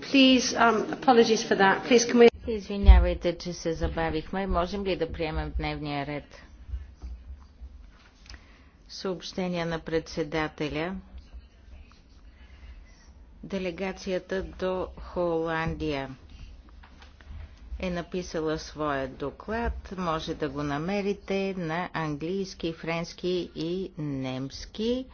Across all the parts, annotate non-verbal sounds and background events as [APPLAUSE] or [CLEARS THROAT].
Please, um, apologies for that. Please, can we... Извинявайте, че се забавихме. Можем ли да приемем дневния ред? Съобщения на председателя. Делегацията до Холандия е написала своя доклад. Може да го намерите на английски, френски и немски.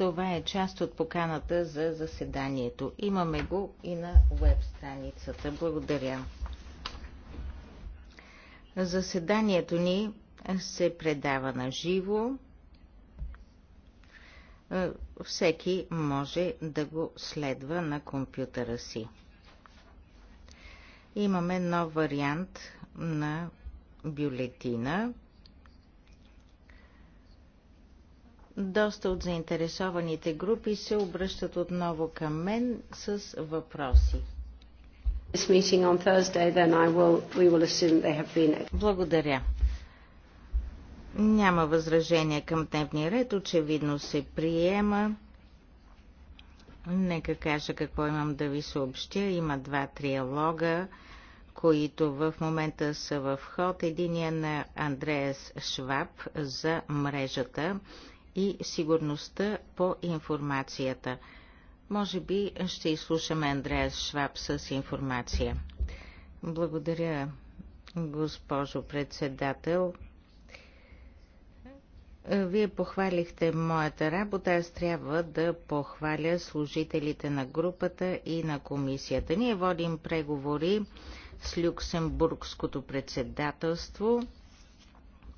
Това е част от поканата за заседанието. Имаме го и на веб страницата. Благодаря. Заседанието ни се предава на живо. Е, всеки може да го следва на компютъра си. Имаме нов вариант на бюлетина. Доста от заинтересованите групи се обръщат отново към мен с въпроси. Благодаря. Няма възражение към дневния ред, очевидно се приема. Нека кажа какво имам да ви съобщя. Има два триалога, които в момента са в ход. Единия на Андреас Шваб за мрежата и сигурността по информацията. Може би ще изслушаме Андреас Шваб с информация. Благодаря, госпожо председател. Вие похвалихте моята работа, аз трябва да похваля служителите на групата и на комисията. Ние водим преговори с Люксембургското председателство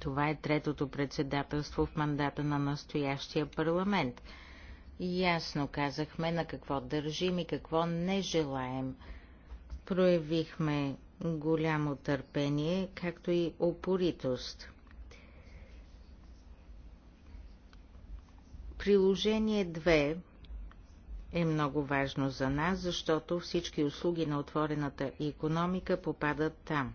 това е третото председателство в мандата на настоящия парламент. Ясно казахме на какво държим и какво не желаем. Проявихме голямо търпение, както и опоритост. Приложение 2 е много важно за нас, защото всички услуги на отворената економика попадат там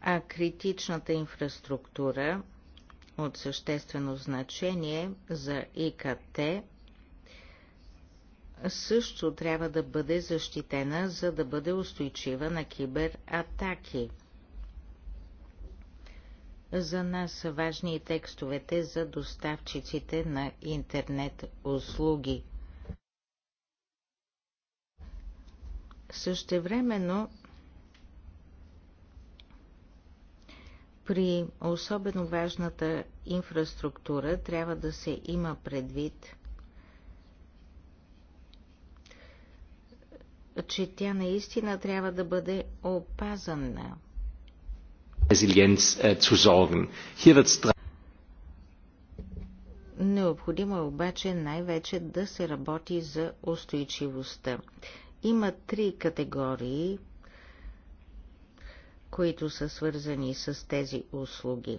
а критичната инфраструктура от съществено значение за ИКТ също трябва да бъде защитена, за да бъде устойчива на кибератаки. За нас са важни и текстовете за доставчиците на интернет услуги. Същевременно При особено важната инфраструктура трябва да се има предвид, че тя наистина трябва да бъде опазана. Е, Необходимо е обаче най-вече да се работи за устойчивостта. Има три категории които са свързани с тези услуги.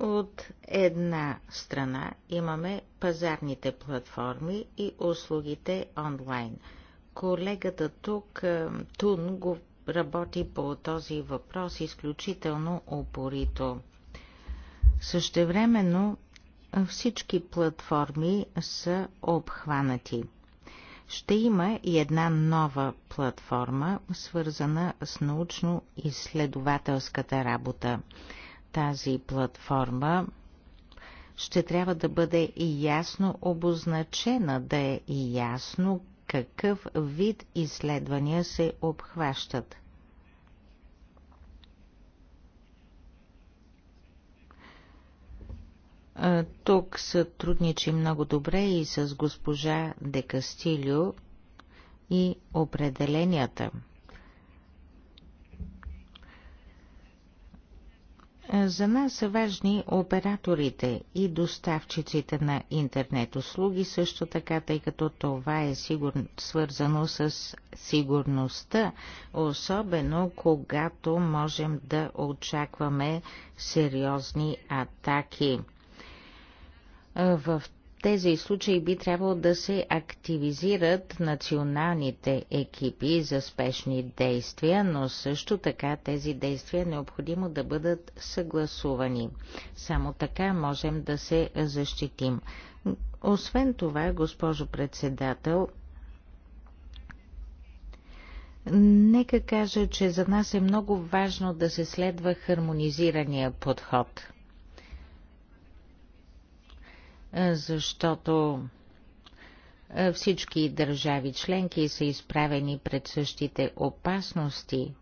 От една страна имаме пазарните платформи и услугите онлайн. Колегата тук, е, Тун, го работи по този въпрос изключително упорито. Същевременно всички платформи са обхванати – ще има и една нова платформа, свързана с научно-изследователската работа. Тази платформа ще трябва да бъде и ясно обозначена, да е и ясно какъв вид изследвания се обхващат. Тук сътрудничи много добре и с госпожа Декастилио и определенията. За нас са важни операторите и доставчиците на интернет услуги също така, тъй като това е сигур... свързано с сигурността, особено когато можем да очакваме сериозни атаки. В тези случаи би трябвало да се активизират националните екипи за спешни действия, но също така тези действия е необходимо да бъдат съгласувани. Само така можем да се защитим. Освен това, госпожо председател, нека кажа, че за нас е много важно да се следва хармонизирания подход – защото всички държави членки са изправени пред същите опасности.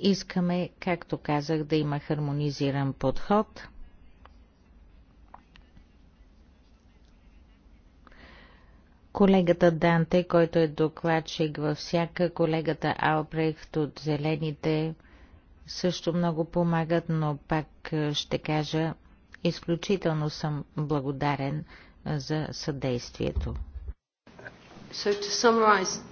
Искаме, както казах, да има хармонизиран подход. Колегата Данте, който е докладчик във всяка, колегата Албрехт от Зелените, също много помагат, но пак е, ще кажа, изключително съм благодарен е, за съдействието. So to summarize,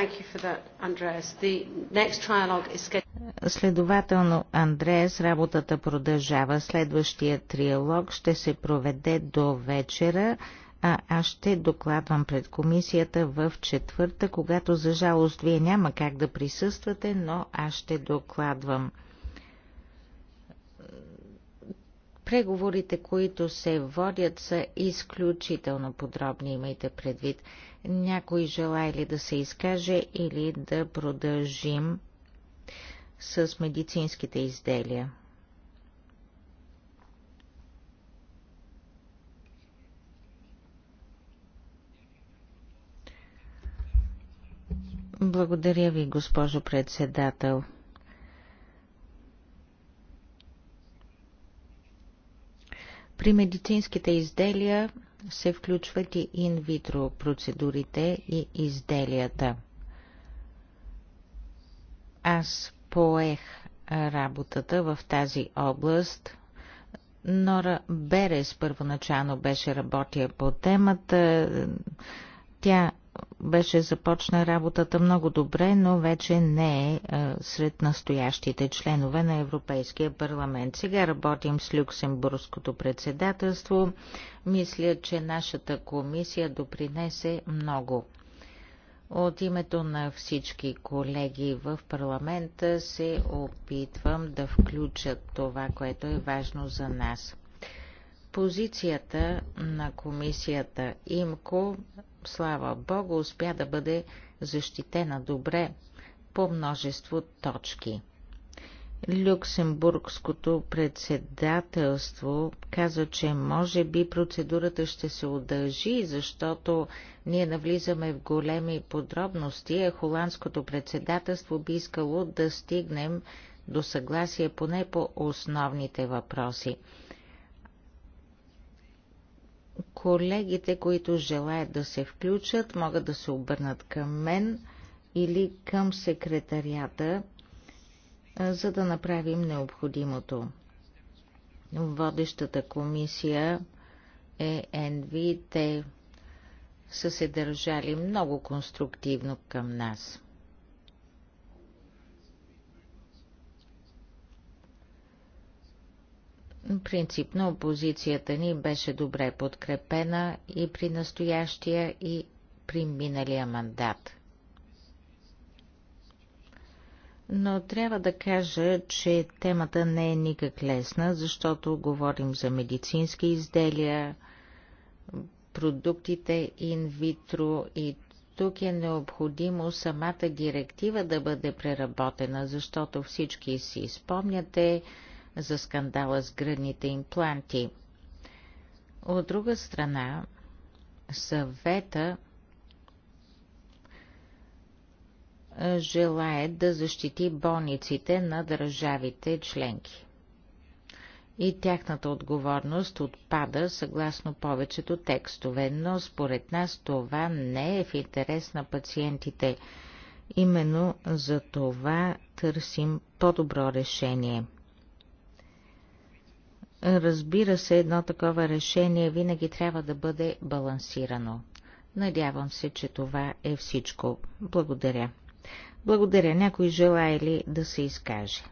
Thank you for that, Andreas. The next trialogue is Следователно, Андреас, работата продължава. Следващия триалог ще се проведе до вечера а аз ще докладвам пред комисията в четвърта, когато за жалост вие няма как да присъствате, но аз ще докладвам. Преговорите, които се водят, са изключително подробни, имайте предвид. Някой желая ли да се изкаже или да продължим с медицинските изделия? Благодаря ви, госпожо председател. При медицинските изделия се включват и инвитро процедурите и изделията. Аз поех работата в тази област. Нора Берес първоначално беше работя по темата. Тя беше започна работата много добре, но вече не е, е сред настоящите членове на Европейския парламент. Сега работим с Люксембургското председателство. Мисля, че нашата комисия допринесе много. От името на всички колеги в парламента се опитвам да включат това, което е важно за нас. Позицията на комисията ИМКО слава Богу, успя да бъде защитена добре по множество точки. Люксембургското председателство каза, че може би процедурата ще се удължи, защото ние навлизаме в големи подробности, а холандското председателство би искало да стигнем до съгласие поне по основните въпроси. Колегите, които желаят да се включат, могат да се обърнат към мен или към секретарията, за да направим необходимото. Водещата комисия е НВ. Те са се държали много конструктивно към нас. Принципно опозицията ни беше добре подкрепена и при настоящия, и при миналия мандат. Но трябва да кажа, че темата не е никак лесна, защото говорим за медицински изделия, продуктите инвитро и тук е необходимо самата директива да бъде преработена, защото всички си спомняте, за скандала с гръдните импланти. От друга страна, съвета желае да защити болниците на държавите членки. И тяхната отговорност отпада съгласно повечето текстове, но според нас това не е в интерес на пациентите. Именно за това търсим по-добро решение – Разбира се, едно такова решение винаги трябва да бъде балансирано. Надявам се, че това е всичко. Благодаря. Благодаря. Някой желая ли да се изкаже?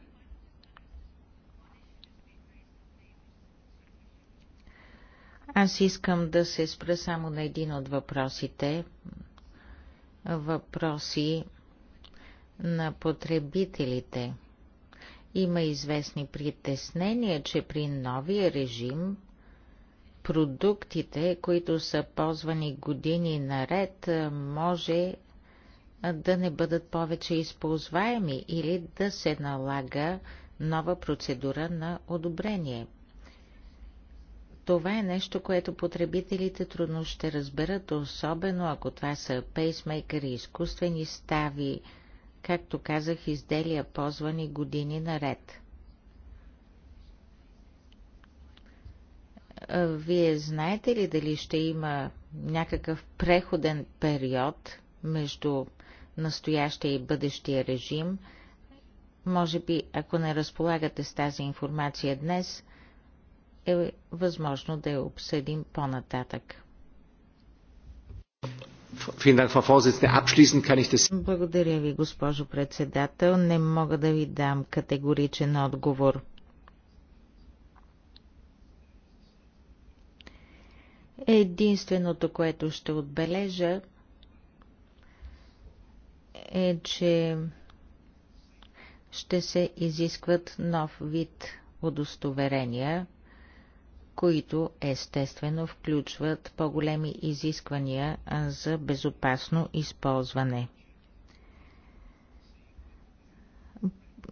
Аз искам да се спра само на един от въпросите. Въпроси на потребителите – има известни притеснения, че при новия режим продуктите, които са ползвани години наред, може да не бъдат повече използваеми или да се налага нова процедура на одобрение. Това е нещо, което потребителите трудно ще разберат, особено ако това са пейсмейкъри, изкуствени стави, както казах, изделия ползвани години наред. Вие знаете ли дали ще има някакъв преходен период между настоящия и бъдещия режим? Може би, ако не разполагате с тази информация днес, е възможно да я обсъдим по-нататък. Благодаря ви, госпожо председател. Не мога да ви дам категоричен отговор. Единственото, което ще отбележа, е, че ще се изискват нов вид удостоверения – които естествено включват по-големи изисквания за безопасно използване.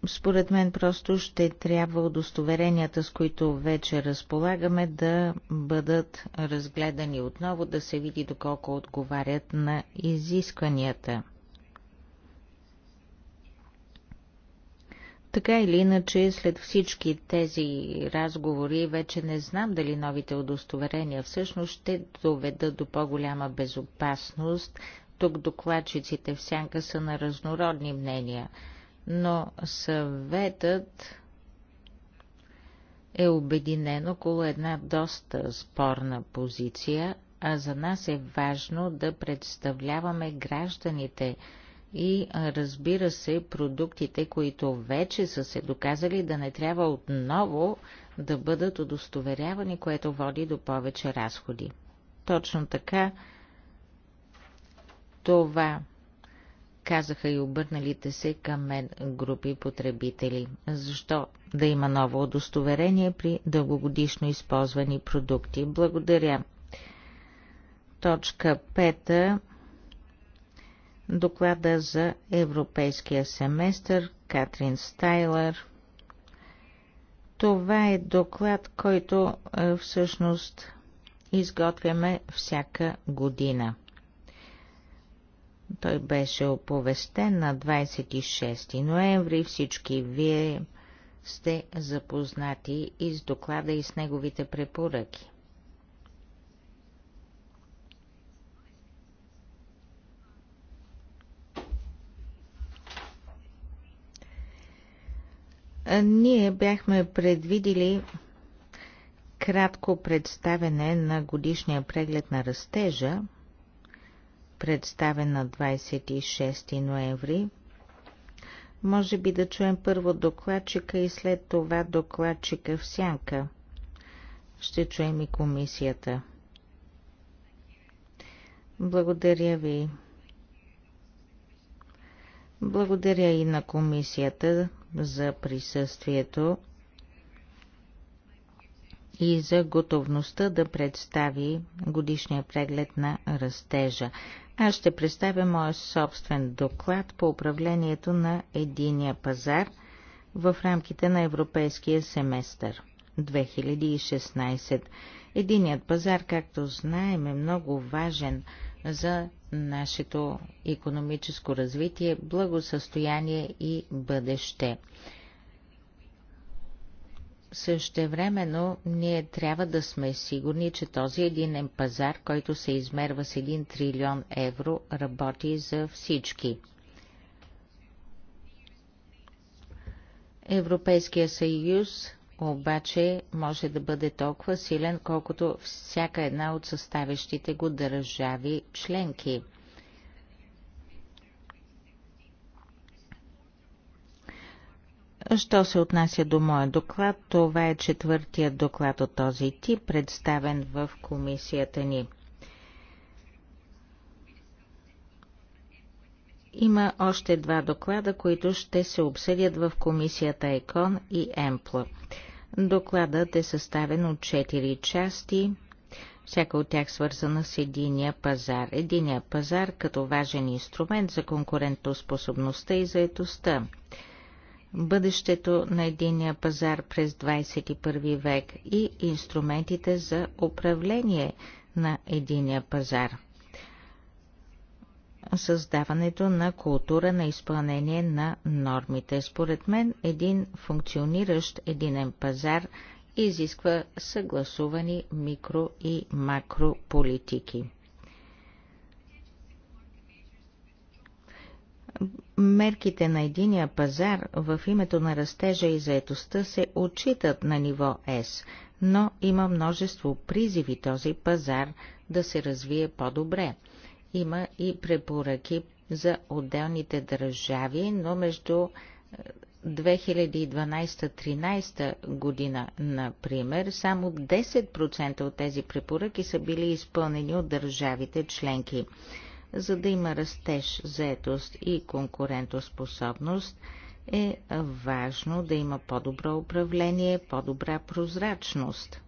Според мен просто ще трябва удостоверенията, с които вече разполагаме, да бъдат разгледани отново, да се види доколко отговарят на изискванията – Така или иначе, след всички тези разговори, вече не знам дали новите удостоверения всъщност ще доведат до по-голяма безопасност. Тук докладчиците в сянка са на разнородни мнения, но съветът е обединен около една доста спорна позиция, а за нас е важно да представляваме гражданите – и разбира се продуктите, които вече са се доказали да не трябва отново да бъдат удостоверявани, което води до повече разходи. Точно така това казаха и обърналите се към мен групи потребители. Защо да има ново удостоверение при дългогодишно използвани продукти? Благодаря. Точка 5 доклада за европейския семестър Катрин Стайлер. Това е доклад, който е, всъщност изготвяме всяка година. Той беше оповестен на 26 ноември. Всички вие сте запознати и с доклада и с неговите препоръки. Ние бяхме предвидили кратко представене на годишния преглед на растежа, представен на 26 ноември. Може би да чуем първо докладчика и след това докладчика в сянка. Ще чуем и комисията. Благодаря ви. Благодаря и на комисията за присъствието и за готовността да представи годишния преглед на растежа. Аз ще представя моя собствен доклад по управлението на единия пазар в рамките на европейския семестър 2016. Единият пазар, както знаем, е много важен – за нашето економическо развитие, благосъстояние и бъдеще. Същевременно ние трябва да сме сигурни, че този единен пазар, който се измерва с 1 трилион евро, работи за всички. Европейския съюз обаче може да бъде толкова силен, колкото всяка една от съставящите го държави членки. Що се отнася до моя доклад, това е четвъртият доклад от този тип, представен в комисията ни. Има още два доклада, които ще се обсъдят в комисията ЕКОН и ЕМПЛА. Докладът е съставен от 4 части, всяка от тях свързана с единия пазар. Единия пазар като важен инструмент за конкурентоспособността и заетостта. Бъдещето на единия пазар през 21 век и инструментите за управление на единия пазар създаването на култура на изпълнение на нормите. Според мен един функциониращ единен пазар изисква съгласувани микро и макрополитики. Мерките на единия пазар в името на растежа и заетостта се отчитат на ниво С, но има множество призиви този пазар да се развие по-добре. Има и препоръки за отделните държави, но между 2012-13 е, година, например, само 10% от тези препоръки са били изпълнени от държавите членки. За да има растеж, заетост и конкурентоспособност, е важно да има по-добро управление, по-добра прозрачност –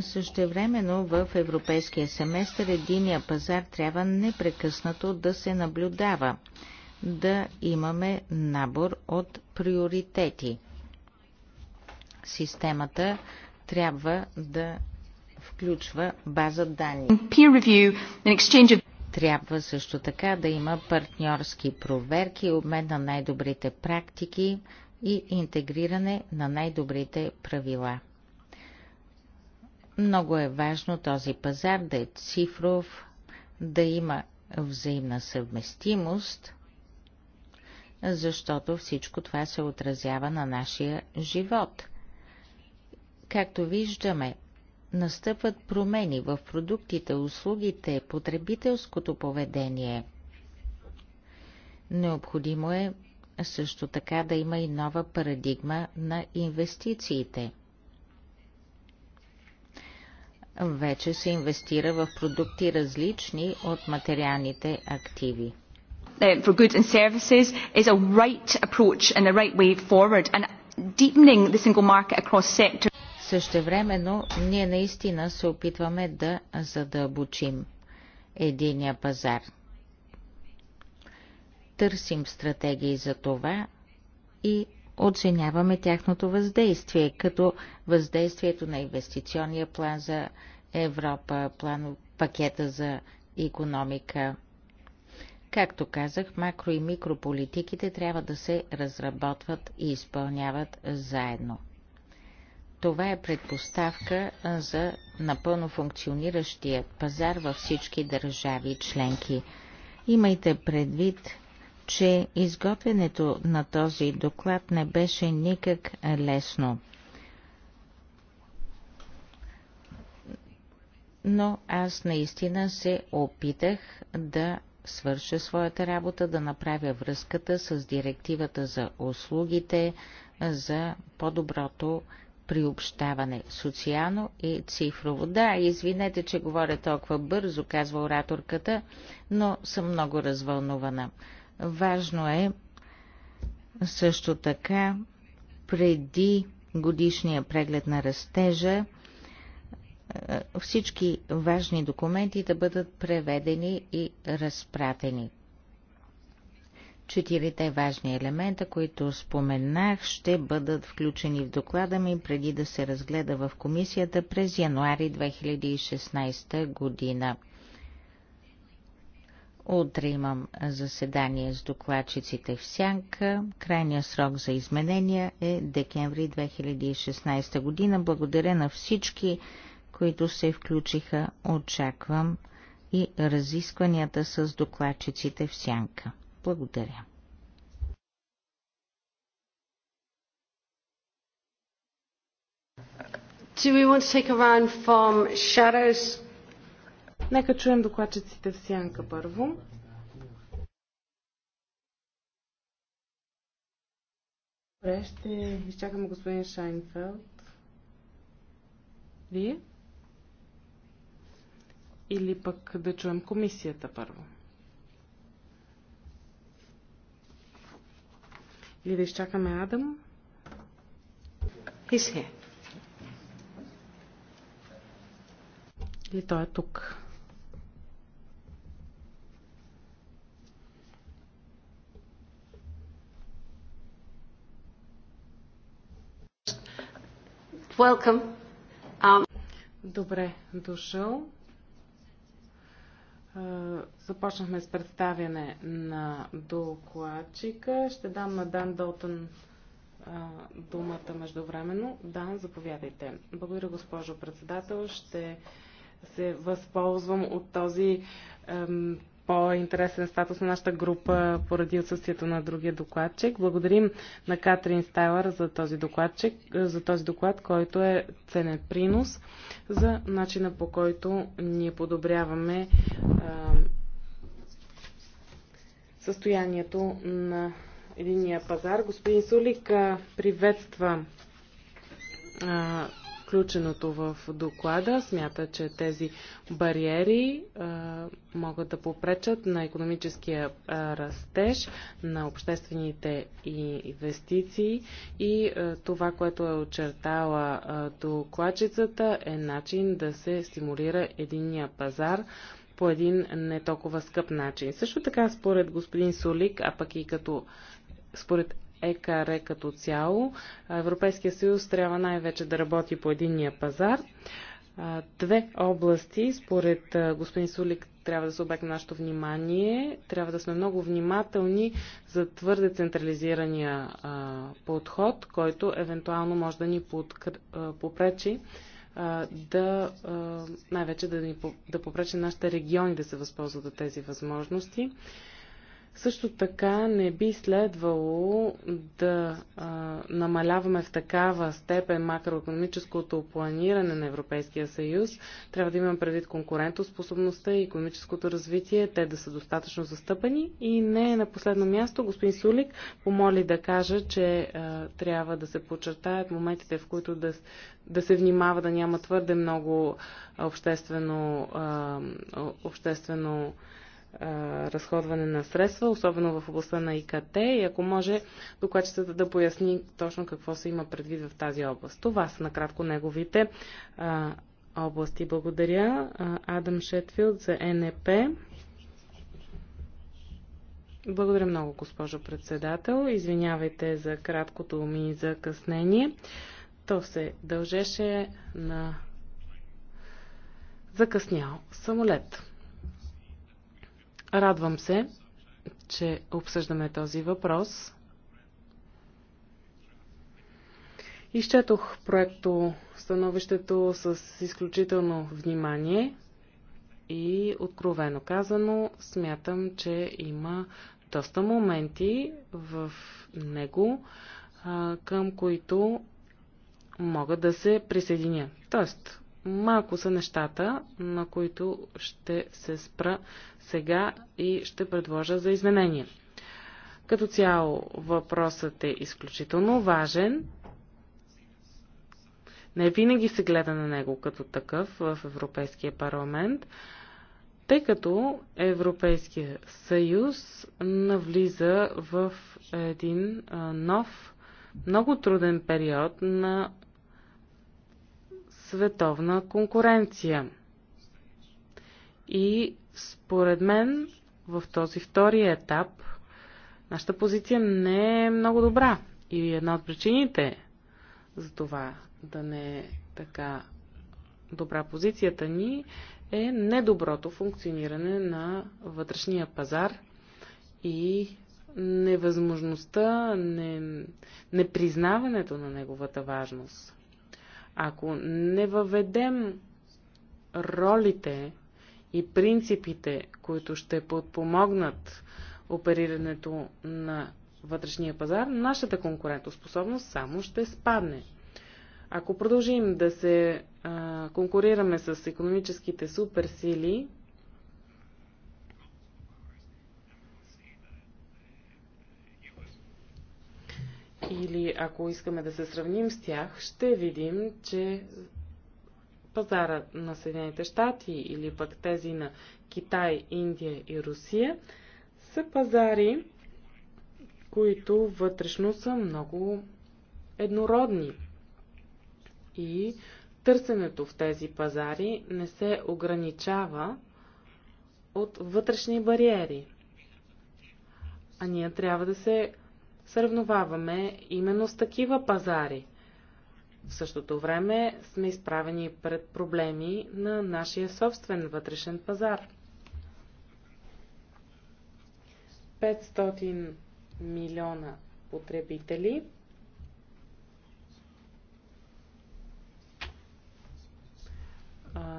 Същевременно в европейския семестър единия пазар трябва непрекъснато да се наблюдава, да имаме набор от приоритети. Системата трябва да включва база данни. Трябва също така да има партньорски проверки, обмен на най-добрите практики и интегриране на най-добрите правила. Много е важно този пазар да е цифров, да има взаимна съвместимост, защото всичко това се отразява на нашия живот. Както виждаме, настъпват промени в продуктите, услугите, потребителското поведение. Необходимо е също така да има и нова парадигма на инвестициите – вече се инвестира в продукти различни от материалните активи. For goods and services is a right approach and the right way forward and deepening the single market across sectors. Същевременно ние наистина се опитваме да задълбочим единия пазар. Търсим стратегии за това и оценяваме тяхното въздействие, като въздействието на инвестиционния план за Европа, план, пакета за економика. Както казах, макро и микрополитиките трябва да се разработват и изпълняват заедно. Това е предпоставка за напълно функциониращия пазар във всички държави членки. Имайте предвид, че изготвянето на този доклад не беше никак лесно. Но аз наистина се опитах да свърша своята работа, да направя връзката с директивата за услугите, за по-доброто приобщаване, социално и цифрово. Да, извинете, че говоря толкова бързо, казва ораторката, но съм много развълнувана. Важно е също така преди годишния преглед на растежа е, всички важни документи да бъдат преведени и разпратени. Четирите важни елемента, които споменах, ще бъдат включени в доклада ми преди да се разгледа в комисията през януари 2016 година. Утре имам заседание с докладчиците в Сянка. Крайният срок за изменения е декември 2016 година. Благодаря на всички, които се включиха. Очаквам и разискванията с докладчиците в Сянка. Благодаря. Do we want to take a round from shadows? Нека чуем докладчиците в сянка първо. Добре, ще изчакаме господин Шайнфелд. Вие? Или пък да чуем комисията първо? Или да изчакаме Адам? He's Или той е тук? Welcome. Um... Добре дошъл. Започнахме с представяне на докладчика. Ще дам на Дан Долтън думата междувременно. Дан, заповядайте. Благодаря, госпожо председател. Ще се възползвам от този по-интересен статус на нашата група поради отсъствието на другия докладчик. Благодарим на Катрин Стайлър за този, докладчик, е, за този доклад, който е ценен принос за начина по който ние подобряваме а, е, състоянието на единия пазар. Господин Сулик е, приветства а, включеното в доклада. Смята, че тези бариери а, могат да попречат на економическия а, растеж, на обществените инвестиции и а, това, което е очертала а, докладчицата е начин да се стимулира единния пазар по един не толкова скъп начин. Също така, според господин Солик, а пък и като според ЕКАРЕ като цяло. Европейския съюз трябва най-вече да работи по единния пазар. Две области, според господин Сулик, трябва да се обект на нашето внимание. Трябва да сме много внимателни за твърде централизирания подход, който евентуално може да ни попречи да най-вече да, ни, да попречи нашите региони да се възползват от тези възможности. Също така не би следвало да а, намаляваме в такава степен макроекономическото планиране на Европейския съюз. Трябва да имаме предвид конкурентоспособността и економическото развитие, те да са достатъчно застъпени. И не на последно място, господин Сулик помоли да кажа, че а, трябва да се подчертаят моментите, в които да, да се внимава да няма твърде много обществено, а, обществено разходване на средства, особено в областта на ИКТ и ако може докладчицата да поясни точно какво се има предвид в тази област. Това са накратко неговите а, области. Благодаря. Адам Шетфилд за НЕП. Благодаря много, госпожо председател. Извинявайте за краткото ми закъснение. То се дължеше на закъснял самолет. Радвам се, че обсъждаме този въпрос. Изчетох проекто становището с изключително внимание и откровено казано смятам, че има доста моменти в него, към които мога да се присъединя. Тоест, малко са нещата, на които ще се спра сега и ще предложа за изменение. Като цяло въпросът е изключително важен. Не винаги се гледа на него като такъв в Европейския парламент, тъй като Европейския съюз навлиза в един нов, много труден период на световна конкуренция. И според мен в този втори етап нашата позиция не е много добра. И една от причините за това да не е така добра позицията ни е недоброто функциониране на вътрешния пазар и невъзможността, не, непризнаването на неговата важност. Ако не въведем ролите и принципите, които ще подпомогнат оперирането на вътрешния пазар, нашата конкурентоспособност само ще спадне. Ако продължим да се а, конкурираме с економическите суперсили, или ако искаме да се сравним с тях, ще видим, че пазара на Съединените щати или пък тези на Китай, Индия и Русия са пазари, които вътрешно са много еднородни. И търсенето в тези пазари не се ограничава от вътрешни бариери. А ние трябва да се сравноваваме именно с такива пазари. В същото време сме изправени пред проблеми на нашия собствен вътрешен пазар. 500 милиона потребители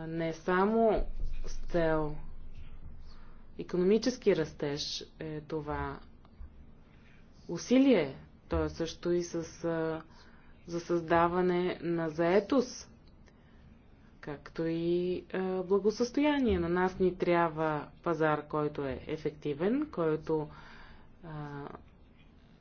не само с цел економически растеж е това усилие. То е също и с, а, за създаване на заетост, както и а, благосъстояние. На нас ни трябва пазар, който е ефективен, който а,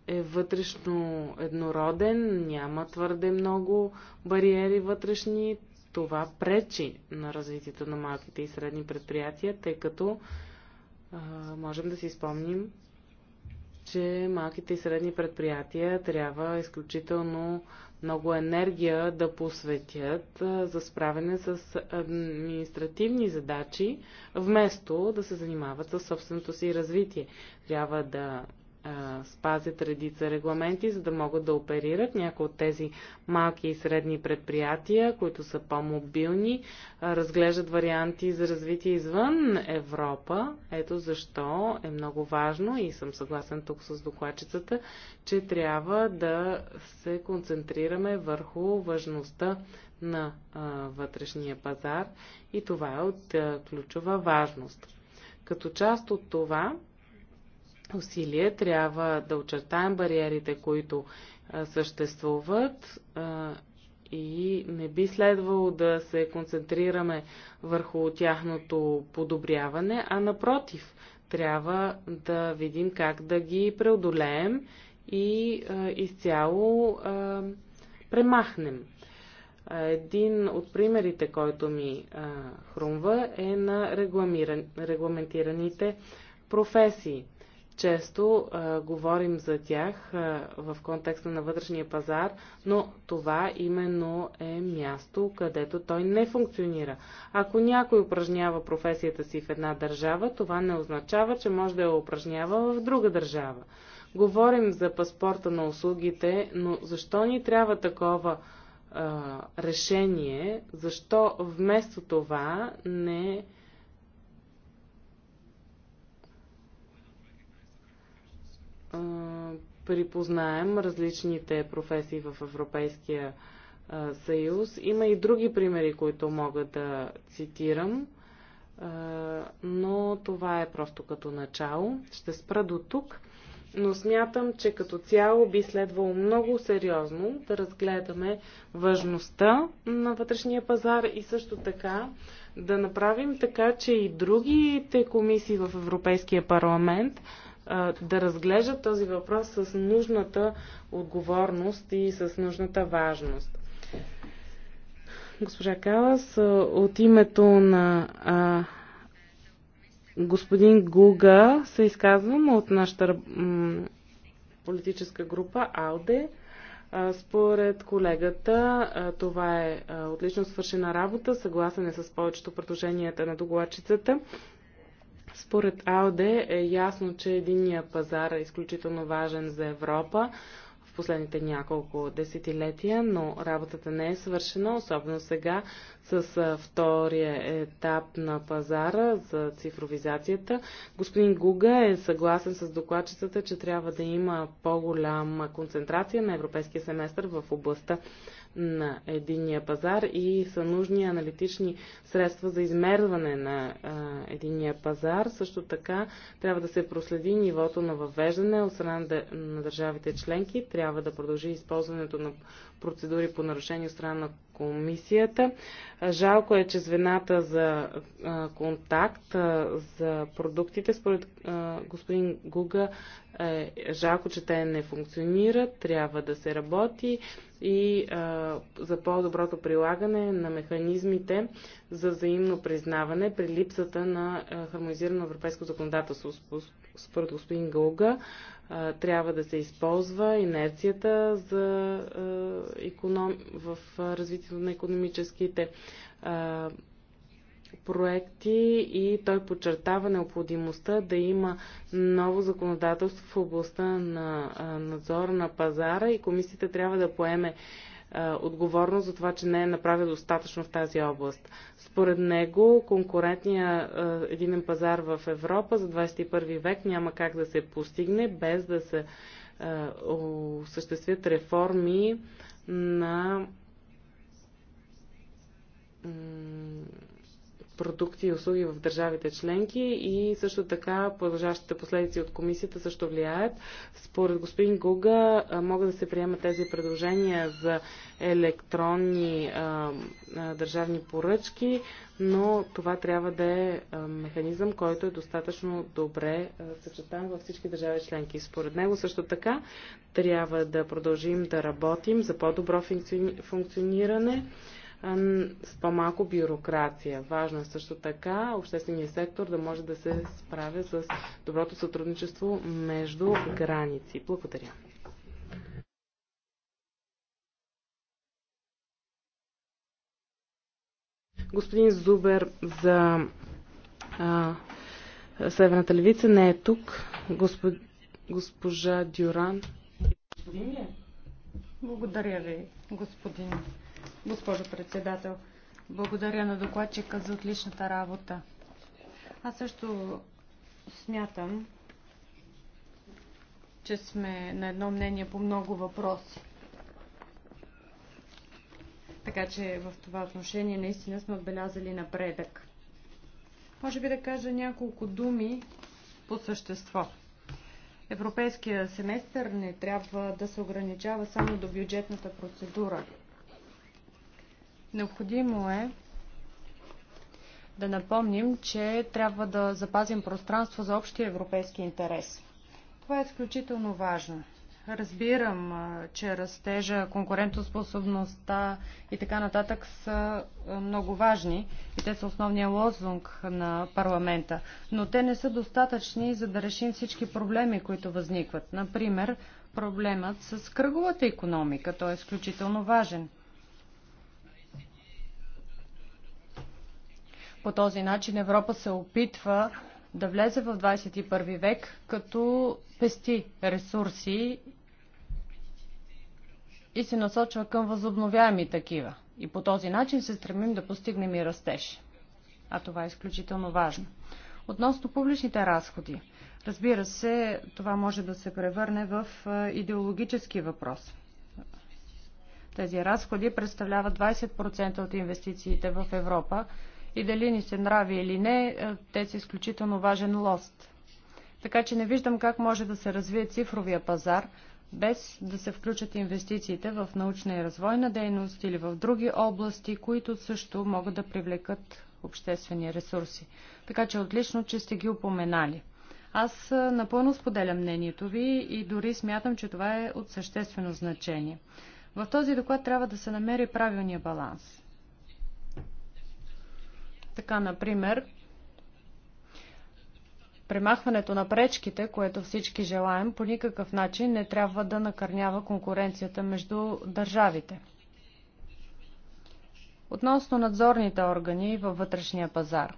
е вътрешно еднороден, няма твърде много бариери вътрешни. Това пречи на развитието на малките и средни предприятия, тъй като а, можем да си спомним че малките и средни предприятия трябва изключително много енергия да посветят за справяне с административни задачи, вместо да се занимават със собственото си развитие. Трябва да спазят редица регламенти, за да могат да оперират. Някои от тези малки и средни предприятия, които са по-мобилни, разглеждат варианти за развитие извън Европа. Ето защо е много важно и съм съгласен тук с докладчицата, че трябва да се концентрираме върху важността на а, вътрешния пазар и това е от а, ключова важност. Като част от това, усилие трябва да очертаем бариерите, които съществуват и не би следвало да се концентрираме върху тяхното подобряване, а напротив, трябва да видим как да ги преодолеем и изцяло премахнем. Един от примерите, който ми а, хрумва, е на регламентираните професии. Често а, говорим за тях а, в контекста на вътрешния пазар, но това именно е място, където той не функционира. Ако някой упражнява професията си в една държава, това не означава, че може да я упражнява в друга държава. Говорим за паспорта на услугите, но защо ни трябва такова а, решение? Защо вместо това не. А, припознаем различните професии в Европейския съюз. Има и други примери, които мога да цитирам, но това е просто като начало. Ще спра до тук, но смятам, че като цяло би следвало много сериозно да разгледаме важността на вътрешния пазар и също така да направим така, че и другите комисии в Европейския парламент да разглеждат този въпрос с нужната отговорност и с нужната важност. Госпожа Калас, от името на а, господин Гуга се изказвам от нашата политическа група АЛДЕ. Според колегата, това е отлично свършена работа. Съгласен е с повечето предложенията на докладчицата. Според АОДЕ е ясно, че единният пазар е изключително важен за Европа в последните няколко десетилетия, но работата не е свършена, особено сега с втория етап на пазара за цифровизацията. Господин Гуга е съгласен с докладчицата, че трябва да има по-голяма концентрация на европейския семестър в областта на единния пазар и са нужни аналитични средства за измерване на а, единния пазар. Също така трябва да се проследи нивото на въвеждане от страна на държавите членки. Трябва да продължи използването на процедури по нарушение от страна на комисията. Жалко е, че звената за контакт за продуктите, според господин Гуга, е, жалко, че те не функционират, трябва да се работи и а, за по-доброто прилагане на механизмите за взаимно признаване при липсата на хармонизирано европейско законодателство. Според господин Гълга а, трябва да се използва инерцията за, а, економ... в развитието на економическите а, проекти и той подчертава необходимостта да има ново законодателство в областта на надзора на пазара и комисията трябва да поеме отговорност за това, че не е направил достатъчно в тази област. Според него, конкурентния единен пазар в Европа за 21 век няма как да се постигне без да се осъществят реформи на продукти и услуги в държавите членки и също така продължаващите последици от комисията също влияят. Според господин Гуга могат да се приемат тези предложения за електронни а, а, държавни поръчки, но това трябва да е механизъм, който е достатъчно добре съчетан във всички държави членки. Според него също така трябва да продължим да работим за по-добро функциониране с по-малко бюрокрация. Важно е също така обществения сектор да може да се справя с доброто сътрудничество между граници. Благодаря. Господин Зубер за а, Северната левица не е тук. Господ... Госпожа Дюран. Благодаря ви, господин Госпожо председател, благодаря на докладчика за отличната работа. Аз също смятам, че сме на едно мнение по много въпроси. Така че в това отношение наистина сме отбелязали напредък. Може би да кажа няколко думи по същество. Европейския семестър не трябва да се ограничава само до бюджетната процедура – Необходимо е да напомним, че трябва да запазим пространство за общия европейски интерес. Това е изключително важно. Разбирам, че растежа, конкурентоспособността и така нататък са много важни и те са основния лозунг на парламента, но те не са достатъчни за да решим всички проблеми, които възникват. Например, проблемът с кръговата економика, той е изключително важен – По този начин Европа се опитва да влезе в 21 век, като пести ресурси и се насочва към възобновяеми такива. И по този начин се стремим да постигнем и растеж. А това е изключително важно. Относно публичните разходи, разбира се, това може да се превърне в идеологически въпрос. Тези разходи представляват 20% от инвестициите в Европа, и дали ни се нрави или не, е, те са изключително важен лост. Така че не виждам как може да се развие цифровия пазар, без да се включат инвестициите в научна и развойна дейност или в други области, които също могат да привлекат обществени ресурси. Така че отлично, че сте ги упоменали. Аз е, напълно споделям мнението ви и дори смятам, че това е от съществено значение. В този доклад трябва да се намери правилния баланс. Така, например, Премахването на пречките, което всички желаем, по никакъв начин не трябва да накърнява конкуренцията между държавите. Относно надзорните органи във вътрешния пазар,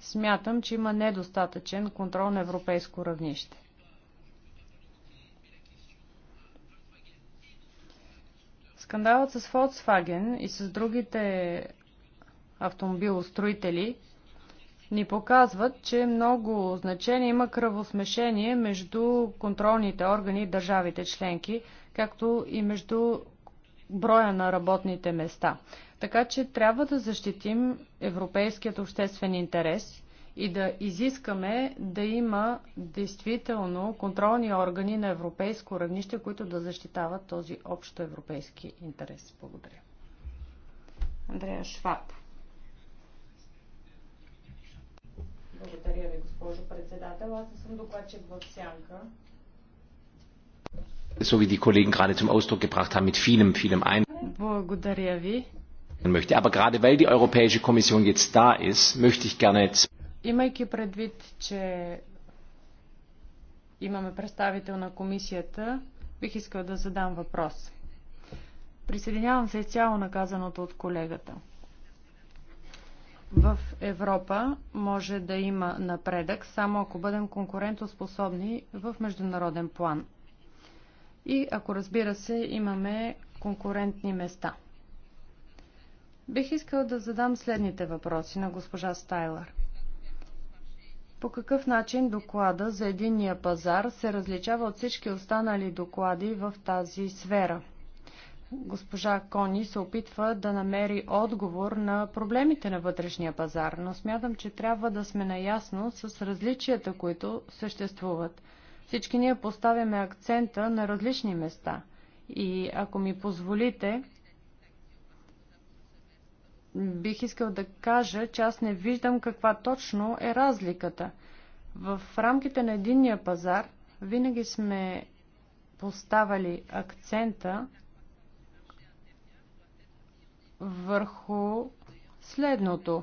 смятам, че има недостатъчен контрол на европейско равнище. Скандалът с Volkswagen и с другите автомобилостроители, ни показват, че много значение има кръвосмешение между контролните органи и държавите членки, както и между броя на работните места. Така че трябва да защитим европейският обществен интерес и да изискаме да има действително контролни органи на европейско равнище, които да защитават този общо европейски интерес. Благодаря. Андрея Шваб. Благодаря ви, госпожо председател. Аз не съм докладчик в Сянка. So wie die Kollegen gerade zum Ausdruck gebracht haben, mit vielem, vielem ein. Благодаря ви. Möchte. Aber gerade weil die Europäische Kommission jetzt da ist, möchte ich gerne. Имайки предвид, че имаме представител на комисията, бих искал да задам въпрос. Присъединявам се изцяло наказаното от колегата. В Европа може да има напредък, само ако бъдем конкурентоспособни в международен план. И ако разбира се, имаме конкурентни места. Бих искал да задам следните въпроси на госпожа Стайлър. По какъв начин доклада за единния пазар се различава от всички останали доклади в тази сфера – госпожа Кони се опитва да намери отговор на проблемите на вътрешния пазар, но смятам, че трябва да сме наясно с различията, които съществуват. Всички ние поставяме акцента на различни места. И ако ми позволите, бих искал да кажа, че аз не виждам каква точно е разликата. В рамките на единния пазар винаги сме поставали акцента върху следното.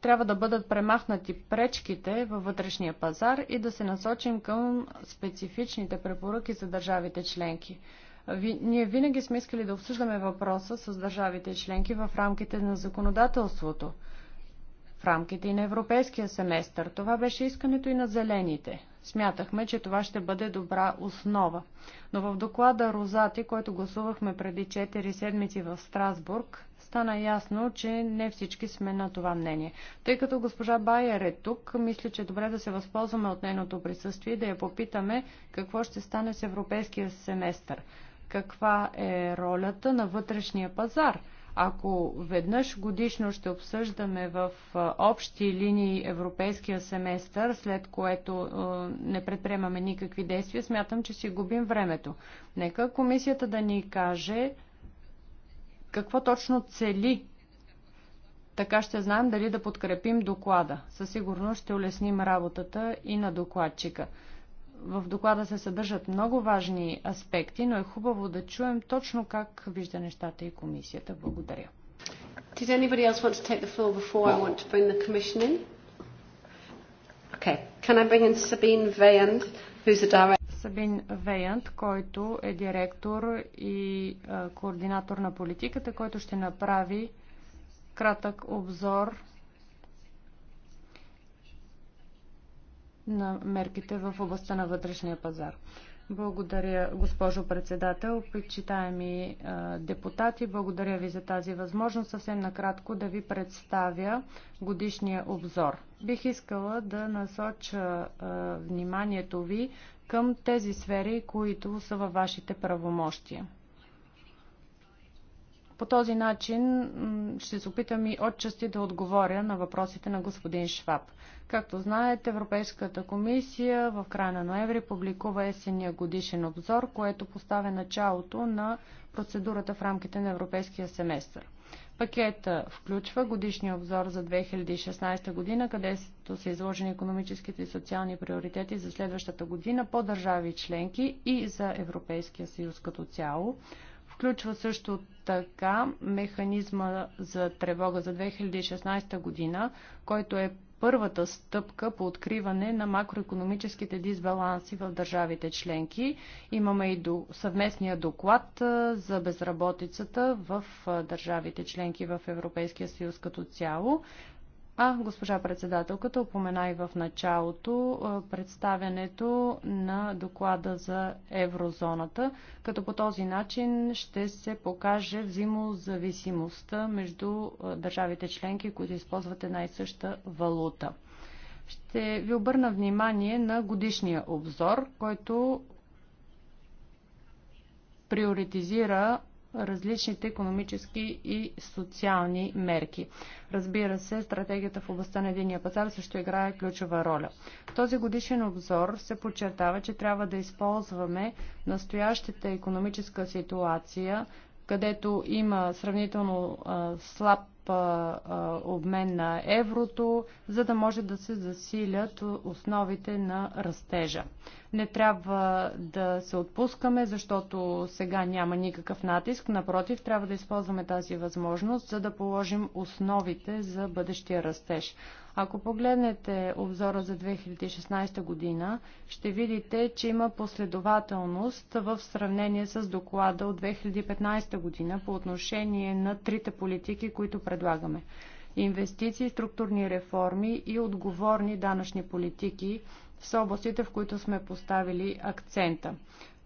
Трябва да бъдат премахнати пречките във вътрешния пазар и да се насочим към специфичните препоръки за държавите членки. Ви, ние винаги сме искали да обсъждаме въпроса с държавите членки в рамките на законодателството, в рамките и на европейския семестър. Това беше искането и на зелените. Смятахме, че това ще бъде добра основа. Но в доклада Розати, който гласувахме преди 4 седмици в Страсбург, стана ясно, че не всички сме на това мнение. Тъй като госпожа Байер е тук, мисля, че е добре да се възползваме от нейното присъствие и да я попитаме какво ще стане с европейския семестър. Каква е ролята на вътрешния пазар – ако веднъж годишно ще обсъждаме в общи линии европейския семестър, след което не предприемаме никакви действия, смятам, че си губим времето. Нека комисията да ни каже какво точно цели. Така ще знаем дали да подкрепим доклада. Със сигурност ще улесним работата и на докладчика в доклада се съдържат много важни аспекти, но е хубаво да чуем точно как вижда нещата и комисията. Благодаря. anybody else want to take the floor before I want to bring the commission in? Okay. Can I bring in Sabine Veyand, who's the director? Сабин Веянт, който е директор и координатор на политиката, който ще направи кратък обзор на мерките в областта на вътрешния пазар. Благодаря, госпожо председател, почитаеми депутати. Благодаря ви за тази възможност съвсем накратко да ви представя годишния обзор. Бих искала да насоча вниманието ви към тези сфери, които са във вашите правомощия. По този начин ще се опитам и отчасти да отговоря на въпросите на господин Шваб. Както знаете, Европейската комисия в края на ноември публикува есения годишен обзор, което поставя началото на процедурата в рамките на Европейския семестър. Пакета включва годишния обзор за 2016 година, където са изложени економическите и социални приоритети за следващата година по държави членки и за Европейския съюз като цяло Включва също така механизма за тревога за 2016 година, който е първата стъпка по откриване на макроекономическите дисбаланси в държавите членки. Имаме и до съвместния доклад за безработицата в държавите членки в Европейския съюз като цяло. А, госпожа председателката упомена и в началото представянето на доклада за еврозоната, като по този начин ще се покаже взаимозависимостта между държавите членки, които използват една и съща валута. Ще ви обърна внимание на годишния обзор, който приоритизира различните економически и социални мерки. Разбира се, стратегията в областта на единия пазар също играе ключова роля. В този годишен обзор се подчертава, че трябва да използваме настоящата економическа ситуация, където има сравнително слаб обмен на еврото, за да може да се засилят основите на растежа. Не трябва да се отпускаме, защото сега няма никакъв натиск. Напротив, трябва да използваме тази възможност, за да положим основите за бъдещия растеж. Ако погледнете обзора за 2016 година, ще видите, че има последователност в сравнение с доклада от 2015 година по отношение на трите политики, които предлагаме. Инвестиции, структурни реформи и отговорни данъчни политики с областите, в които сме поставили акцента.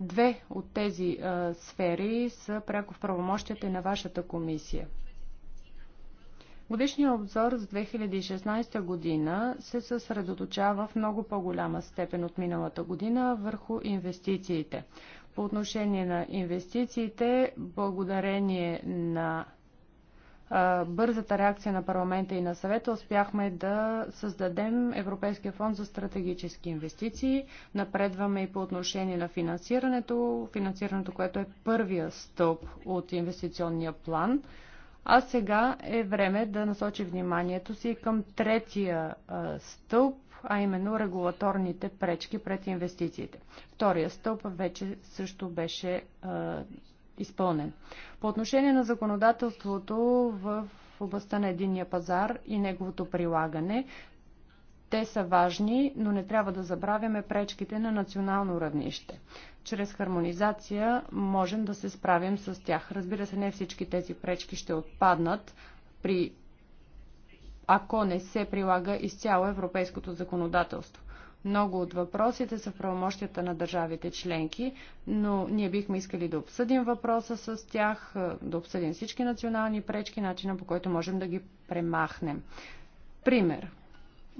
Две от тези а, сфери са пряко в правомощите на вашата комисия. Годишният обзор за 2016 година се съсредоточава в много по-голяма степен от миналата година върху инвестициите. По отношение на инвестициите, благодарение на бързата реакция на парламента и на съвета успяхме да създадем Европейския фонд за стратегически инвестиции. Напредваме и по отношение на финансирането, финансирането, което е първия стълб от инвестиционния план – а сега е време да насочи вниманието си към третия стълб, а именно регулаторните пречки пред инвестициите. Втория стълб вече също беше а, изпълнен. По отношение на законодателството в областта на единния пазар и неговото прилагане, те са важни, но не трябва да забравяме пречките на национално равнище. Чрез хармонизация можем да се справим с тях. Разбира се, не всички тези пречки ще отпаднат при ако не се прилага изцяло европейското законодателство. Много от въпросите са в правомощията на държавите членки, но ние бихме искали да обсъдим въпроса с тях, да обсъдим всички национални пречки, начина по който можем да ги премахнем. Пример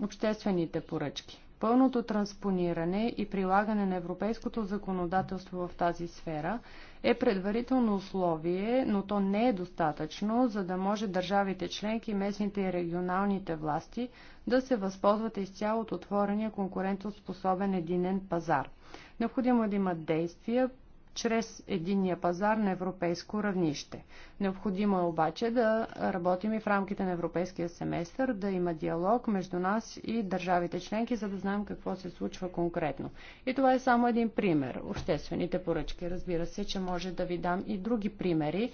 обществените поръчки. Пълното транспониране и прилагане на европейското законодателство в тази сфера е предварително условие, но то не е достатъчно, за да може държавите членки, местните и регионалните власти да се възползват изцяло от отворения конкурентоспособен единен пазар. Необходимо е да имат действия, чрез единния пазар на европейско равнище. Необходимо е обаче да работим и в рамките на европейския семестър, да има диалог между нас и държавите членки, за да знаем какво се случва конкретно. И това е само един пример. Обществените поръчки. Разбира се, че може да ви дам и други примери,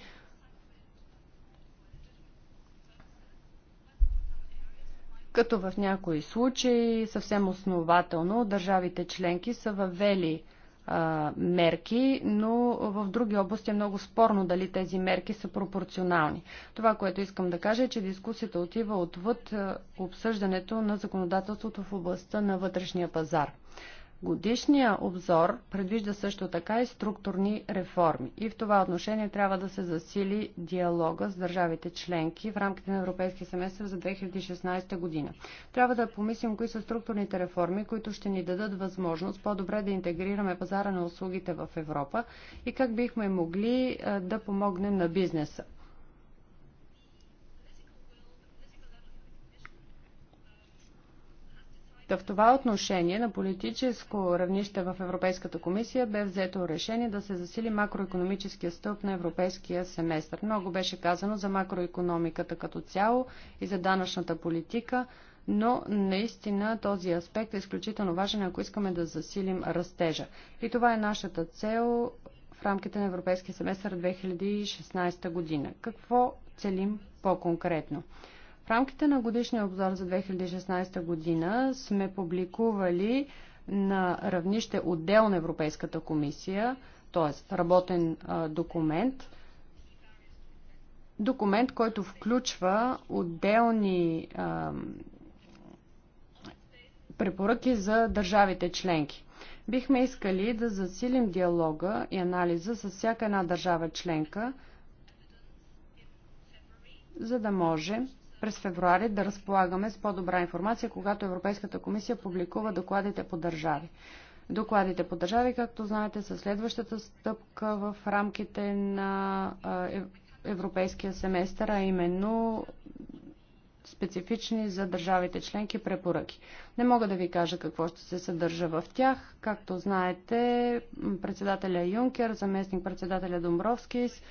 като в някои случаи съвсем основателно държавите членки са въвели мерки, но в други области е много спорно дали тези мерки са пропорционални. Това, което искам да кажа е, че дискусията отива отвъд обсъждането на законодателството в областта на вътрешния пазар. Годишния обзор предвижда също така и структурни реформи. И в това отношение трябва да се засили диалога с държавите членки в рамките на Европейския семестър за 2016 година. Трябва да помислим кои са структурните реформи, които ще ни дадат възможност по-добре да интегрираме пазара на услугите в Европа и как бихме могли да помогнем на бизнеса. Та в това отношение на политическо равнище в Европейската комисия бе взето решение да се засили макроекономическия стълб на европейския семестър. Много беше казано за макроекономиката като цяло и за данъчната политика, но наистина този аспект е изключително важен, ако искаме да засилим растежа. И това е нашата цел в рамките на Европейския семестър 2016 година. Какво целим по-конкретно? В рамките на годишния обзор за 2016 година сме публикували на равнище отдел на Европейската комисия, т.е. работен документ, документ, който включва отделни препоръки за държавите членки. Бихме искали да засилим диалога и анализа с всяка една държава членка, за да може през февруари да разполагаме с по-добра информация, когато Европейската комисия публикува докладите по държави. Докладите по държави, както знаете, са следващата стъпка в рамките на е, европейския семестър, а именно специфични за държавите членки препоръки. Не мога да ви кажа какво ще се съдържа в тях. Както знаете, председателя Юнкер, заместник председателя Домбровскис,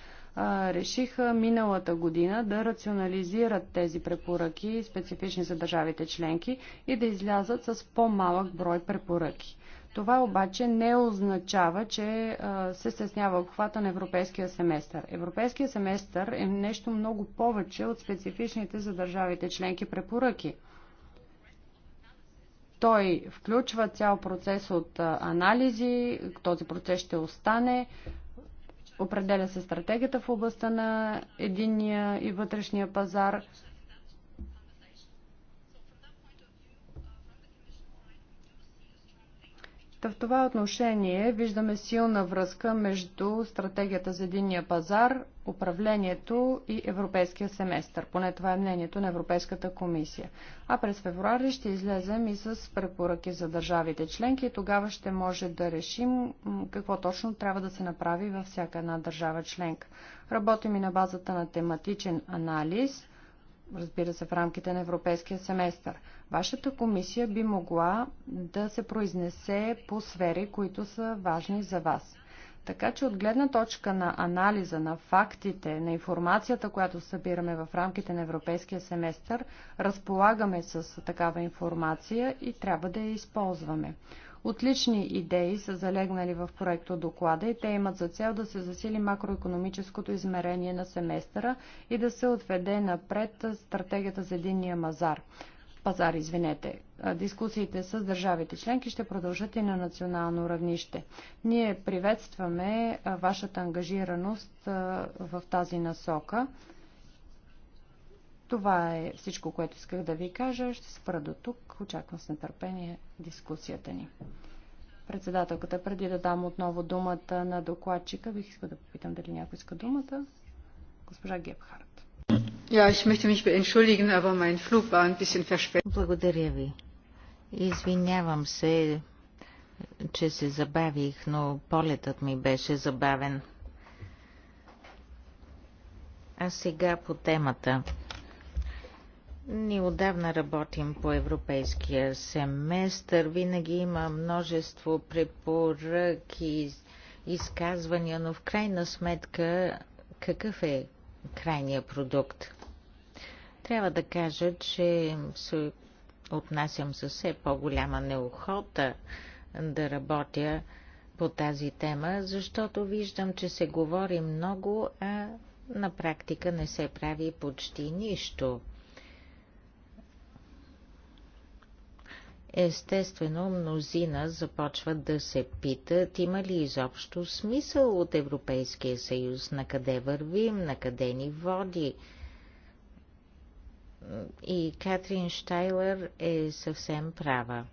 решиха миналата година да рационализират тези препоръки, специфични за държавите членки, и да излязат с по-малък брой препоръки. Това обаче не означава, че се стеснява обхвата на европейския семестър. Европейския семестър е нещо много повече от специфичните за държавите членки препоръки. Той включва цял процес от анализи, този процес ще остане, Определя се стратегията в областта на единния и вътрешния пазар – Та в това отношение виждаме силна връзка между стратегията за единния пазар, управлението и европейския семестър. Поне това е мнението на Европейската комисия. А през февруари ще излезем и с препоръки за държавите членки и тогава ще може да решим какво точно трябва да се направи във всяка една държава членка. Работим и на базата на тематичен анализ – разбира се, в рамките на европейския семестър. Вашата комисия би могла да се произнесе по сфери, които са важни за вас. Така че от гледна точка на анализа, на фактите, на информацията, която събираме в рамките на европейския семестър, разполагаме с такава информация и трябва да я използваме. Отлични идеи са залегнали в проекта доклада и те имат за цел да се засили макроекономическото измерение на семестъра и да се отведе напред стратегията за единния мазар. Пазар, извинете. Дискусиите с държавите членки ще продължат и на национално равнище. Ние приветстваме вашата ангажираност в тази насока. Това е всичко, което исках да ви кажа. Ще спра до тук. Очаквам с нетърпение дискусията ни. Председателката, преди да дам отново думата на докладчика, бих искал да попитам дали някой иска думата. Госпожа Гебхарт. Ja, ich möchte mich aber mein Flug war ein bisschen verspätet. Благодаря ви. Извинявам се, че се забавих, но полетът ми беше забавен. А сега по темата. Ние отдавна работим по европейския семестър. Винаги има множество препоръки, изказвания, но в крайна сметка какъв е крайния продукт? Трябва да кажа, че се отнасям със все по-голяма неохота да работя по тази тема, защото виждам, че се говори много, а на практика не се прави почти нищо. Естествено, мнозина започват да се питат, има ли изобщо смисъл от Европейския съюз, на къде вървим, на къде ни води. И Катрин Штайлер е съвсем права.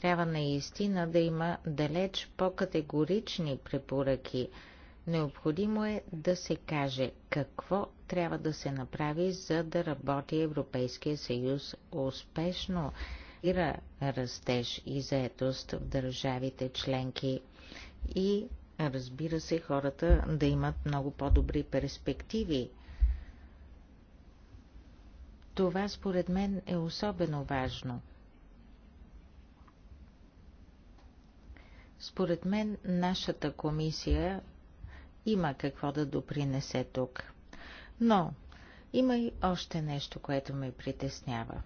Трябва наистина да има далеч по-категорични препоръки. Необходимо е да се каже какво трябва да се направи, за да работи Европейския съюз успешно стимулира растеж и заетост в държавите членки и разбира се хората да имат много по-добри перспективи. Това според мен е особено важно. Според мен нашата комисия има какво да допринесе тук. Но има и още нещо, което ме притеснява.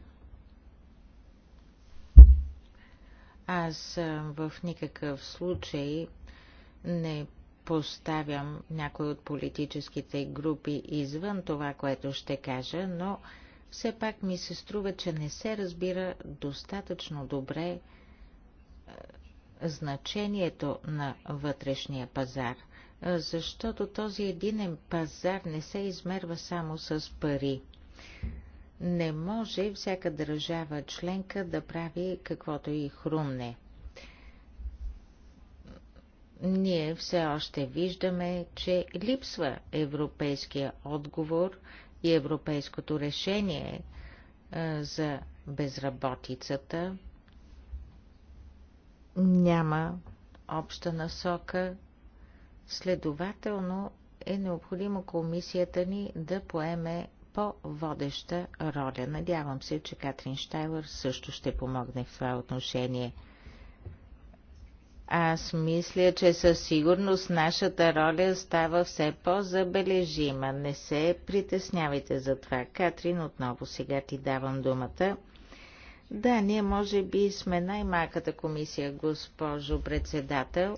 Аз в никакъв случай не поставям някой от политическите групи извън това, което ще кажа, но все пак ми се струва, че не се разбира достатъчно добре значението на вътрешния пазар, защото този единен пазар не се измерва само с пари. Не може всяка държава членка да прави каквото и хрумне. Ние все още виждаме, че липсва европейския отговор и европейското решение за безработицата. Няма обща насока, следователно е необходимо комисията ни да поеме по-водеща роля. Надявам се, че Катрин Штайлър също ще помогне в това отношение. Аз мисля, че със сигурност нашата роля става все по-забележима. Не се притеснявайте за това. Катрин, отново сега ти давам думата. Да, ние може би сме най-малката комисия, госпожо председател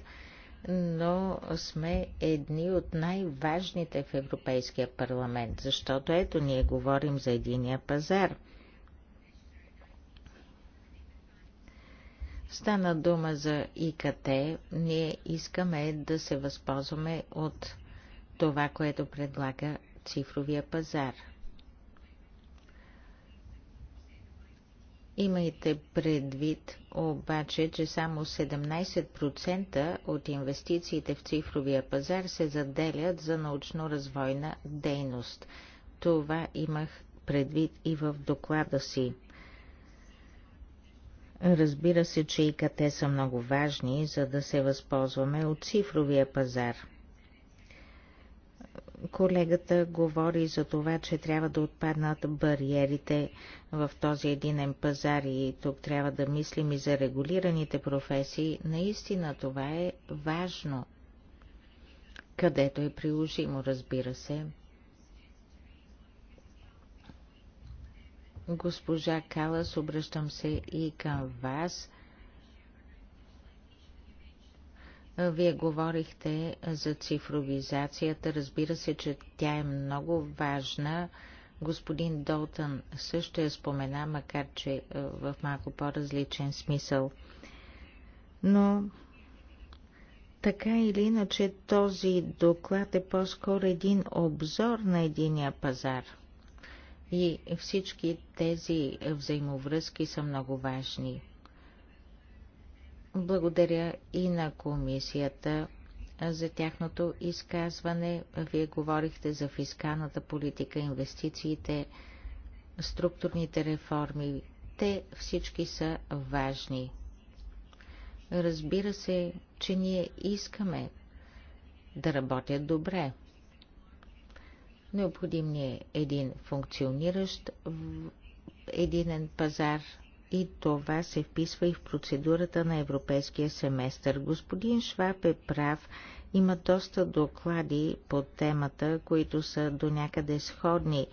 но сме едни от най-важните в Европейския парламент, защото ето ние говорим за единия пазар. Стана дума за ИКТ. Ние искаме да се възползваме от това, което предлага цифровия пазар – Имайте предвид обаче, че само 17% от инвестициите в цифровия пазар се заделят за научно-развойна дейност. Това имах предвид и в доклада си. Разбира се, че и ИКТ са много важни, за да се възползваме от цифровия пазар. Колегата говори за това, че трябва да отпаднат бариерите в този единен пазар и тук трябва да мислим и за регулираните професии. Наистина това е важно, където е приложимо, разбира се. Госпожа Калас, обръщам се и към вас. Вие говорихте за цифровизацията. Разбира се, че тя е много важна. Господин Долтън също я спомена, макар че е, в малко по-различен смисъл. Но така или иначе този доклад е по-скоро един обзор на единия пазар. И всички тези взаимовръзки са много важни. Благодаря и на комисията за тяхното изказване. Вие говорихте за фискалната политика, инвестициите, структурните реформи. Те всички са важни. Разбира се, че ние искаме да работят добре. Необходим ни е един функциониращ единен пазар – и това се вписва и в процедурата на европейския семестър. Господин Шваб е прав, има доста доклади по темата, които са до някъде сходни.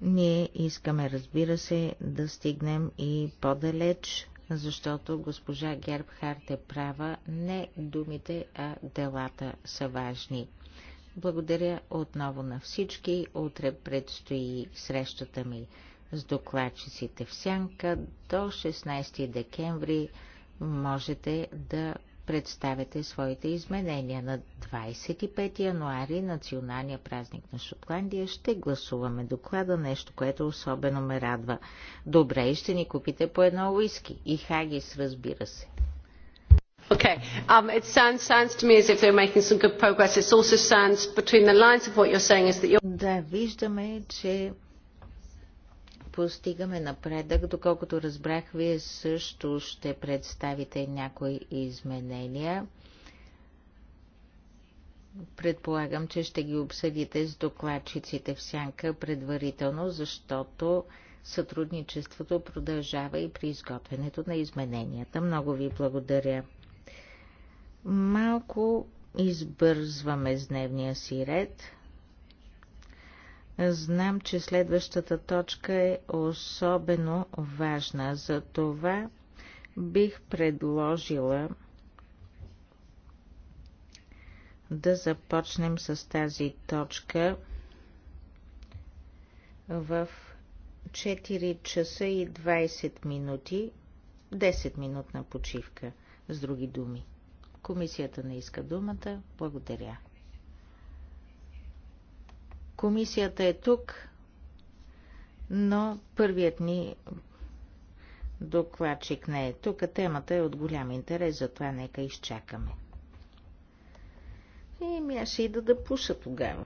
Ние искаме, разбира се, да стигнем и по-далеч, защото госпожа Гербхарт е права, не думите, а делата са важни. Благодаря отново на всички. Утре предстои срещата ми с докладчиците в сянка. До 16 декември можете да представите своите изменения. На 25 януари, националния празник на Шотландия, ще гласуваме доклада, нещо, което особено ме радва. Добре, и ще ни купите по едно уиски. И хагис, разбира се. Okay. Um, it sounds, sounds to me as if they're making some good progress. It also sounds between the lines of what you're saying is that you're... Да, виждаме, че постигаме напредък. Доколкото разбрах, вие също ще представите някои изменения. Предполагам, че ще ги обсъдите с докладчиците в сянка предварително, защото сътрудничеството продължава и при изготвянето на измененията. Много ви благодаря. Малко избързваме с дневния си ред – Знам, че следващата точка е особено важна. За това бих предложила да започнем с тази точка в 4 часа и 20 минути, 10 минутна почивка, с други думи. Комисията не иска думата. Благодаря. Комисията е тук, но първият ни докладчик не е тук. Темата е от голям интерес, затова нека изчакаме. И ми аз ще ида да пуша тогава.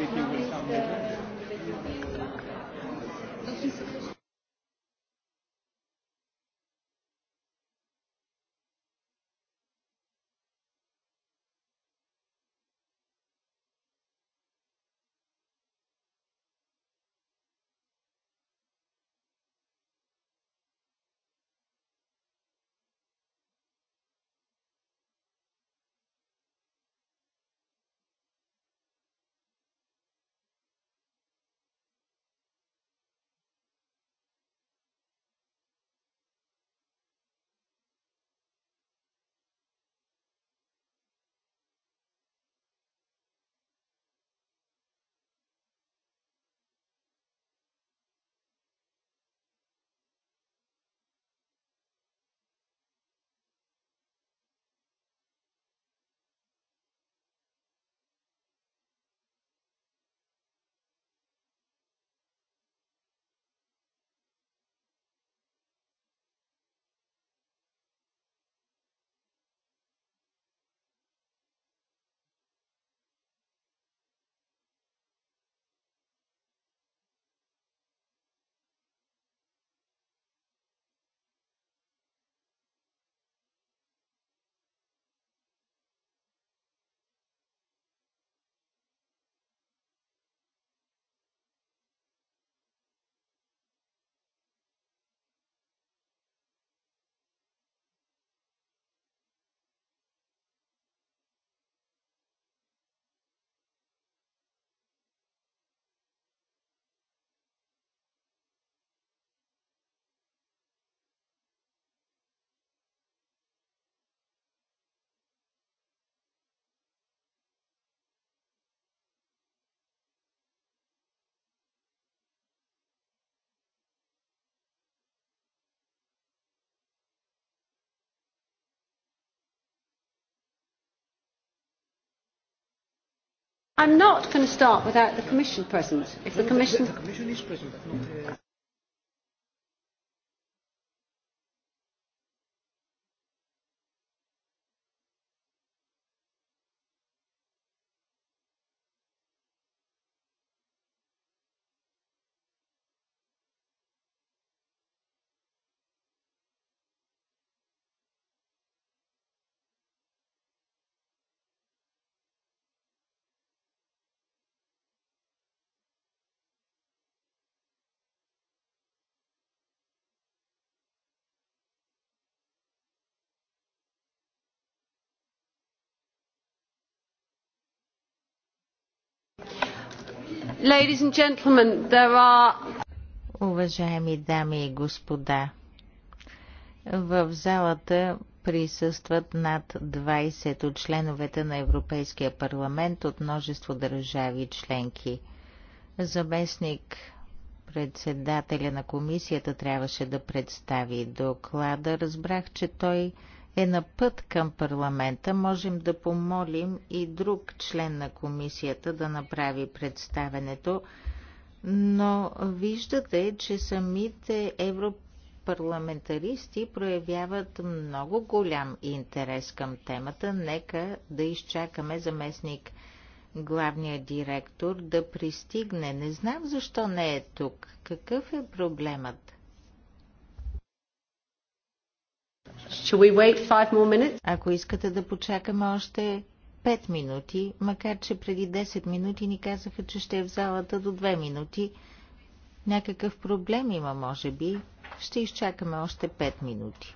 everything I'm not going to start without the Commission present. If the Commission... The Commission is present. Уважаеми дами и господа, в залата присъстват над 20 от членовете на Европейския парламент от множество държави членки. Заместник председателя на комисията трябваше да представи доклада. Разбрах, че той е на път към парламента, можем да помолим и друг член на комисията да направи представенето, но виждате, че самите европарламентаристи проявяват много голям интерес към темата. Нека да изчакаме заместник главния директор да пристигне. Не знам защо не е тук. Какъв е проблемът? Ако искате да почакаме още 5 минути, макар че преди 10 минути ни казаха, че ще е в залата до 2 минути, някакъв проблем има, може би. Ще изчакаме още 5 минути.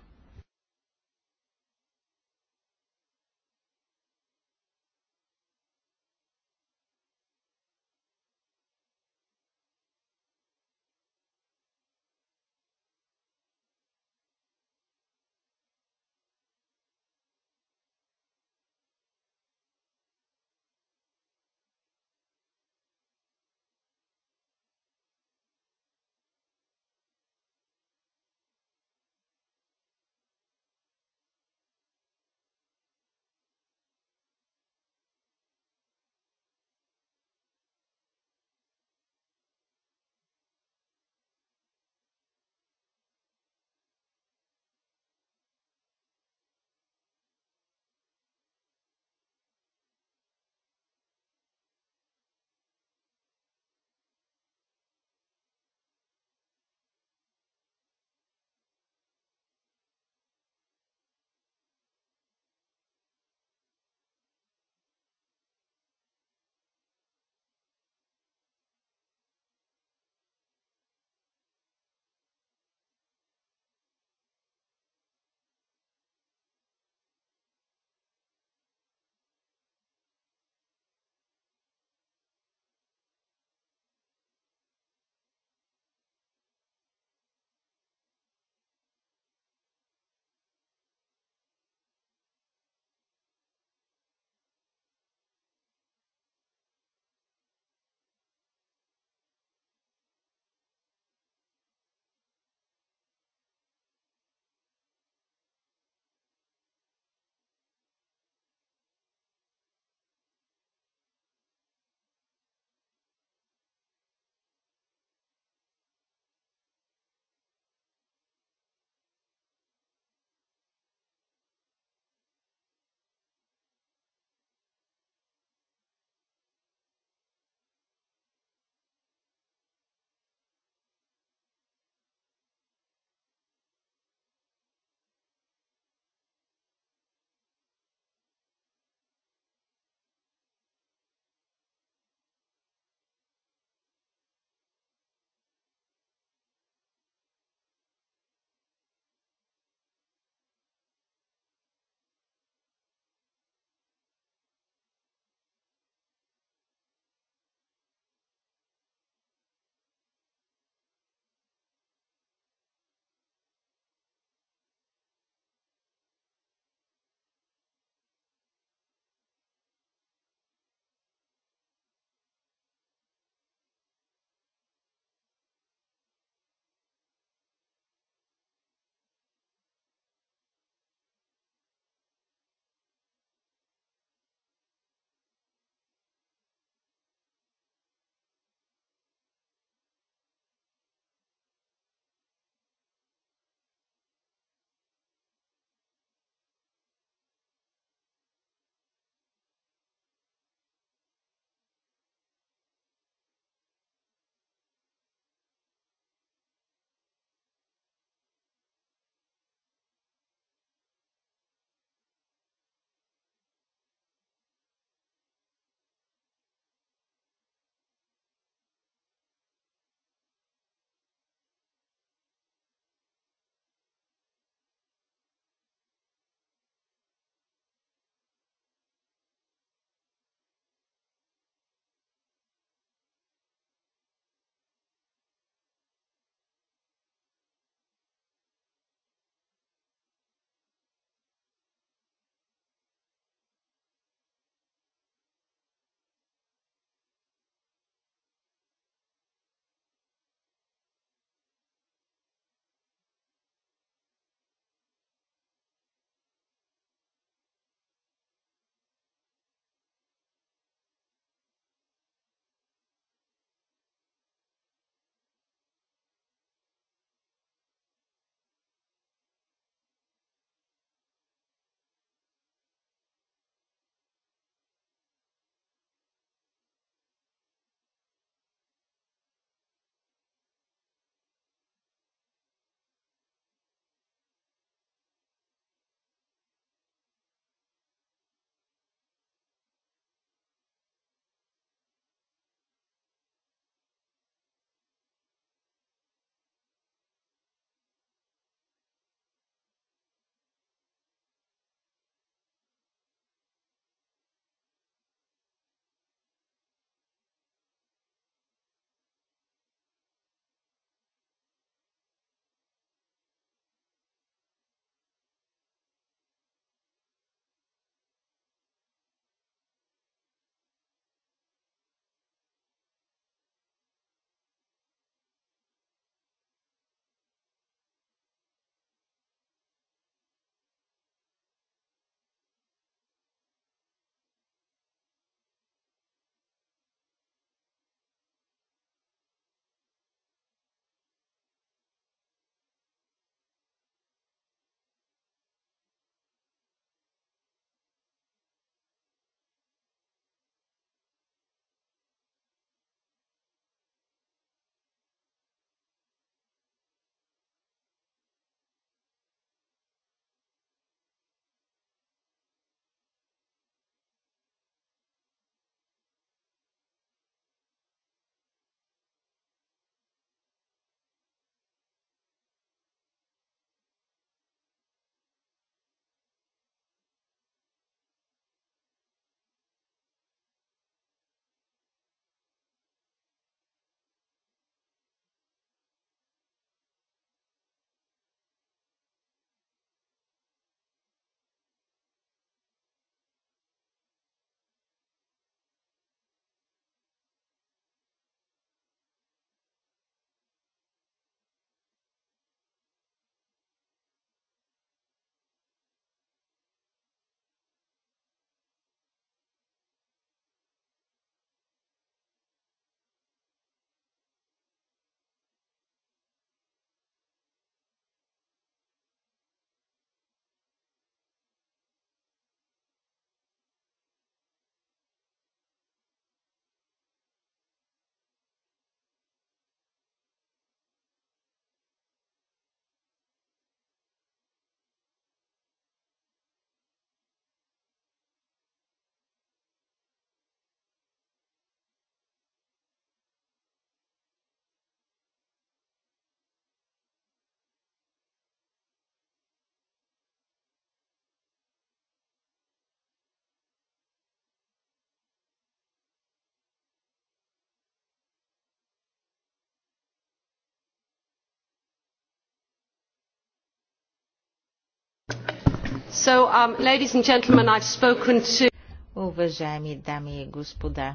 Um, Уважаеми дами и господа,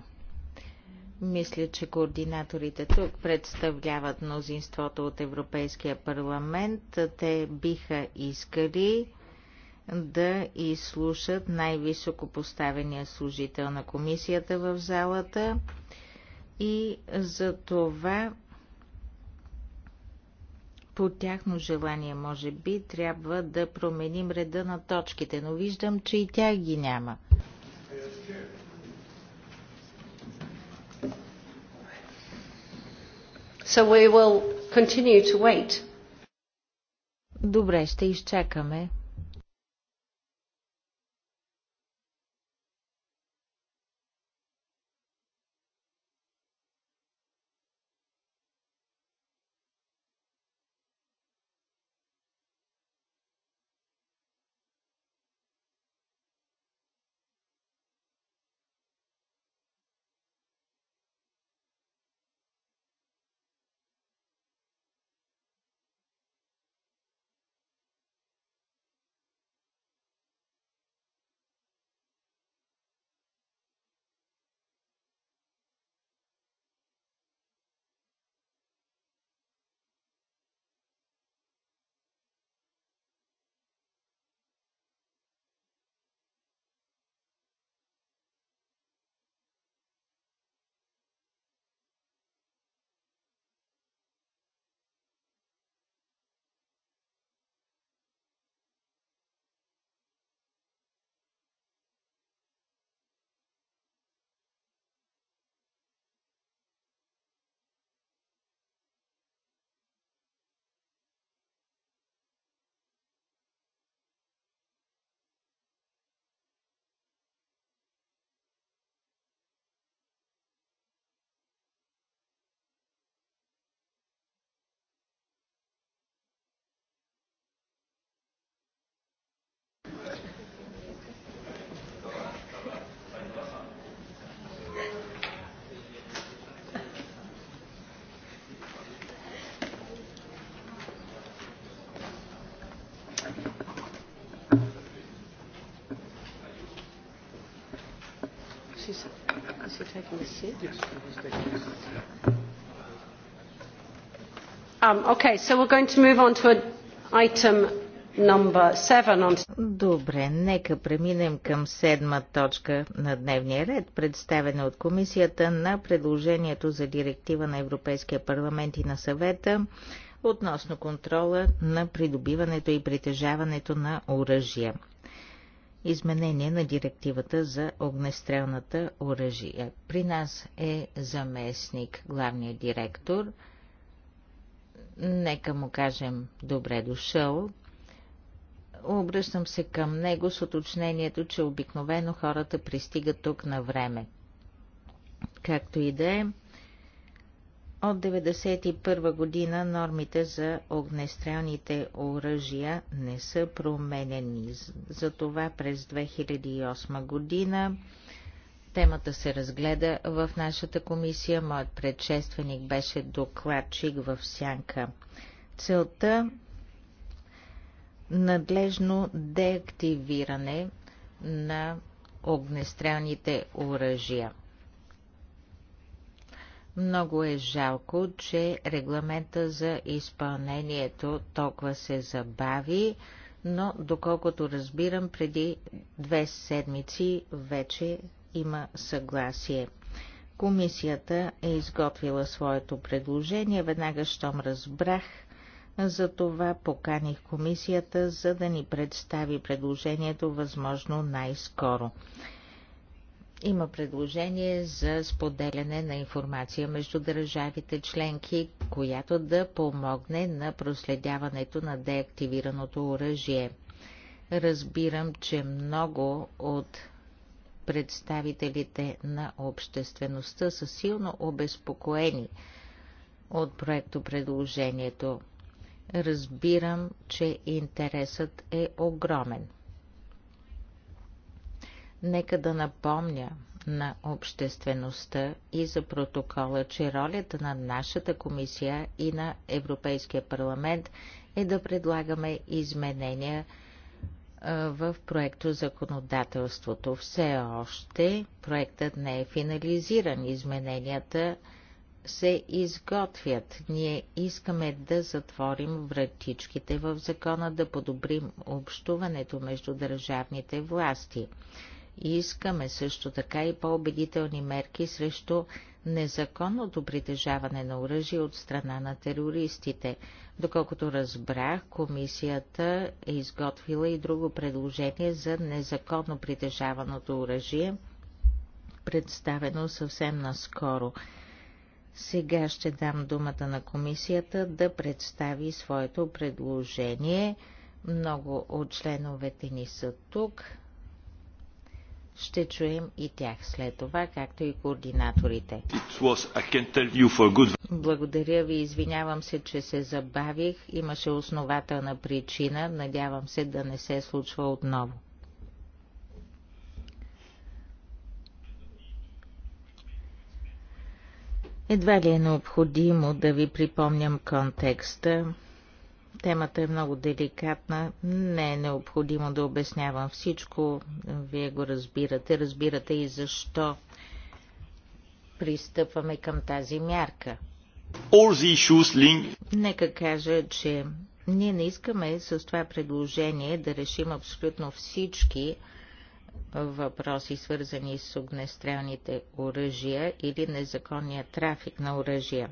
мисля, че координаторите тук представляват мнозинството от Европейския парламент. Те биха искали да изслушат най-високо поставения служител на комисията в залата и за това по тяхно желание, може би, трябва да променим реда на точките, но виждам, че и тях ги няма. So we will continue to wait. Добре, ще изчакаме. is he taking a seat? Yes, he's taking a seat. Um, okay, so we're going to move on to item Добре, нека преминем към седма точка на дневния ред, представена от комисията на предложението за директива на Европейския парламент и на съвета относно контрола на придобиването и притежаването на оръжия изменение на директивата за огнестрелната оръжия. При нас е заместник главния директор. Нека му кажем добре дошъл. Обръщам се към него с уточнението, че обикновено хората пристигат тук на време. Както и да е, от 1991 година нормите за огнестрелните оръжия не са променени. Затова през 2008 година темата се разгледа в нашата комисия. Моят предшественик беше докладчик в Сянка. Целта надлежно деактивиране на огнестрелните оръжия. Много е жалко, че регламента за изпълнението толкова се забави, но доколкото разбирам, преди две седмици вече има съгласие. Комисията е изготвила своето предложение, веднага щом разбрах, затова поканих комисията, за да ни представи предложението възможно най-скоро. Има предложение за споделяне на информация между държавите членки, която да помогне на проследяването на деактивираното оръжие. Разбирам, че много от представителите на обществеността са силно обезпокоени от проекто предложението. Разбирам, че интересът е огромен. Нека да напомня на обществеността и за протокола, че ролята на нашата комисия и на Европейския парламент е да предлагаме изменения в проекто законодателството. Все още проектът не е финализиран. Измененията се изготвят. Ние искаме да затворим вратичките в закона, да подобрим общуването между държавните власти. Искаме също така и по-убедителни мерки срещу незаконното притежаване на оръжие от страна на терористите. Доколкото разбрах, комисията е изготвила и друго предложение за незаконно притежаваното оръжие, представено съвсем наскоро. Сега ще дам думата на комисията да представи своето предложение. Много от членовете ни са тук ще чуем и тях след това, както и координаторите. Was, Благодаря ви, извинявам се, че се забавих. Имаше основателна причина. Надявам се да не се случва отново. Едва ли е необходимо да ви припомням контекста Темата е много деликатна. Не е необходимо да обяснявам всичко. Вие го разбирате. Разбирате и защо пристъпваме към тази мярка. Нека кажа, че ние не искаме с това предложение да решим абсолютно всички въпроси, свързани с огнестрелните оръжия или незаконния трафик на оръжия.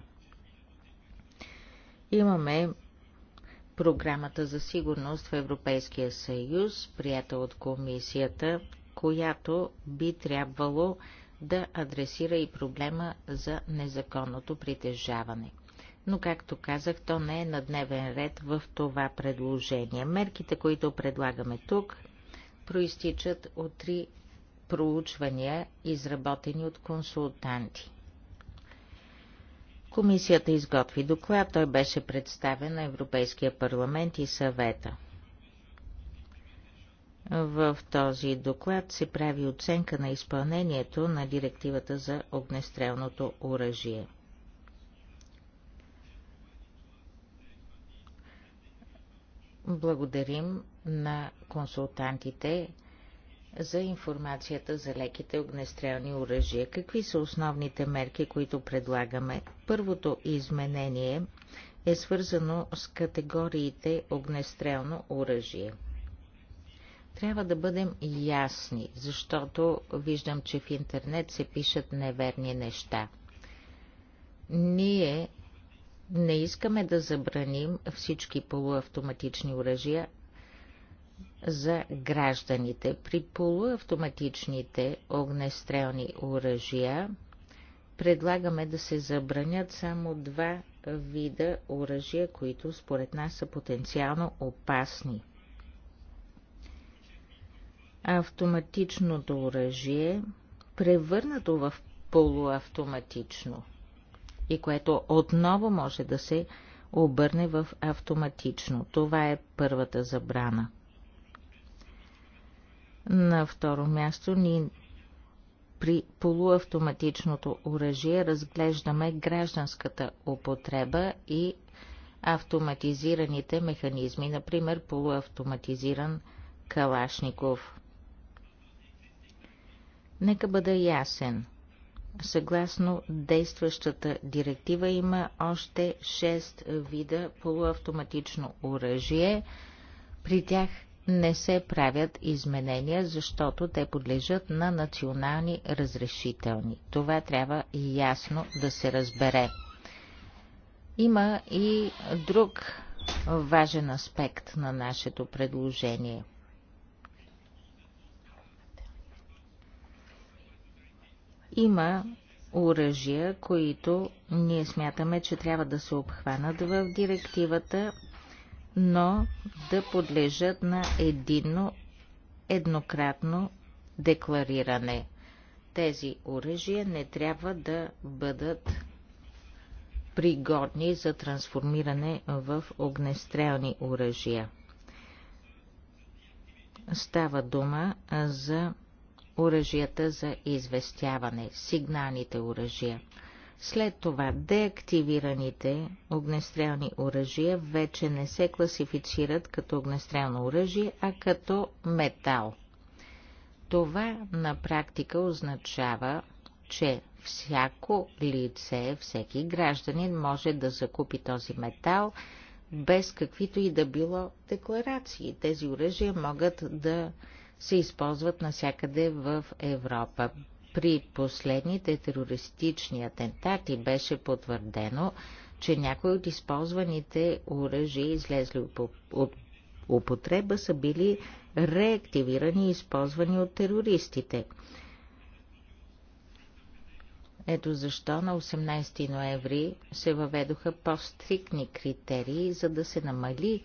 Имаме програмата за сигурност в Европейския съюз, прията от комисията, която би трябвало да адресира и проблема за незаконното притежаване. Но, както казах, то не е на дневен ред в това предложение. Мерките, които предлагаме тук, проистичат от три проучвания, изработени от консултанти. Комисията изготви доклад, той беше представен на Европейския парламент и съвета. В този доклад се прави оценка на изпълнението на директивата за огнестрелното оръжие. Благодарим на консултантите за информацията за леките огнестрелни оръжия. Какви са основните мерки, които предлагаме? Първото изменение е свързано с категориите огнестрелно оръжие. Трябва да бъдем ясни, защото виждам, че в интернет се пишат неверни неща. Ние не искаме да забраним всички полуавтоматични оръжия, за гражданите. При полуавтоматичните огнестрелни оръжия предлагаме да се забранят само два вида оръжия, които според нас са потенциално опасни. Автоматичното оръжие, превърнато в полуавтоматично и което отново може да се обърне в автоматично. Това е първата забрана. На второ място ни при полуавтоматичното оръжие разглеждаме гражданската употреба и автоматизираните механизми, например полуавтоматизиран Калашников. Нека бъда ясен. Съгласно действащата директива има още 6 вида полуавтоматично оръжие. При тях не се правят изменения, защото те подлежат на национални разрешителни. Това трябва ясно да се разбере. Има и друг важен аспект на нашето предложение. Има оръжия, които ние смятаме, че трябва да се обхванат в директивата но да подлежат на единно еднократно деклариране. Тези оръжия не трябва да бъдат пригодни за трансформиране в огнестрелни оръжия. Става дума за оръжията за известяване, сигналните оръжия – след това деактивираните огнестрелни оръжия вече не се класифицират като огнестрелно оръжие, а като метал. Това на практика означава, че всяко лице, всеки гражданин може да закупи този метал без каквито и да било декларации. Тези оръжия могат да се използват насякъде в Европа, при последните терористични атентати беше потвърдено, че някои от използваните оръжия, излезли от употреба, са били реактивирани и използвани от терористите. Ето защо на 18 ноември се въведоха по-стрикни критерии, за да се намали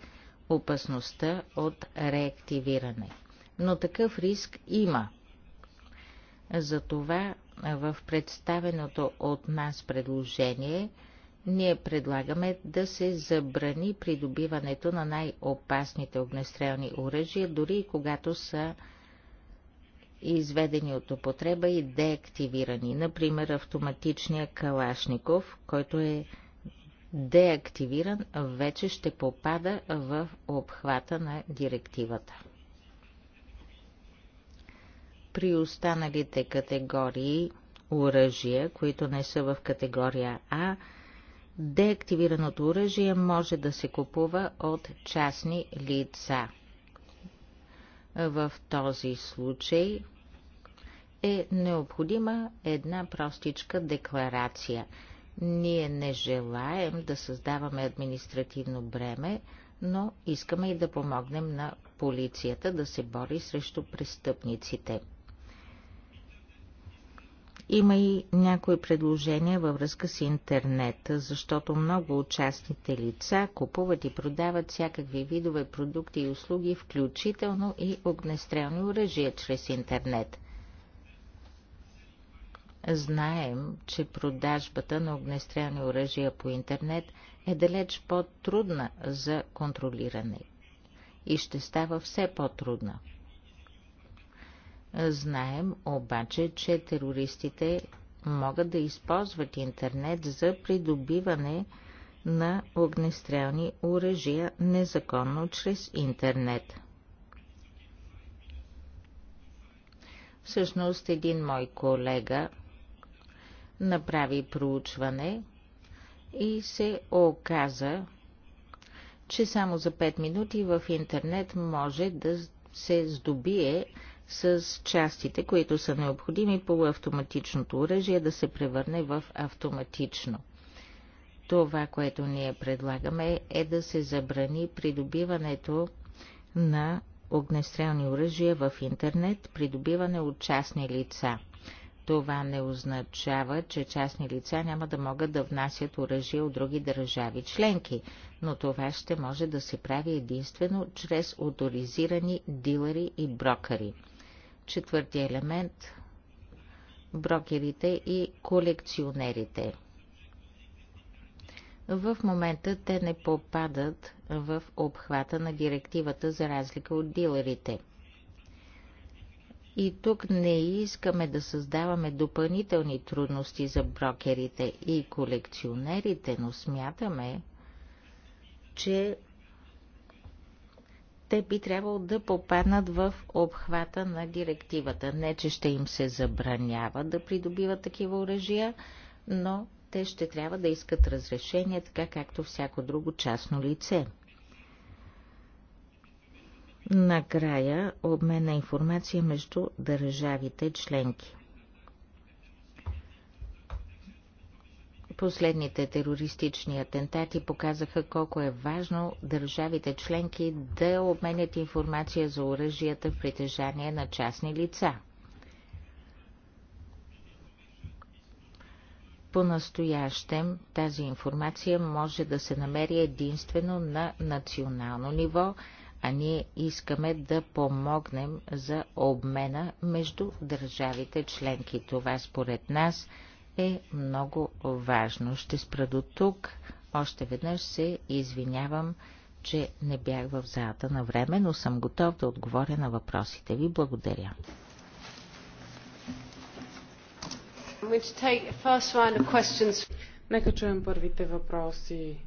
опасността от реактивиране. Но такъв риск има – затова в представеното от нас предложение ние предлагаме да се забрани придобиването на най-опасните огнестрелни оръжия, дори и когато са изведени от употреба и деактивирани. Например, автоматичния Калашников, който е деактивиран, вече ще попада в обхвата на директивата. При останалите категории оръжия, които не са в категория А, деактивираното оръжие може да се купува от частни лица. В този случай е необходима една простичка декларация. Ние не желаем да създаваме административно бреме, но искаме и да помогнем на полицията да се бори срещу престъпниците. Има и някои предложения във връзка с интернет, защото много участните лица купуват и продават всякакви видове продукти и услуги, включително и огнестрелни оръжия чрез интернет. Знаем, че продажбата на огнестрелни оръжия по интернет е далеч по-трудна за контролиране и ще става все по-трудна. Знаем обаче, че терористите могат да използват интернет за придобиване на огнестрелни оръжия незаконно чрез интернет. Всъщност един мой колега направи проучване и се оказа, че само за 5 минути в интернет може да се здобие с частите, които са необходими полуавтоматичното оръжие да се превърне в автоматично. Това, което ние предлагаме е да се забрани придобиването на огнестрелни оръжия в интернет, придобиване от частни лица. Това не означава, че частни лица няма да могат да внасят оръжия от други държави членки, но това ще може да се прави единствено чрез авторизирани дилери и брокери. Четвъртия елемент – брокерите и колекционерите. В момента те не попадат в обхвата на директивата за разлика от дилерите. И тук не искаме да създаваме допълнителни трудности за брокерите и колекционерите, но смятаме, че те би трябвало да попаднат в обхвата на директивата. Не, че ще им се забранява да придобиват такива оръжия, но те ще трябва да искат разрешение, така както всяко друго частно лице. Накрая обмен на информация между държавите членки. Последните терористични атентати показаха колко е важно държавите членки да обменят информация за оръжията в притежание на частни лица. По-настоящем тази информация може да се намери единствено на национално ниво, а ние искаме да помогнем за обмена между държавите членки. Това според нас е е много важно. Ще спра до тук. Още веднъж се извинявам, че не бях в залата на време, но съм готов да отговоря на въпросите ви. Благодаря. Нека чуем първите въпроси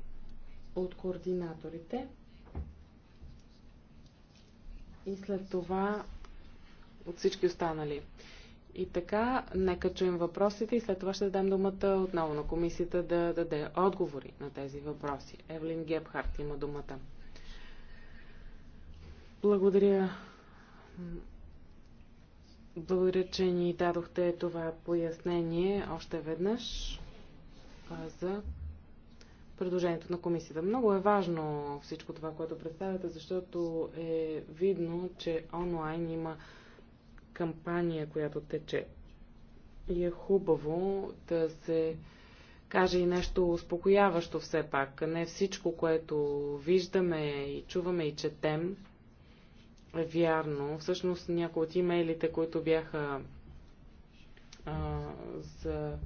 от координаторите. И след това от всички останали. И така, нека чуем въпросите и след това ще дадем думата отново на комисията да даде отговори на тези въпроси. Евлин Гебхарт има думата. Благодаря. Благодаря, че ни дадохте това пояснение още веднъж за предложението на комисията. Много е важно всичко това, което представяте, защото е видно, че онлайн има кампания, която тече. И е хубаво да се каже и нещо успокояващо все пак. Не всичко, което виждаме и чуваме и четем, е вярно. Всъщност някои от имейлите, които бяха а, за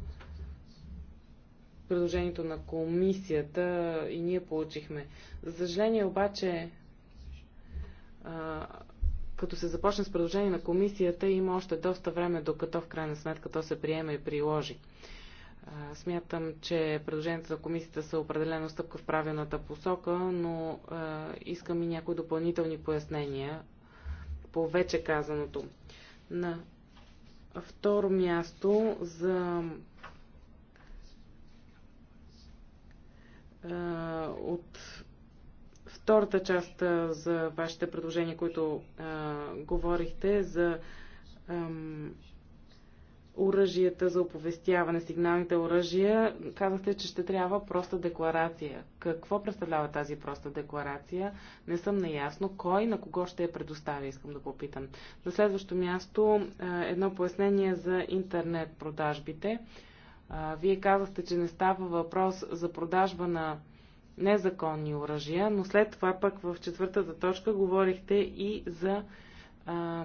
предложението на комисията и ние получихме. За съжаление обаче а, като се започне с предложение на комисията, има още доста време, докато в крайна сметка то се приеме и приложи. Смятам, че предложенията на комисията са определено стъпка в правилната посока, но искам и някои допълнителни пояснения по вече казаното. На второ място за от втората част а, за вашите предложения, които а, говорихте, за ам, оръжията за оповестяване, сигналните оръжия, казахте, че ще трябва проста декларация. Какво представлява тази проста декларация? Не съм наясно. Кой на кого ще я предоставя, искам да попитам. На следващо място едно пояснение за интернет продажбите. Вие казахте, че не става въпрос за продажба на незаконни оръжия, но след това пък в четвъртата точка говорихте и за а,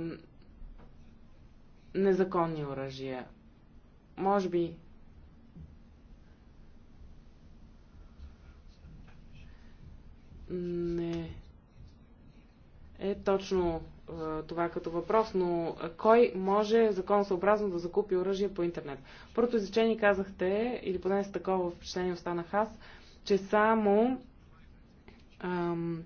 незаконни оръжия. Може би не е точно това като въпрос, но кой може законосъобразно да закупи оръжие по интернет? Първото изречение казахте, или поне с такова впечатление останах аз, че само ам,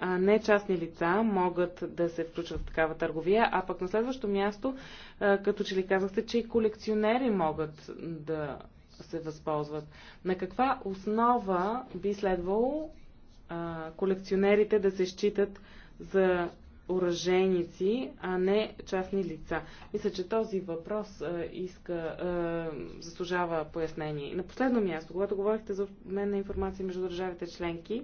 а не частни лица, могат да се включват в такава търговия, а пък на следващо място, а, като че ли казахте, че и колекционери могат да се възползват. На каква основа би следвало а, колекционерите да се считат за оръжейници, а не частни лица. Мисля, че този въпрос а, иска, а, заслужава пояснение. И на последно място, когато говорихте за обмен на информация между държавите членки,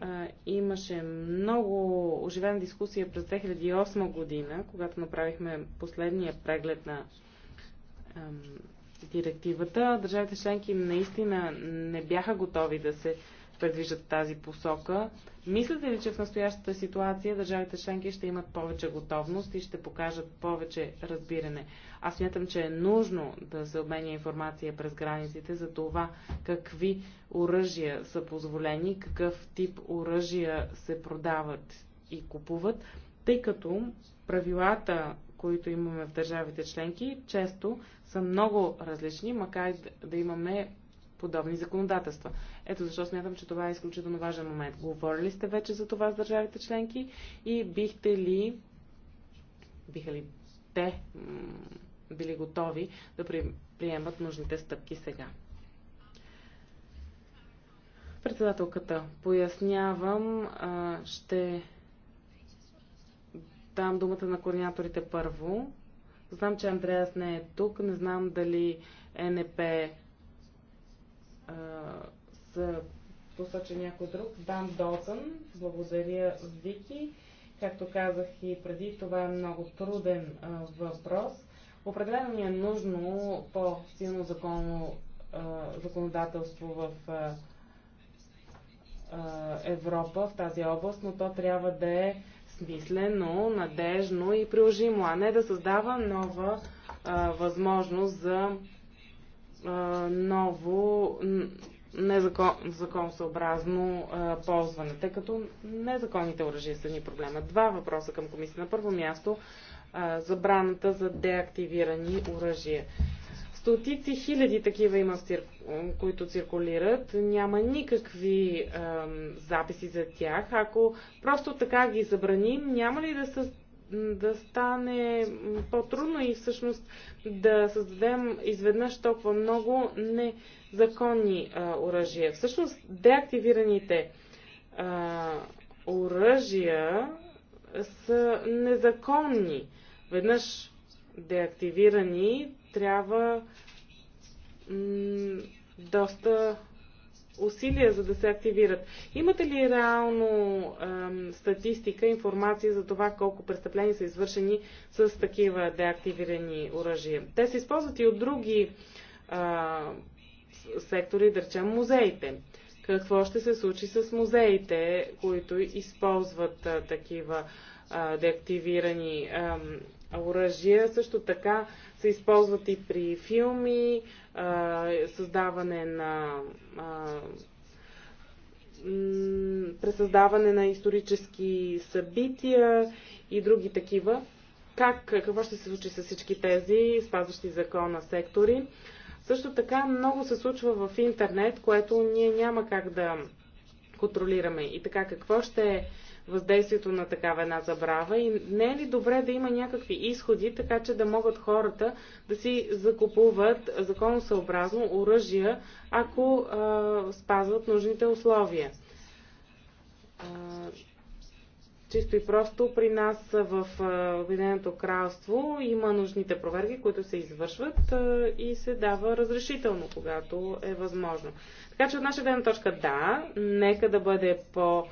а, имаше много оживена дискусия през 2008 година, когато направихме последния преглед на ам, директивата. Държавите членки наистина не бяха готови да се предвиждат тази посока. Мислите ли, че в настоящата ситуация държавите членки ще имат повече готовност и ще покажат повече разбиране? Аз смятам, че е нужно да се обменя информация през границите за това какви оръжия са позволени, какъв тип оръжия се продават и купуват, тъй като правилата, които имаме в държавите членки, често са много различни, макар да имаме подобни законодателства. Ето защо смятам, че това е изключително важен момент. Говорили сте вече за това с държавите членки и бихте ли, биха ли те били готови да приемат нужните стъпки сега? Председателката, пояснявам, ще дам думата на координаторите първо. Знам, че Андреас не е тук. Не знам дали е НП посоча някой друг, Дан Долсън. Благодаря, Вики. Както казах и преди, това е много труден а, въпрос. Определено ни е нужно по-силно законно, а, законодателство в а, Европа в тази област, но то трябва да е смислено, надежно и приложимо, а не да създава нова а, възможност за а, ново незакон, ползване, тъй като незаконните оръжия са ни проблема. Два въпроса към комисия. На първо място а, забраната за деактивирани оръжия. Стотици хиляди такива има, цир... които циркулират. Няма никакви ам, записи за тях. Ако просто така ги забраним, няма ли да са да стане по-трудно и всъщност да създадем изведнъж толкова много незаконни а, оръжия. Всъщност деактивираните а, оръжия са незаконни. Веднъж деактивирани трябва доста усилия, за да се активират. Имате ли реално ем, статистика, информация за това колко престъпления са извършени с такива деактивирани оръжия? Те се използват и от други а, сектори, да речем музеите. Какво ще се случи с музеите, които използват а, такива а, деактивирани а, оръжия? Също така се използват и при филми, създаване на пресъздаване на исторически събития и други такива. Как, какво ще се случи с всички тези спазващи закона сектори? Също така много се случва в интернет, което ние няма как да контролираме. И така, какво ще е въздействието на такава една забрава и не е ли добре да има някакви изходи, така че да могат хората да си закупуват законосъобразно оръжия, ако а, спазват нужните условия. А, чисто и просто при нас в Обединеното кралство има нужните проверки, които се извършват и се дава разрешително, когато е възможно. Така че от наша гледна точка да, нека да бъде по-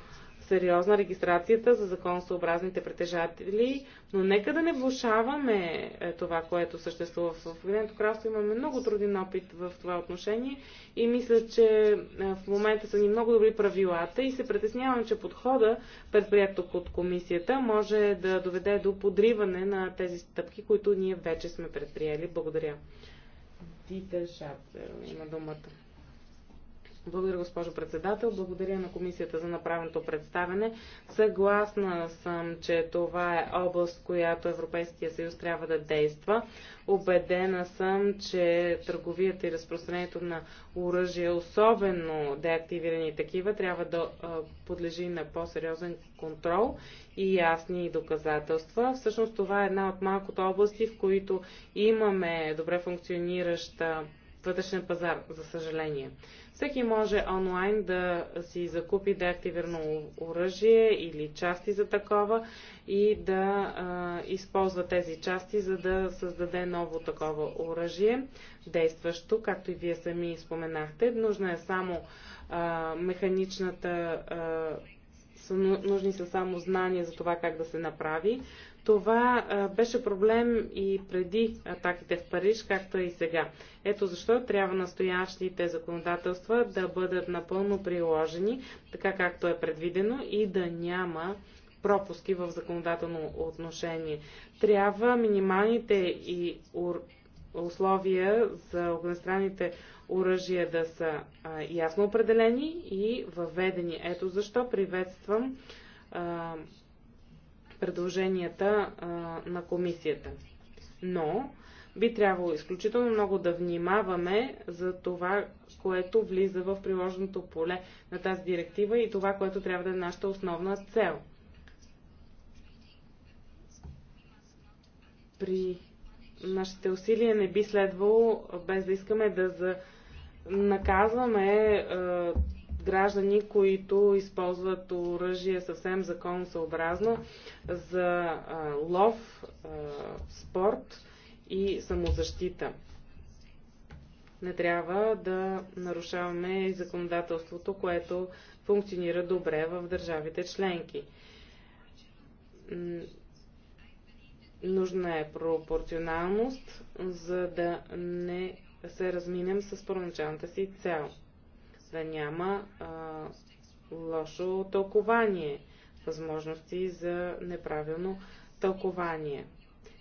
сериозна регистрацията за законосъобразните притежатели, но нека да не влушаваме е, това, което съществува в Обединеното кралство. Имаме много труден опит в това отношение и мисля, че е, в момента са ни много добри правилата и се притеснявам, че подхода, предприят тук от комисията, може да доведе до подриване на тези стъпки, които ние вече сме предприели. Благодаря. Дита Шапер има думата. Благодаря, госпожо председател. Благодаря на комисията за направеното представене. Съгласна съм, че това е област, която Европейския съюз трябва да действа. Обедена съм, че търговията и разпространението на оръжие, особено деактивирани такива, трябва да подлежи на по-сериозен контрол и ясни доказателства. Всъщност това е една от малкото области, в които имаме добре функционираща вътрешен пазар, за съжаление. Всеки може онлайн да си закупи деактивирано оръжие или части за такова и да а, използва тези части, за да създаде ново такова оръжие, действащо, както и вие сами споменахте. Нужна е само а, механичната. А, са, нужни са само знания за това как да се направи, това беше проблем и преди атаките в Париж, както е и сега. Ето защо трябва настоящите законодателства да бъдат напълно приложени, така както е предвидено и да няма пропуски в законодателно отношение. Трябва минималните и условия за огнестранните оръжия да са а, ясно определени и въведени. Ето защо приветствам предложенията а, на комисията. Но би трябвало изключително много да внимаваме за това, което влиза в приложеното поле на тази директива и това, което трябва да е нашата основна цел. При нашите усилия не би следвало, без да искаме да за... наказваме граждани, които използват оръжие съвсем законосъобразно за а, лов, а, спорт и самозащита. Не трябва да нарушаваме и законодателството, което функционира добре в държавите членки. Нужна е пропорционалност, за да не се разминем с първоначалната си цел да няма а, лошо тълкование, възможности за неправилно тълкование.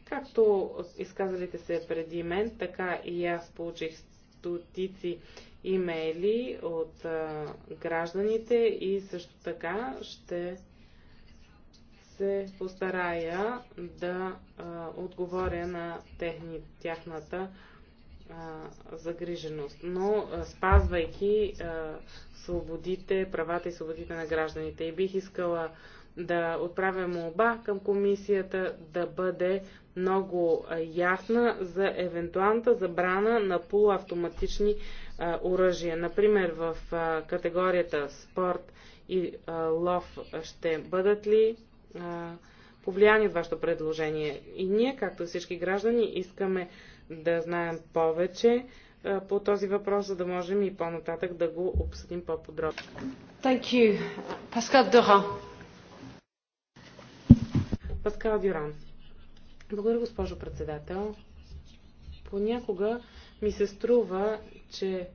Както изказалите се преди мен, така и аз получих стотици имейли от а, гражданите и също така ще се постарая да а, отговоря на техни, тяхната загриженост, но спазвайки свободите, правата и свободите на гражданите. И бих искала да отправя молба към комисията да бъде много ясна за евентуалната забрана на полуавтоматични оръжия. Например, в а, категорията спорт и а, лов ще бъдат ли а, повлияни от вашето предложение? И ние, както всички граждани, искаме да знаем повече по този въпрос, за да можем и по-нататък да го обсъдим по-подробно. Thank you. Паскал Дюран. Благодаря, госпожо председател. Понякога ми се струва, че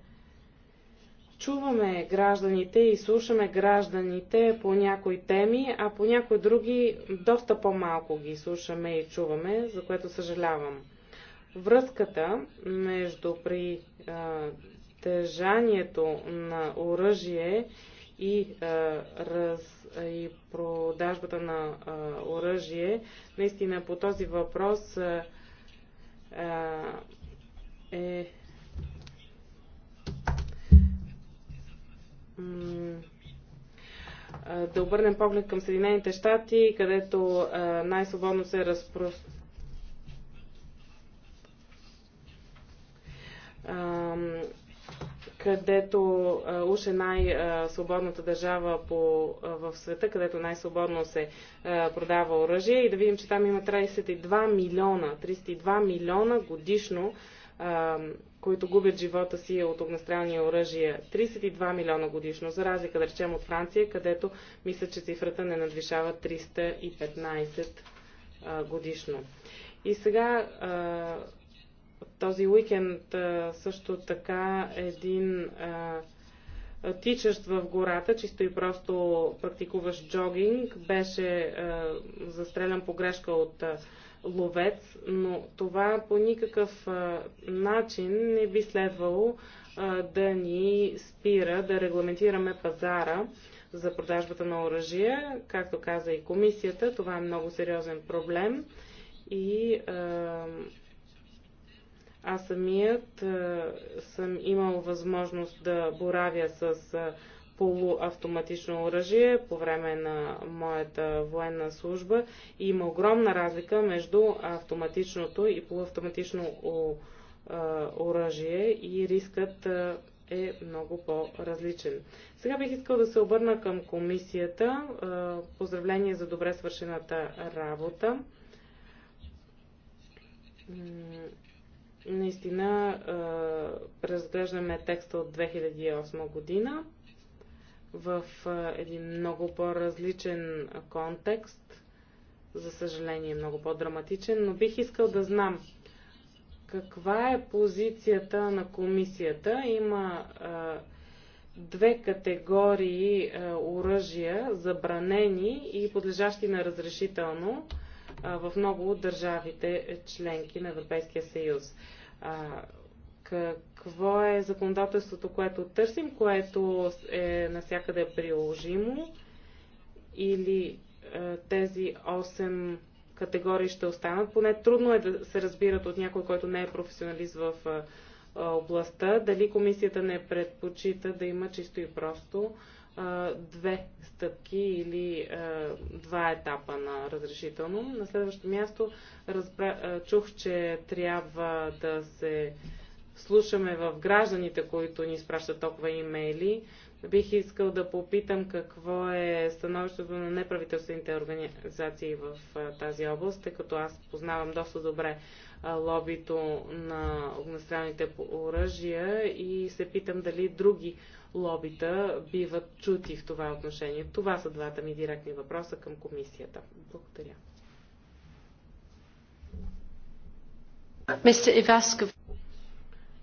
чуваме гражданите и слушаме гражданите по някои теми, а по някои други доста по-малко ги слушаме и чуваме, за което съжалявам. Връзката между притежанието на оръжие и, раз, и продажбата на оръжие, наистина по този въпрос е да обърнем поглед към Съединените щати, където най-свободно се разпространява където уж е най-свободната държава по, в света, където най-свободно се продава оръжие и да видим, че там има 32 милиона, 32 милиона годишно, които губят живота си от огнестрелни оръжия. 32 милиона годишно, за разлика да речем от Франция, където мисля, че цифрата не надвишава 315 годишно. И сега този уикенд също така един тичащ в гората, чисто и просто практикуваш джогинг, беше застрелян по грешка от ловец, но това по никакъв начин не би следвало да ни спира да регламентираме пазара за продажбата на оръжия. Както каза и комисията, това е много сериозен проблем и а, аз самият съм имал възможност да боравя с полуавтоматично оръжие по време на моята военна служба и има огромна разлика между автоматичното и полуавтоматично оръжие и рискът е много по-различен. Сега бих искал да се обърна към комисията. Поздравление за добре свършената работа Наистина разглеждаме текста от 2008 година в един много по-различен контекст, за съжаление е много по-драматичен, но бих искал да знам каква е позицията на комисията. Има две категории оръжия, забранени и подлежащи на разрешително в много от държавите членки на Европейския съюз. Какво е законодателството, което търсим, което е насякъде приложимо или тези 8 категории ще останат. Поне трудно е да се разбират от някой, който не е професионалист в областта, дали комисията не предпочита да има чисто и просто две стъпки или два етапа на разрешително. На следващо място разбра, чух, че трябва да се слушаме в гражданите, които ни спращат толкова имейли. Бих искал да попитам какво е становището на неправителствените организации в тази област, тъй като аз познавам доста добре лобито на огнестрелните оръжия и се питам дали други лобита биват чути в това отношение. Това са двата ми директни въпроса към комисията. Благодаря. Мистер Ивасков.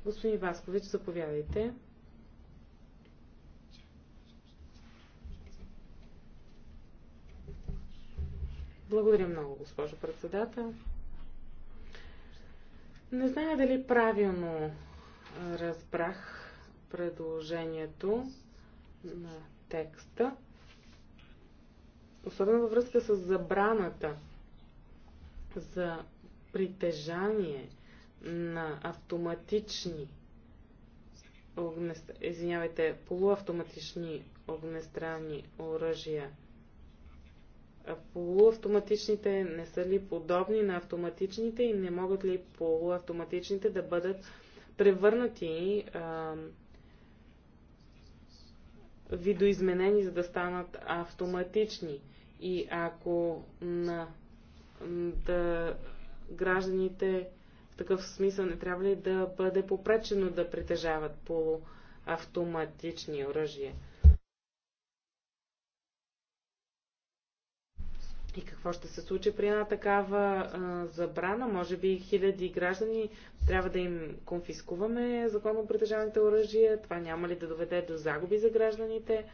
Господин Иваскович, заповядайте. Благодаря много, госпожо председател. Не зная дали правилно разбрах предложението на текста, особено във връзка с забраната за притежание на автоматични извинявайте, полуавтоматични огнестрани оръжия – полуавтоматичните не са ли подобни на автоматичните и не могат ли полуавтоматичните да бъдат превърнати, а, видоизменени, за да станат автоматични. И ако на да гражданите в такъв смисъл не трябва ли да бъде попречено да притежават полуавтоматични оръжия? И какво ще се случи при една такава а, забрана? Може би хиляди граждани трябва да им конфискуваме законно притежаваните оръжия. Това няма ли да доведе до загуби за гражданите?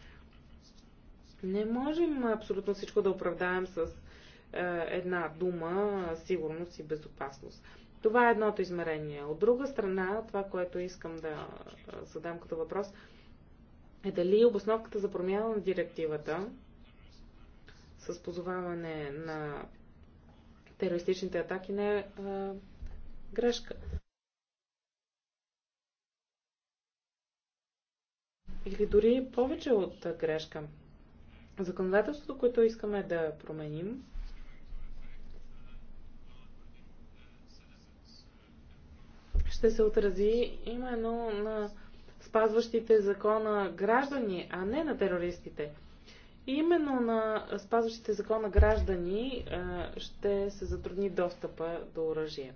Не можем абсолютно всичко да оправдаем с а, една дума сигурност и безопасност. Това е едното измерение. От друга страна, това, което искам да задам като въпрос, е дали обосновката за промяна на директивата с позоваване на терористичните атаки не е а, грешка. Или дори повече от грешка. Законодателството, което искаме да променим, ще се отрази именно на спазващите закона граждани, а не на терористите именно на спазващите закона граждани е, ще се затрудни достъпа до оръжие.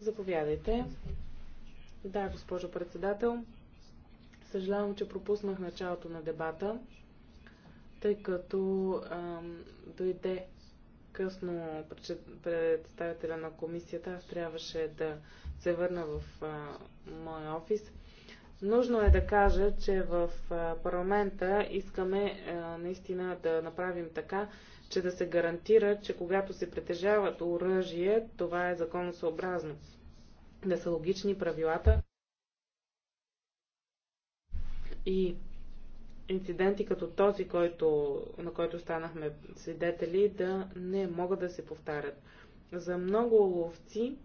Заповядайте. Да, госпожо председател. Съжалявам, че пропуснах началото на дебата, тъй като ам, дойде късно представителя на комисията. Аз трябваше да се върна в а, моя офис. Нужно е да кажа, че в парламента искаме наистина да направим така, че да се гарантира, че когато се притежават оръжие, това е законосъобразно. Да са логични правилата и инциденти като този, който, на който станахме свидетели, да не могат да се повтарят. За много ловци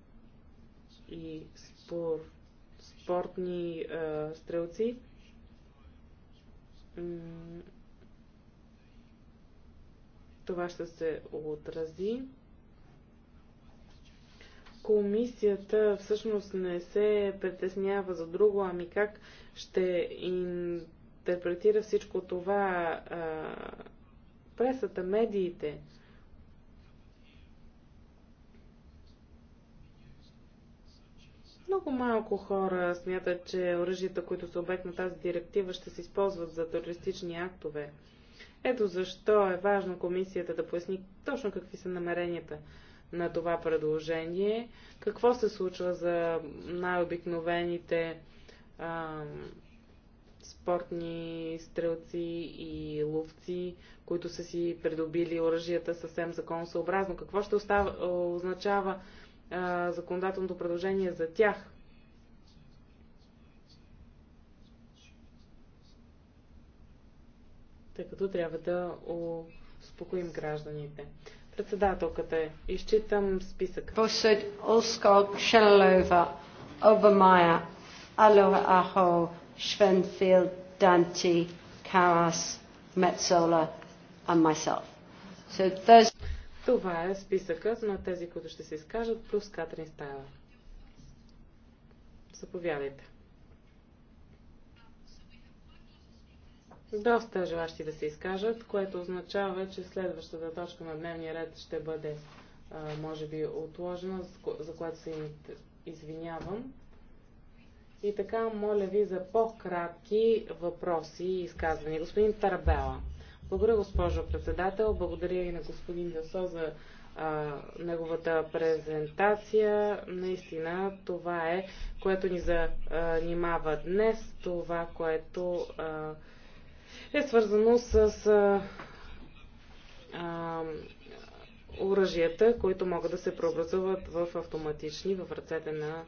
и спор спортни а, стрелци. Това ще се отрази. Комисията всъщност не се притеснява за друго, ами как ще интерпретира всичко това а, пресата, медиите. А, Много малко хора смятат, че оръжията, които са обект на тази директива, ще се използват за терористични актове. Ето защо е важно комисията да поясни точно какви са намеренията на това предложение, какво се случва за най-обикновените спортни стрелци и ловци, които са си придобили оръжията съвсем законосъобразно. Какво ще остава, означава законодателното предложение за тях. Тъй като трябва да успокоим гражданите. Председателката е. Изчитам списък. Посед Олскот, Шелова, Обамая, Алова Ахо, Швенфилд, Данти, Карас, Metzola and myself. So those това е списъкът на тези, които ще се изкажат, плюс Катрин Стайла. Заповядайте. Доста желащи да се изкажат, което означава, че следващата точка на дневния ред ще бъде, може би, отложена, за което се извинявам. И така, моля ви за по-кратки въпроси и изказвания. Господин Тарабела. Благодаря, госпожо председател. Благодаря и на господин Дасо за а, неговата презентация. Наистина това е, което ни занимава днес, това, което а, е свързано с а, а, оръжията, които могат да се преобразуват в автоматични в ръцете на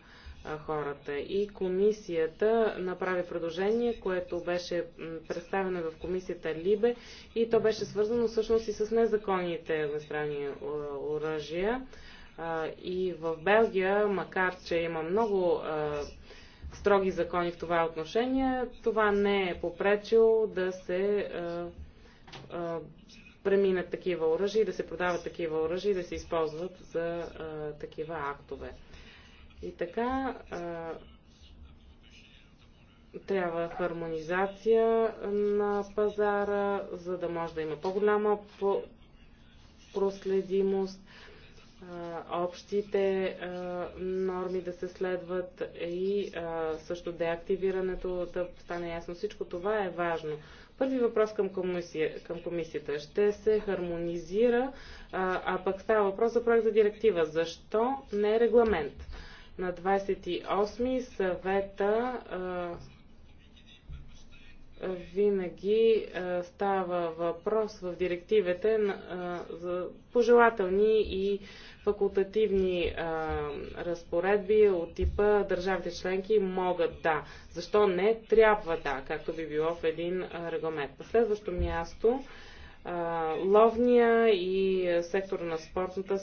хората. И комисията направи предложение, което беше представено в комисията Либе и то беше свързано всъщност и с незаконните огнестрелни оръжия. И в Белгия, макар че има много строги закони в това отношение, това не е попречило да се преминат такива оръжия, да се продават такива оръжия и да се използват за а, такива актове. И така а, трябва хармонизация на пазара, за да може да има по-голяма проследимост, а, общите а, норми да се следват и а, също деактивирането да стане ясно. Всичко това е важно. Първи въпрос към, комисия, към комисията. Ще се хармонизира, а, а пък става въпрос за проект за директива. Защо не е регламент? на 28 съвета а, винаги а, става въпрос в директивите а, за пожелателни и факултативни а, разпоредби от типа държавите членки могат да. Защо не трябва да, както би било в един а, регламент. На следващо място ловния и сектора на спортната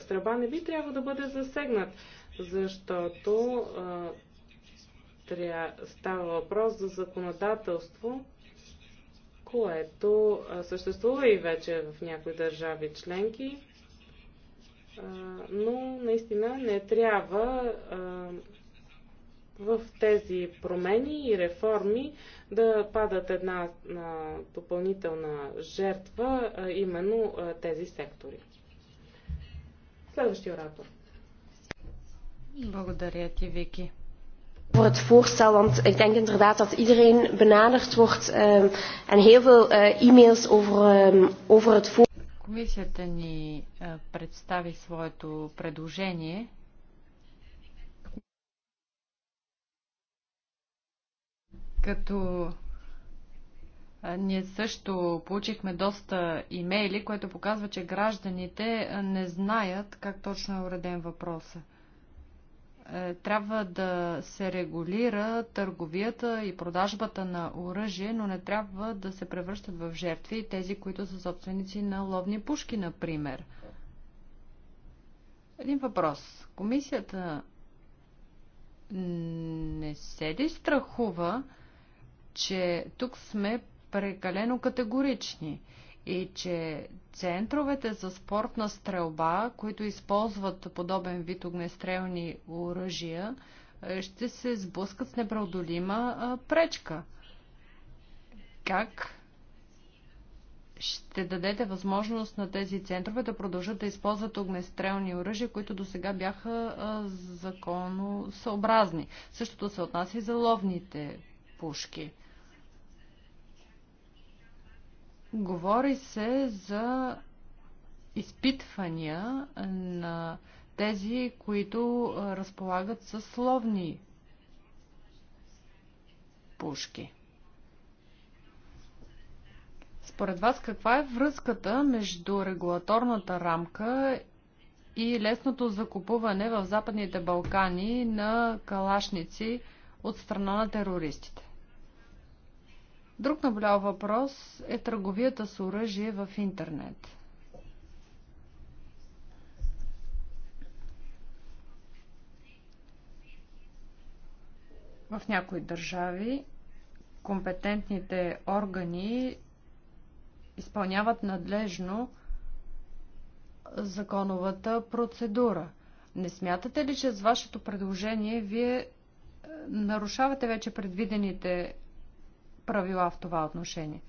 стрелба не би трябва да бъде засегнат защото а, тря... става въпрос за законодателство, което а, съществува и вече в някои държави членки, а, но наистина не трябва а, в тези промени и реформи да падат една а, допълнителна жертва, а, именно а, тези сектори. Следващия оратор. Благодаря ти, Вики. Voor het voorstel, want ik denk inderdaad dat iedereen benaderd wordt um, en heel veel uh, e-mails over, um, over het voorstel. Комисията ни uh, представи своето предложение като е, ние също получихме доста имейли, което показва, че гражданите е, не знаят как точно е уреден въпросът. Е, трябва да се регулира търговията и продажбата на оръжие, но не трябва да се превръщат в жертви тези, които са собственици на ловни пушки, например. Един въпрос. Комисията не се ли страхува, че тук сме прекалено категорични? и че центровете за спортна стрелба, които използват подобен вид огнестрелни оръжия, е, ще се сблъскат с непреодолима пречка. Как ще дадете възможност на тези центрове да продължат да използват огнестрелни оръжия, които до сега бяха законосъобразни. Същото се отнася и за ловните пушки. Говори се за изпитвания на тези, които разполагат със словни пушки. Според вас каква е връзката между регулаторната рамка и лесното закупуване в Западните Балкани на калашници от страна на терористите? Друг наблял въпрос е търговията с оръжие в интернет. В някои държави компетентните органи изпълняват надлежно законовата процедура. Не смятате ли, че с вашето предложение вие е, нарушавате вече предвидените правила в това отношение.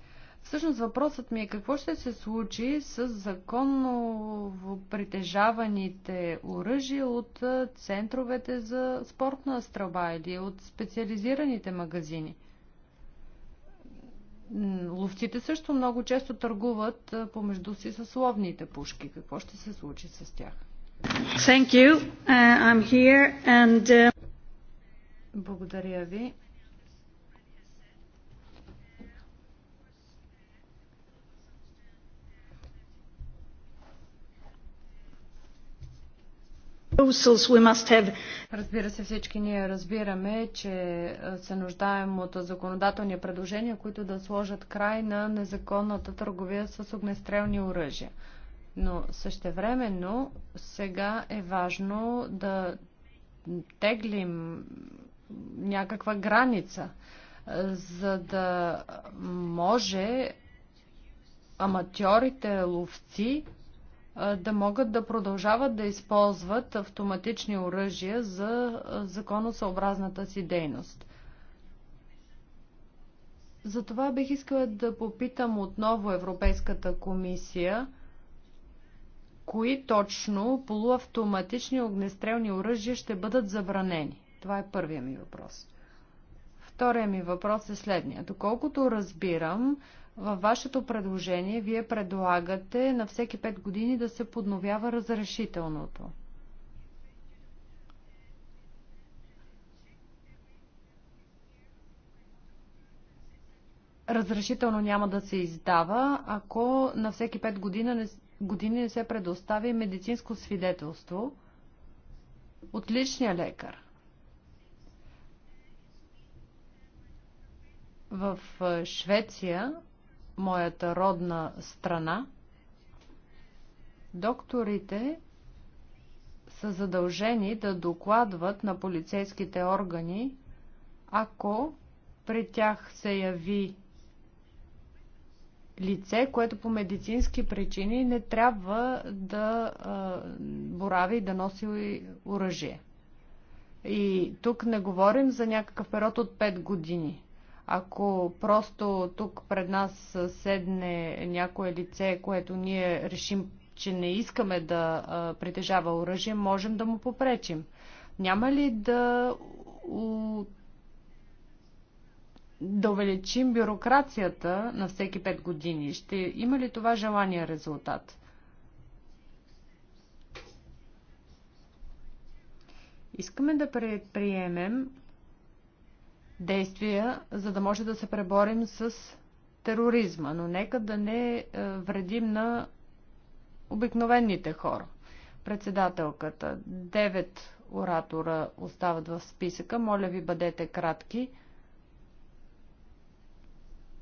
Всъщност въпросът ми е какво ще се случи с законно притежаваните оръжия от центровете за спортна стрелба или от специализираните магазини. Ловците също много често търгуват помежду си с ловните пушки. Какво ще се случи с тях? Thank you. Uh, I'm here and, uh... Благодаря ви. Разбира се, всички ние разбираме, че се нуждаем от законодателни предложения, които да сложат край на незаконната търговия с огнестрелни оръжия. Но същевременно сега е важно да теглим някаква граница, за да може аматьорите ловци да могат да продължават да използват автоматични оръжия за законосъобразната си дейност. Затова бих искала да попитам отново Европейската комисия кои точно полуавтоматични огнестрелни оръжия ще бъдат забранени. Това е първия ми въпрос. Втория ми въпрос е следния. Доколкото разбирам, във вашето предложение вие предлагате на всеки 5 години да се подновява разрешителното. Разрешително няма да се издава, ако на всеки 5 години не, години не се предостави медицинско свидетелство от личния лекар. В Швеция моята родна страна, докторите са задължени да докладват на полицейските органи, ако при тях се яви лице, което по медицински причини не трябва да а, борави и да носи оръжие. И тук не говорим за някакъв период от 5 години. Ако просто тук пред нас седне някое лице, което ние решим, че не искаме да притежава оръжие, можем да му попречим. Няма ли да да увеличим бюрокрацията на всеки 5 години. Ще има ли това желания резултат? Искаме да предприемем действия, за да може да се преборим с тероризма. Но нека да не е, вредим на обикновените хора. Председателката, девет оратора остават в списъка. Моля ви, бъдете кратки.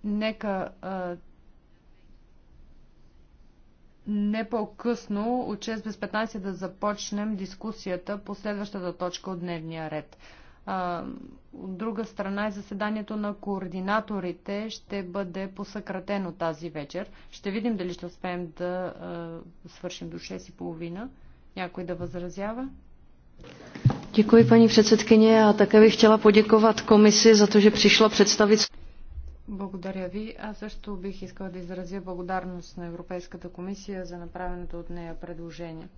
Нека а, е, не по-късно от 6 без 15 да започнем дискусията по следващата точка от дневния ред. От друга страна, и заседанието на координаторите ще бъде посъкратено тази вечер. Ще видим дали ще успеем да свършим до 6.30. Някой да възразява? Děkuji paní předsedkyně a také bych chtěla poděkovat komisi za to, že přišla představit. Благодаря ви. Аз също бих искала да изразя благодарност на Европейската комисия за направеното от нея предложение.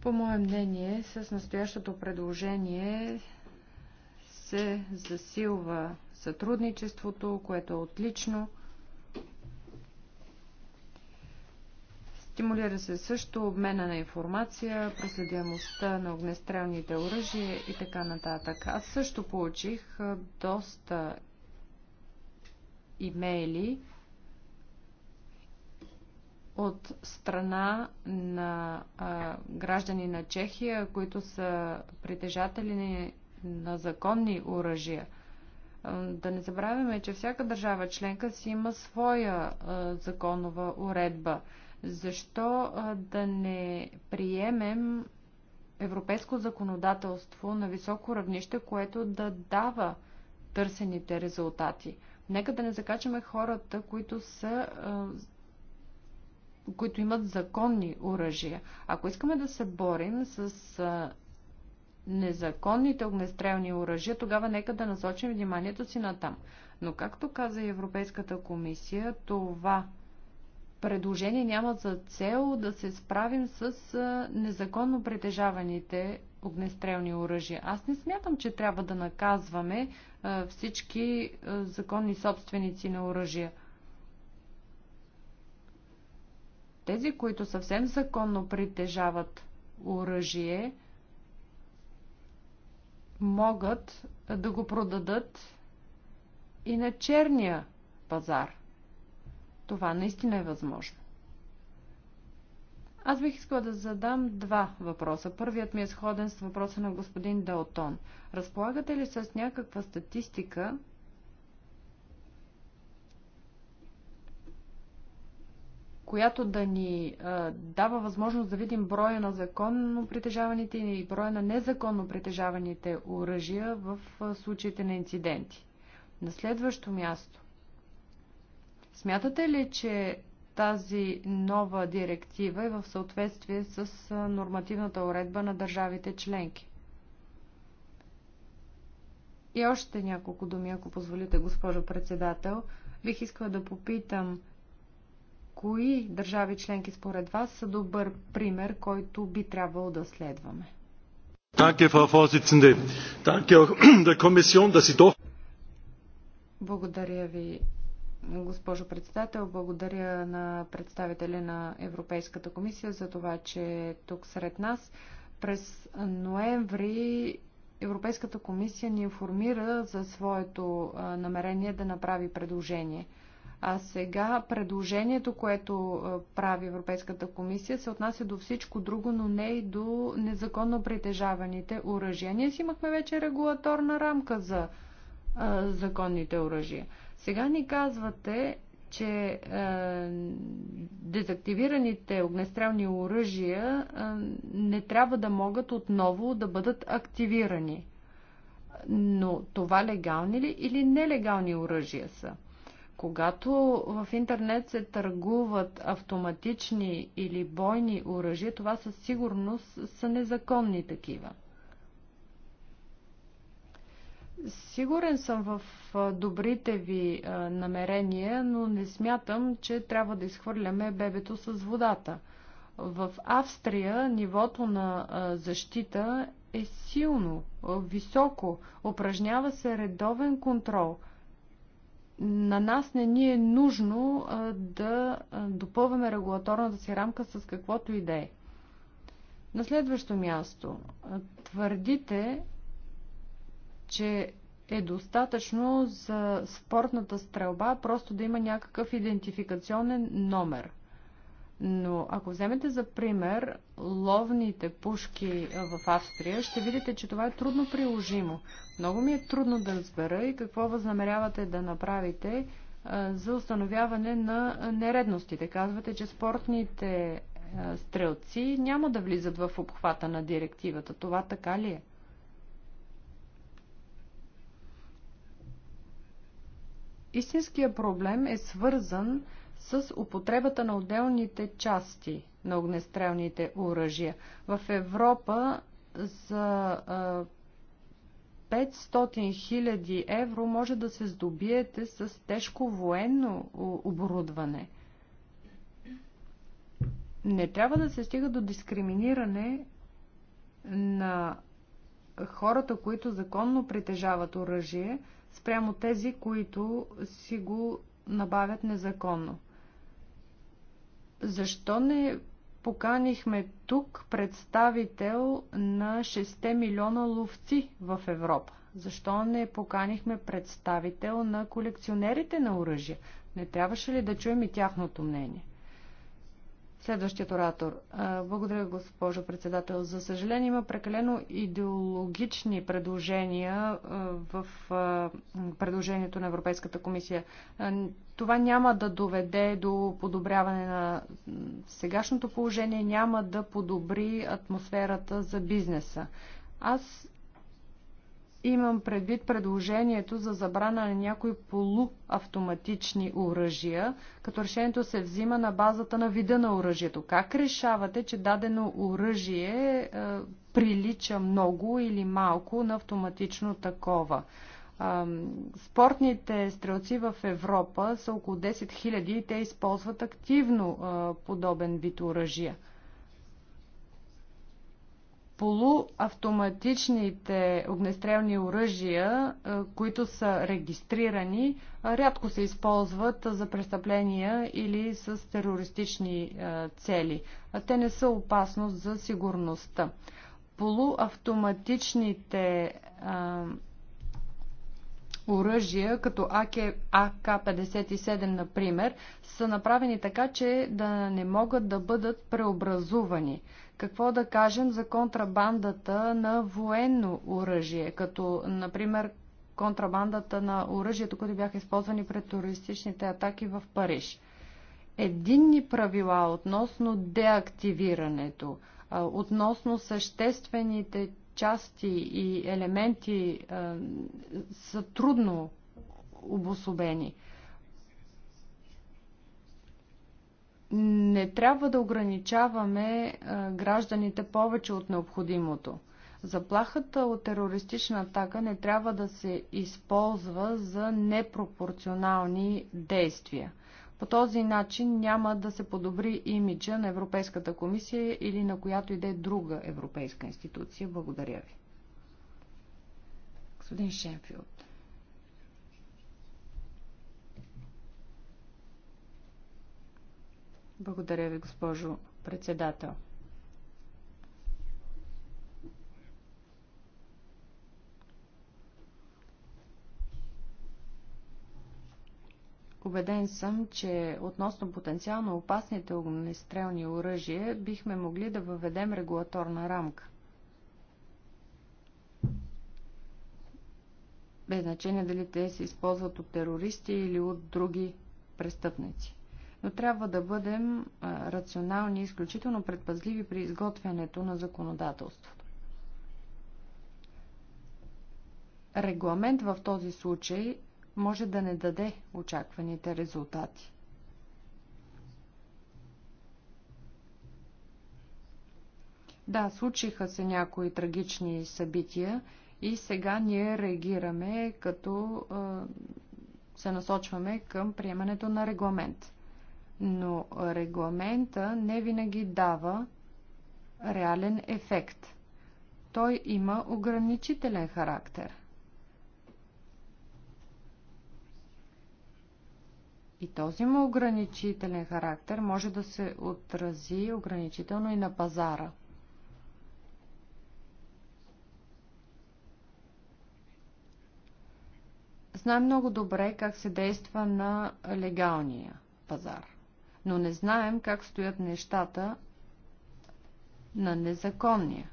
По мое мнение, с настоящото предложение се засилва сътрудничеството, което е отлично. Стимулира се също обмена на информация, проследяемостта на огнестрелните оръжия и така нататък. Аз също получих доста имейли от страна на а, граждани на Чехия, които са притежатели на законни оръжия. Да не забравяме, че всяка държава членка си има своя а, законова уредба. Защо а, да не приемем европейско законодателство на високо равнище, което да дава търсените резултати? Нека да не закачаме хората, които са които имат законни оръжия. Ако искаме да се борим с незаконните огнестрелни оръжия, тогава нека да насочим вниманието си на там. Но както каза и Европейската комисия, това предложение няма за цел да се справим с незаконно притежаваните огнестрелни оръжия. Аз не смятам, че трябва да наказваме всички законни собственици на оръжия. Тези, които съвсем законно притежават оръжие, могат да го продадат и на черния пазар. Това наистина е възможно. Аз бих искала да задам два въпроса. Първият ми е сходен с въпроса на господин Далтон. Разполагате ли с някаква статистика която да ни а, дава възможност да видим броя на законно притежаваните и броя на незаконно притежаваните оръжия в а, случаите на инциденти. На следващо място. Смятате ли, че тази нова директива е в съответствие с нормативната уредба на държавите членки? И още няколко думи, ако позволите, госпожо председател. Бих искала да попитам кои държави членки според вас са добър пример, който би трябвало да следваме? [CLEARS THROAT] Благодаря ви, госпожо председател. Благодаря на представителя на Европейската комисия за това, че е тук сред нас. През ноември Европейската комисия ни информира за своето намерение да направи предложение – а сега предложението, което прави Европейската комисия, се отнася до всичко друго, но не и до незаконно притежаваните оръжия. Ние си имахме вече регулаторна рамка за а, законните оръжия. Сега ни казвате, че а, дезактивираните огнестрелни оръжия а, не трябва да могат отново да бъдат активирани. Но това легални ли или нелегални оръжия са? Когато в интернет се търгуват автоматични или бойни оръжия, това със сигурност са незаконни такива. Сигурен съм в добрите ви намерения, но не смятам, че трябва да изхвърляме бебето с водата. В Австрия нивото на защита е силно, високо, упражнява се редовен контрол – на нас не ни е нужно да допълваме регулаторната си рамка с каквото и да е. На следващо място, твърдите, че е достатъчно за спортната стрелба просто да има някакъв идентификационен номер – но ако вземете за пример ловните пушки е, в Австрия, ще видите, че това е трудно приложимо. Много ми е трудно да разбера и какво възнамерявате да направите е, за установяване на нередностите. Казвате, че спортните е, стрелци няма да влизат в обхвата на директивата. Това така ли е? Истинският проблем е свързан с с употребата на отделните части на огнестрелните оръжия. В Европа за 500 000 евро може да се здобиете с тежко военно оборудване. Не трябва да се стига до дискриминиране на хората, които законно притежават оръжие, спрямо тези, които си го набавят незаконно. Защо не поканихме тук представител на 6 милиона ловци в Европа? Защо не поканихме представител на колекционерите на оръжия? Не трябваше ли да чуем и тяхното мнение? Следващият оратор. Благодаря, госпожо председател. За съжаление има прекалено идеологични предложения в предложението на Европейската комисия. Това няма да доведе до подобряване на сегашното положение, няма да подобри атмосферата за бизнеса. Аз Имам предвид предложението за забрана на някои полуавтоматични оръжия, като решението се взима на базата на вида на оръжието. Как решавате, че дадено оръжие е, прилича много или малко на автоматично такова? Спортните стрелци в Европа са около 10 000 и те използват активно подобен вид оръжия полуавтоматичните огнестрелни оръжия, е, които са регистрирани, е, рядко се използват за престъпления или с терористични е, цели. Те не са опасност за сигурността. Полуавтоматичните оръжия, като АК-57, например, са направени така, че да не могат да бъдат преобразувани. Какво да кажем за контрабандата на военно оръжие, като, например, контрабандата на оръжието, които бяха използвани пред терористичните атаки в Париж? Единни правила относно деактивирането, относно съществените части и елементи са трудно обособени. не трябва да ограничаваме гражданите повече от необходимото. Заплахата от терористична атака не трябва да се използва за непропорционални действия. По този начин няма да се подобри имиджа на Европейската комисия или на която иде друга европейска институция. Благодаря ви. Господин Шенфилд. Благодаря ви, госпожо председател. Убеден съм, че относно потенциално опасните огнестрелни оръжия бихме могли да въведем регулаторна рамка. Без значение дали те се използват от терористи или от други престъпници но трябва да бъдем рационални и изключително предпазливи при изготвянето на законодателството. Регламент в този случай може да не даде очакваните резултати. Да, случиха се някои трагични събития и сега ние реагираме, като се насочваме към приемането на регламент но регламента не винаги дава реален ефект. Той има ограничителен характер. И този му ограничителен характер може да се отрази ограничително и на пазара. Знаем много добре как се действа на легалния пазар но не знаем как стоят нещата на незаконния.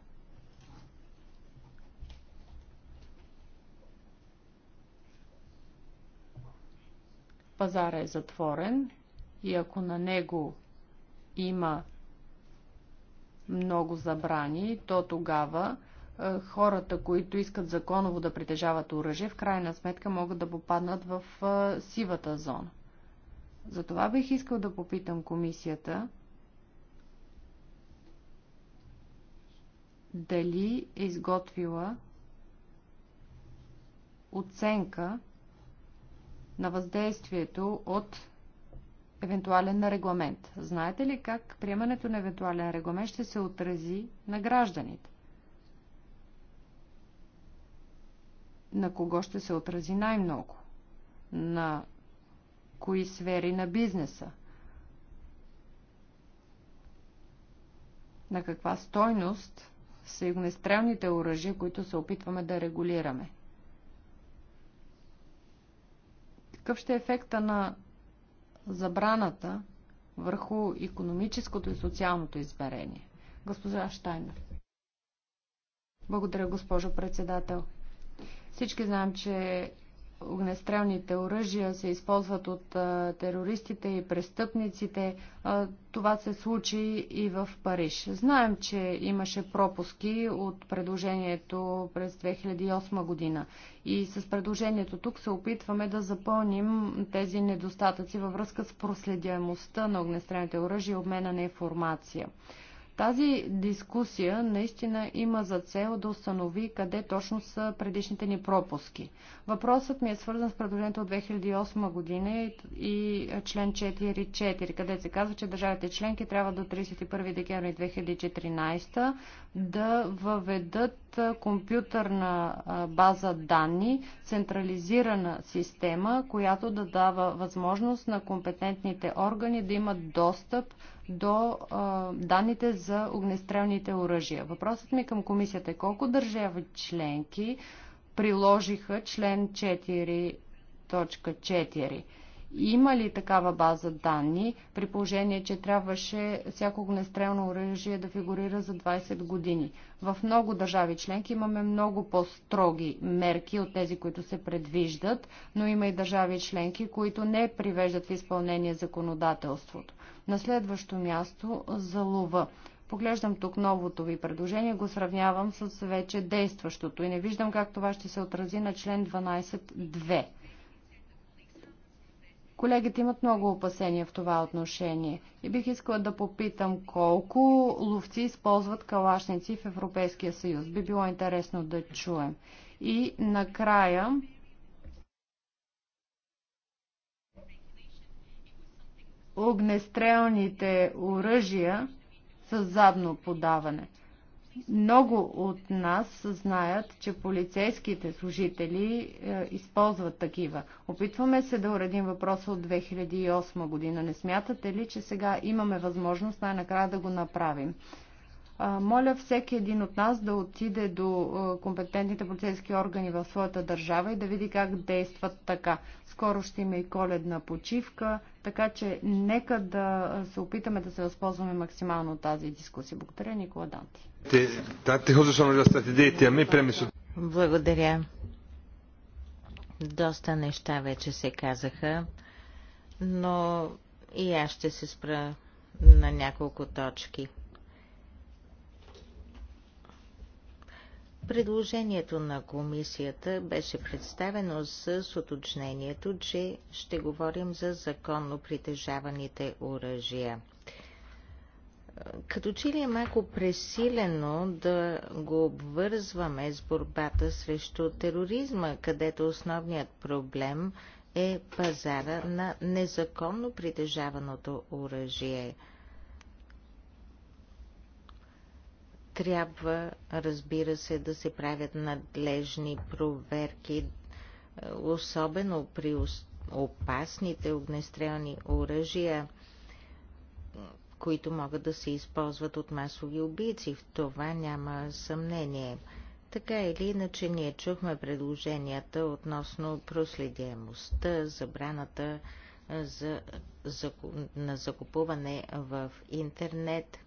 Пазара е затворен и ако на него има много забрани, то тогава е, хората, които искат законово да притежават оръжие, в крайна сметка могат да попаднат в е, сивата зона. Затова бих искал да попитам комисията дали е изготвила оценка на въздействието от евентуален регламент. Знаете ли как приемането на евентуален регламент ще се отрази на гражданите? На кого ще се отрази най-много? На кои сфери на бизнеса. На каква стойност са игнестрелните оръжия, които се опитваме да регулираме? Какъв ще е ефекта на забраната върху економическото и социалното измерение? Госпожа Штайнер. Благодаря, госпожо председател. Всички знаем, че огнестрелните оръжия се използват от терористите и престъпниците. Това се случи и в Париж. Знаем, че имаше пропуски от предложението през 2008 година. И с предложението тук се опитваме да запълним тези недостатъци във връзка с проследяемостта на огнестрелните оръжия и обмена на информация. Тази дискусия наистина има за цел да установи къде точно са предишните ни пропуски. Въпросът ми е свързан с предложението от 2008 година и член 4.4, къде се казва, че държавите членки трябва до 31 декември 2014 да въведат компютърна база данни, централизирана система, която да дава възможност на компетентните органи да имат достъп до данните за огнестрелните оръжия. Въпросът ми към комисията е колко държави членки приложиха член 4.4? Има ли такава база данни, при положение, че трябваше всяко огнестрелно оръжие да фигурира за 20 години? В много държави членки имаме много по-строги мерки от тези, които се предвиждат, но има и държави членки, които не привеждат в изпълнение законодателството. На следващо място за лова. Поглеждам тук новото ви предложение, го сравнявам с вече действащото и не виждам как това ще се отрази на член 12.2. Колегите имат много опасения в това отношение. И бих искала да попитам колко ловци използват калашници в Европейския съюз. Би било интересно да чуем. И накрая. Огнестрелните оръжия с задно подаване. Много от нас знаят, че полицейските служители е, използват такива. Опитваме се да уредим въпроса от 2008 година. Не смятате ли, че сега имаме възможност най-накрая да го направим? моля всеки един от нас да отиде до е, компетентните полицейски органи в своята държава и да види как действат така. Скоро ще има и коледна почивка, така че нека да се опитаме да се възползваме максимално от тази дискусия. Благодаря, Никола Данти. Благодаря. Доста неща вече се казаха, но и аз ще се спра на няколко точки. Предложението на комисията беше представено с уточнението, че ще говорим за законно притежаваните оръжия – като че ли е малко пресилено да го обвързваме с борбата срещу тероризма, където основният проблем е пазара на незаконно притежаваното оръжие. Трябва, разбира се, да се правят надлежни проверки, е, особено при опасните огнестрелни оръжия – които могат да се използват от масови убийци. В това няма съмнение. Така или иначе ние чухме предложенията относно проследяемостта, забраната за, за, на закупуване в интернет.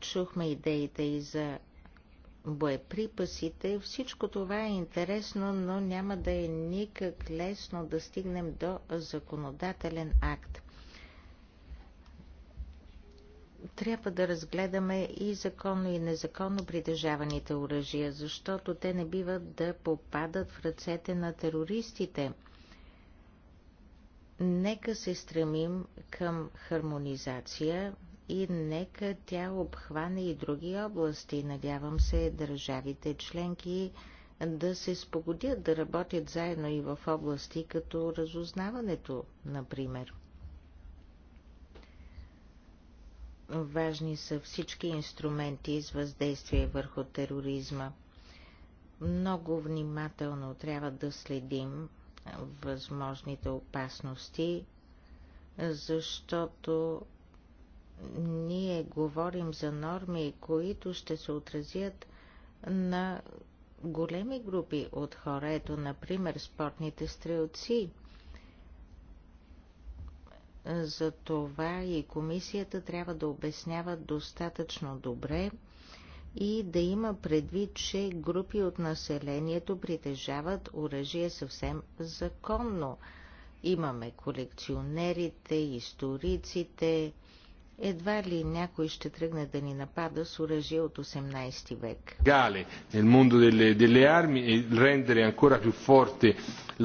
Чухме идеите и за боеприпасите. Всичко това е интересно, но няма да е никак лесно да стигнем до законодателен акт. Трябва да разгледаме и законно и незаконно притежаваните оръжия, защото те не биват да попадат в ръцете на терористите. Нека се стремим към хармонизация и нека тя обхване и други области. Надявам се държавите членки да се спогодят да работят заедно и в области като разузнаването, например. Важни са всички инструменти с въздействие върху тероризма. Много внимателно трябва да следим възможните опасности, защото ние говорим за норми, които ще се отразят на големи групи от хора, ето, например, спортните стрелци. За това и комисията трябва да обяснява достатъчно добре и да има предвид, че групи от населението притежават оръжие съвсем законно. Имаме колекционерите, историците, едва ли някой ще тръгне да ни напада с оръжие от 18 век. Гале, nel mondo delle, delle armi e rendere ancora più forte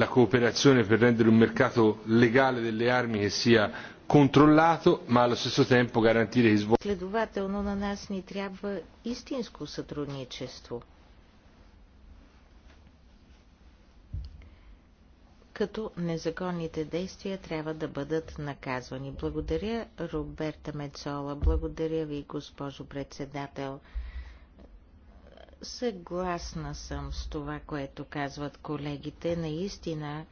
la cooperazione per rendere un mercato legale delle armi che sia controllato, ma allo stesso tempo garantire изво... Следователно на нас ни трябва истинско сътрудничество – като незаконните действия трябва да бъдат наказвани. Благодаря, Роберта Мецола. Благодаря ви, госпожо председател. Съгласна съм с това, което казват колегите. Наистина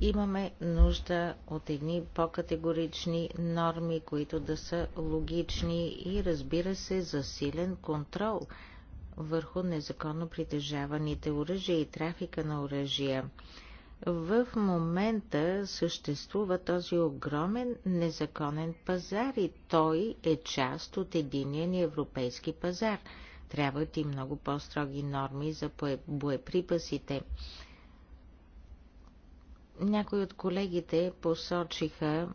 имаме нужда от едни по-категорични норми, които да са логични и разбира се засилен контрол върху незаконно притежаваните оръжия и трафика на оръжия. В момента съществува този огромен незаконен пазар и той е част от единия ни европейски пазар. Трябват и много по-строги норми за боеприпасите. Някои от колегите посочиха,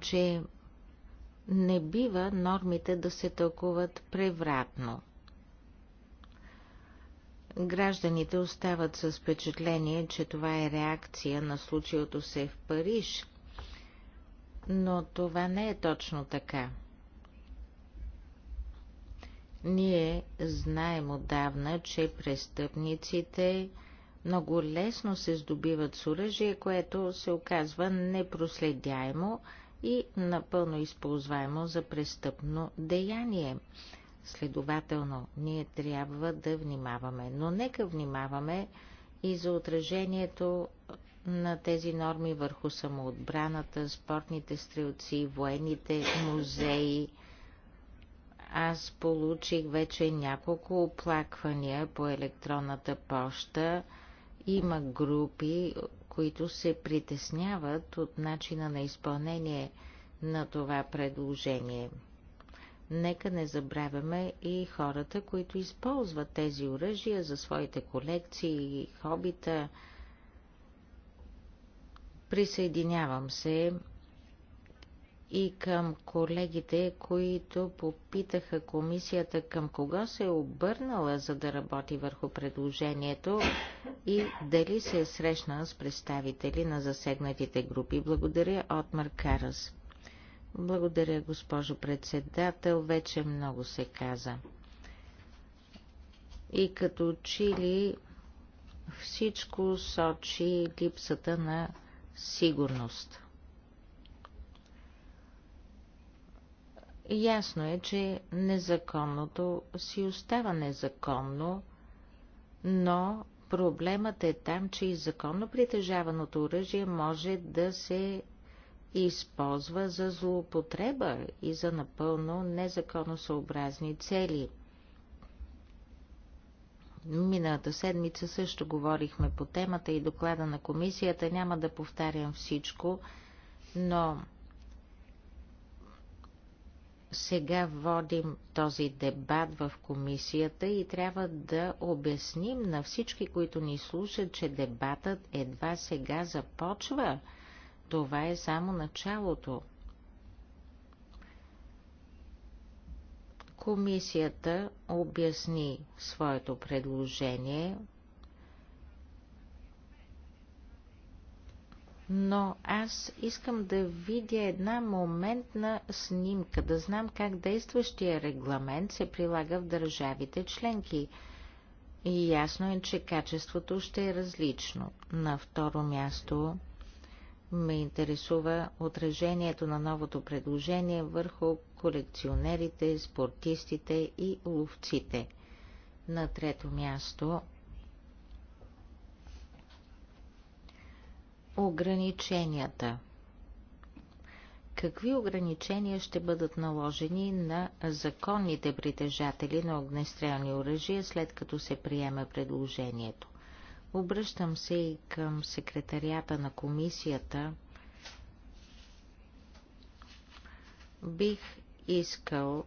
че не бива нормите да се тълкуват превратно – Гражданите остават с впечатление, че това е реакция на случилото се в Париж, но това не е точно така. Ние знаем отдавна, че престъпниците много лесно се здобиват с оръжие, което се оказва непроследяемо и напълно използваемо за престъпно деяние. Следователно, ние трябва да внимаваме, но нека внимаваме и за отражението на тези норми върху самоотбраната, спортните стрелци, военните музеи. Аз получих вече няколко оплаквания по електронната поща. Има групи, които се притесняват от начина на изпълнение на това предложение нека не забравяме и хората, които използват тези оръжия за своите колекции и хобита. Присъединявам се и към колегите, които попитаха комисията към кого се е обърнала, за да работи върху предложението и дали се е срещнала с представители на засегнатите групи. Благодаря от Маркарас. Благодаря, госпожо председател. Вече много се каза. И като чили всичко сочи липсата на сигурност. Ясно е, че незаконното си остава незаконно, но проблемът е там, че и законно притежаваното оръжие може да се използва за злоупотреба и за напълно незаконосъобразни цели. Миналата седмица също говорихме по темата и доклада на комисията. Няма да повтарям всичко, но сега водим този дебат в комисията и трябва да обясним на всички, които ни слушат, че дебатът едва сега започва – това е само началото. Комисията обясни своето предложение, но аз искам да видя една моментна снимка, да знам как действащия регламент се прилага в държавите членки. И ясно е, че качеството ще е различно. На второ място ме интересува отражението на новото предложение върху колекционерите, спортистите и ловците. На трето място ограниченията. Какви ограничения ще бъдат наложени на законните притежатели на огнестрелни оръжия, след като се приеме предложението? Обръщам се и към секретарията на комисията. Бих искал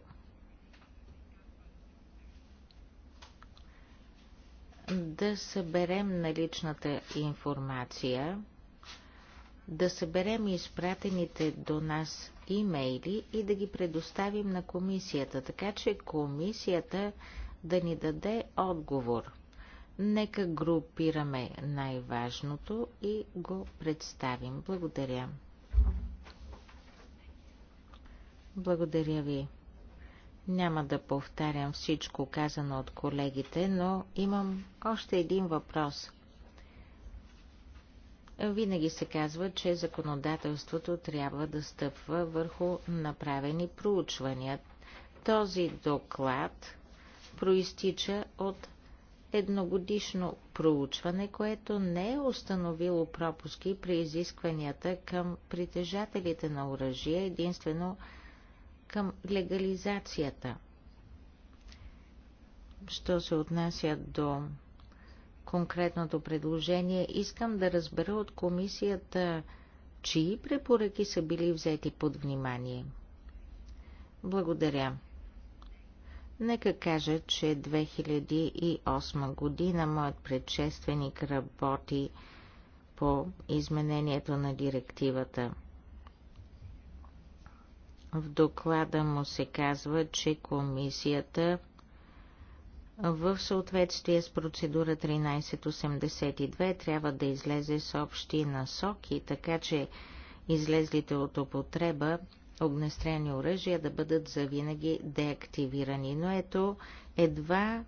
да съберем наличната информация, да съберем изпратените до нас имейли и да ги предоставим на комисията, така че комисията да ни даде отговор. Нека групираме най-важното и го представим. Благодаря. Благодаря ви. Няма да повтарям всичко казано от колегите, но имам още един въпрос. Винаги се казва, че законодателството трябва да стъпва върху направени проучвания. Този доклад проистича от едногодишно проучване, което не е установило пропуски при изискванията към притежателите на оръжие, единствено към легализацията. Що се отнася до конкретното предложение, искам да разбера от комисията, чии препоръки са били взети под внимание. Благодаря. Нека кажа, че 2008 година моят предшественик работи по изменението на директивата. В доклада му се казва, че комисията в съответствие с процедура 1382 трябва да излезе с общи насоки, така че излезлите от употреба огнестрелни оръжия да бъдат завинаги деактивирани. Но ето едва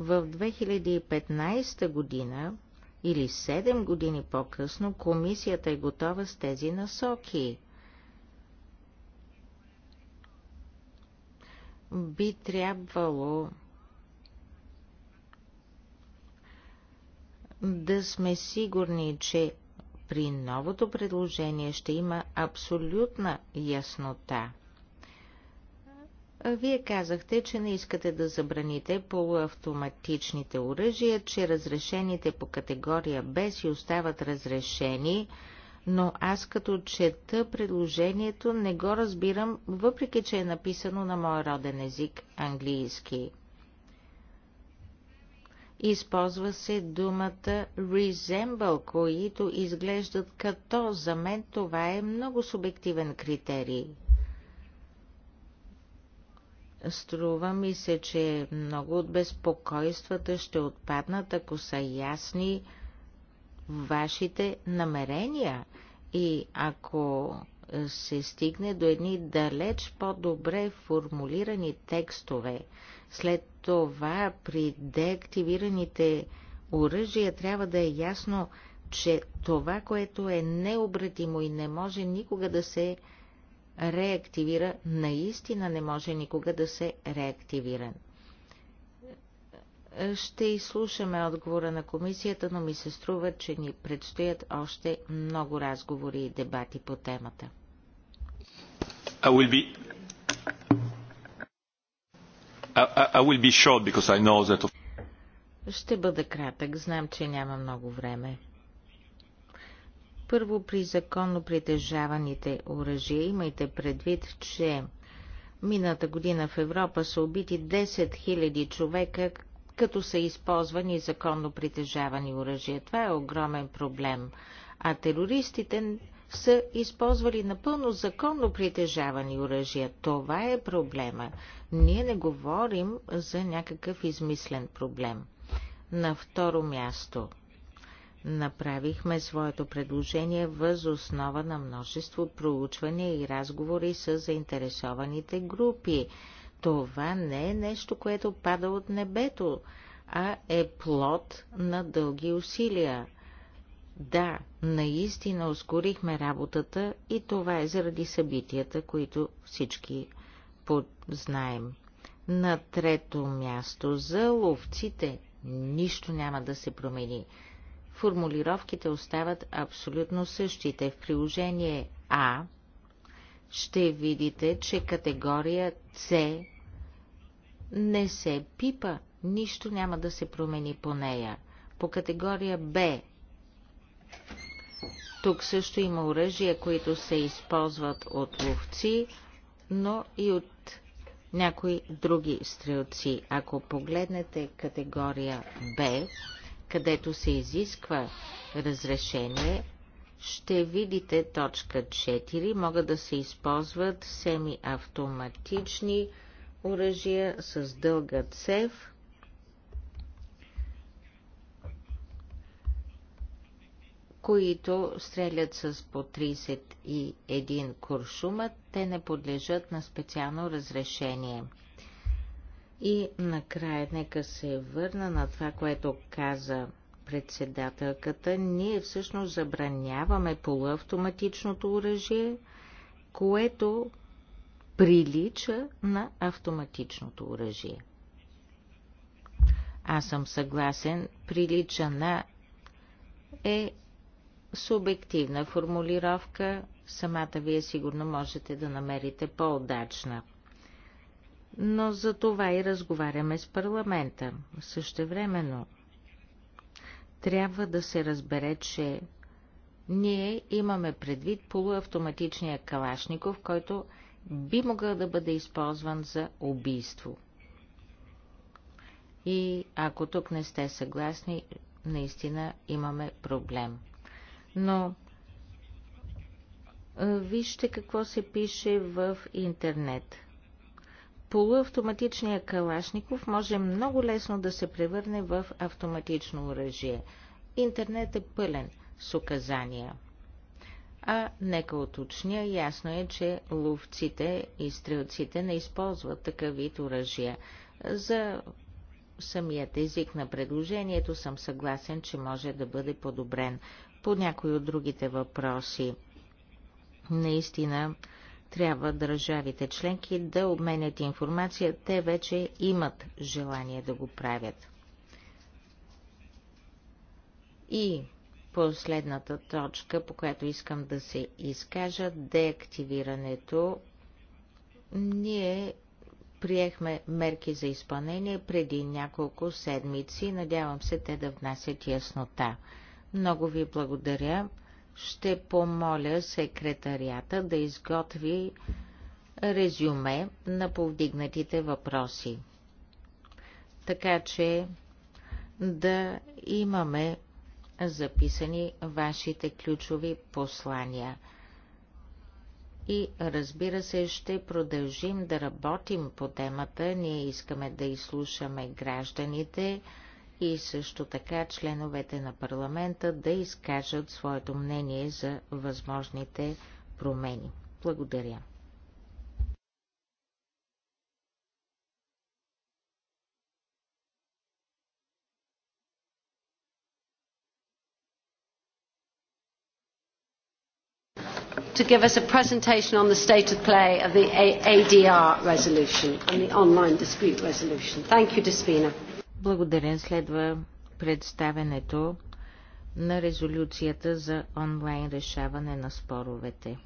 в 2015 година или 7 години по-късно комисията е готова с тези насоки. Би трябвало да сме сигурни, че при новото предложение ще има абсолютна яснота. Вие казахте, че не искате да забраните полуавтоматичните оръжия, че разрешените по категория Б си остават разрешени, но аз като чета предложението не го разбирам, въпреки че е написано на мой роден език английски. Използва се думата resemble, които изглеждат като. За мен това е много субективен критерий. Струва ми се, че много от безпокойствата ще отпаднат, ако са ясни вашите намерения и ако се стигне до едни далеч по-добре формулирани текстове. След това при деактивираните оръжия трябва да е ясно, че това, което е необратимо и не може никога да се реактивира, наистина не може никога да се реактивира. Ще изслушаме отговора на комисията, но ми се струва, че ни предстоят още много разговори и дебати по темата. I will be ще бъда кратък. Знам, че няма много време. Първо, при законно притежаваните оръжия имайте предвид, че мината година в Европа са убити 10 000 човека, като са използвани законно притежавани оръжия. Това е огромен проблем. А терористите са използвали напълно законно притежавани оръжия. Това е проблема. Ние не говорим за някакъв измислен проблем. На второ място Направихме своето предложение въз основа на множество проучвания и разговори с заинтересованите групи. Това не е нещо, което пада от небето, а е плод на дълги усилия. Да, наистина ускорихме работата и това е заради събитията, които всички знаем. На трето място за ловците нищо няма да се промени. Формулировките остават абсолютно същите. В приложение А ще видите, че категория С не се пипа. Нищо няма да се промени по нея. По категория Б тук също има оръжия, които се използват от ловци, но и от някои други стрелци. Ако погледнете категория Б, където се изисква разрешение, ще видите точка 4. Могат да се използват семиавтоматични оръжия с дълга цев които стрелят с по 31 куршума, те не подлежат на специално разрешение. И накрая нека се върна на това, което каза председателката. Ние всъщност забраняваме полуавтоматичното оръжие, което прилича на автоматичното оръжие. Аз съм съгласен, прилича на е субективна формулировка. Самата вие сигурно можете да намерите по-удачна. Но за това и разговаряме с парламента. Същевременно трябва да се разбере, че ние имаме предвид полуавтоматичния калашников, който би могъл да бъде използван за убийство. И ако тук не сте съгласни, наистина имаме проблем но вижте какво се пише в интернет. Полуавтоматичният калашников може много лесно да се превърне в автоматично оръжие. Интернет е пълен с указания. А нека уточня, ясно е, че ловците и стрелците не използват такъв вид оръжия. За самият език на предложението съм съгласен, че може да бъде подобрен по някои от другите въпроси. Наистина трябва държавите членки да обменят информация. Те вече имат желание да го правят. И последната точка, по която искам да се изкажа, деактивирането. Ние приехме мерки за изпълнение преди няколко седмици. Надявам се те да внасят яснота. Много ви благодаря. Ще помоля секретарията да изготви резюме на повдигнатите въпроси. Така че да имаме записани вашите ключови послания. И разбира се, ще продължим да работим по темата. Ние искаме да изслушаме гражданите, и също така членовете на парламента да изкажат своето мнение за възможните промени. Благодаря. to give us a presentation on the state of play of the ADR resolution and the online dispute resolution. Thank you, Despina. Благодаря. Следва представенето на резолюцията за онлайн решаване на споровете.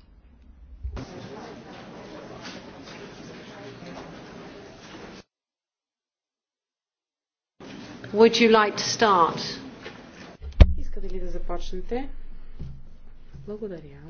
Would you like to start? Искате ли да започнете? Благодаря.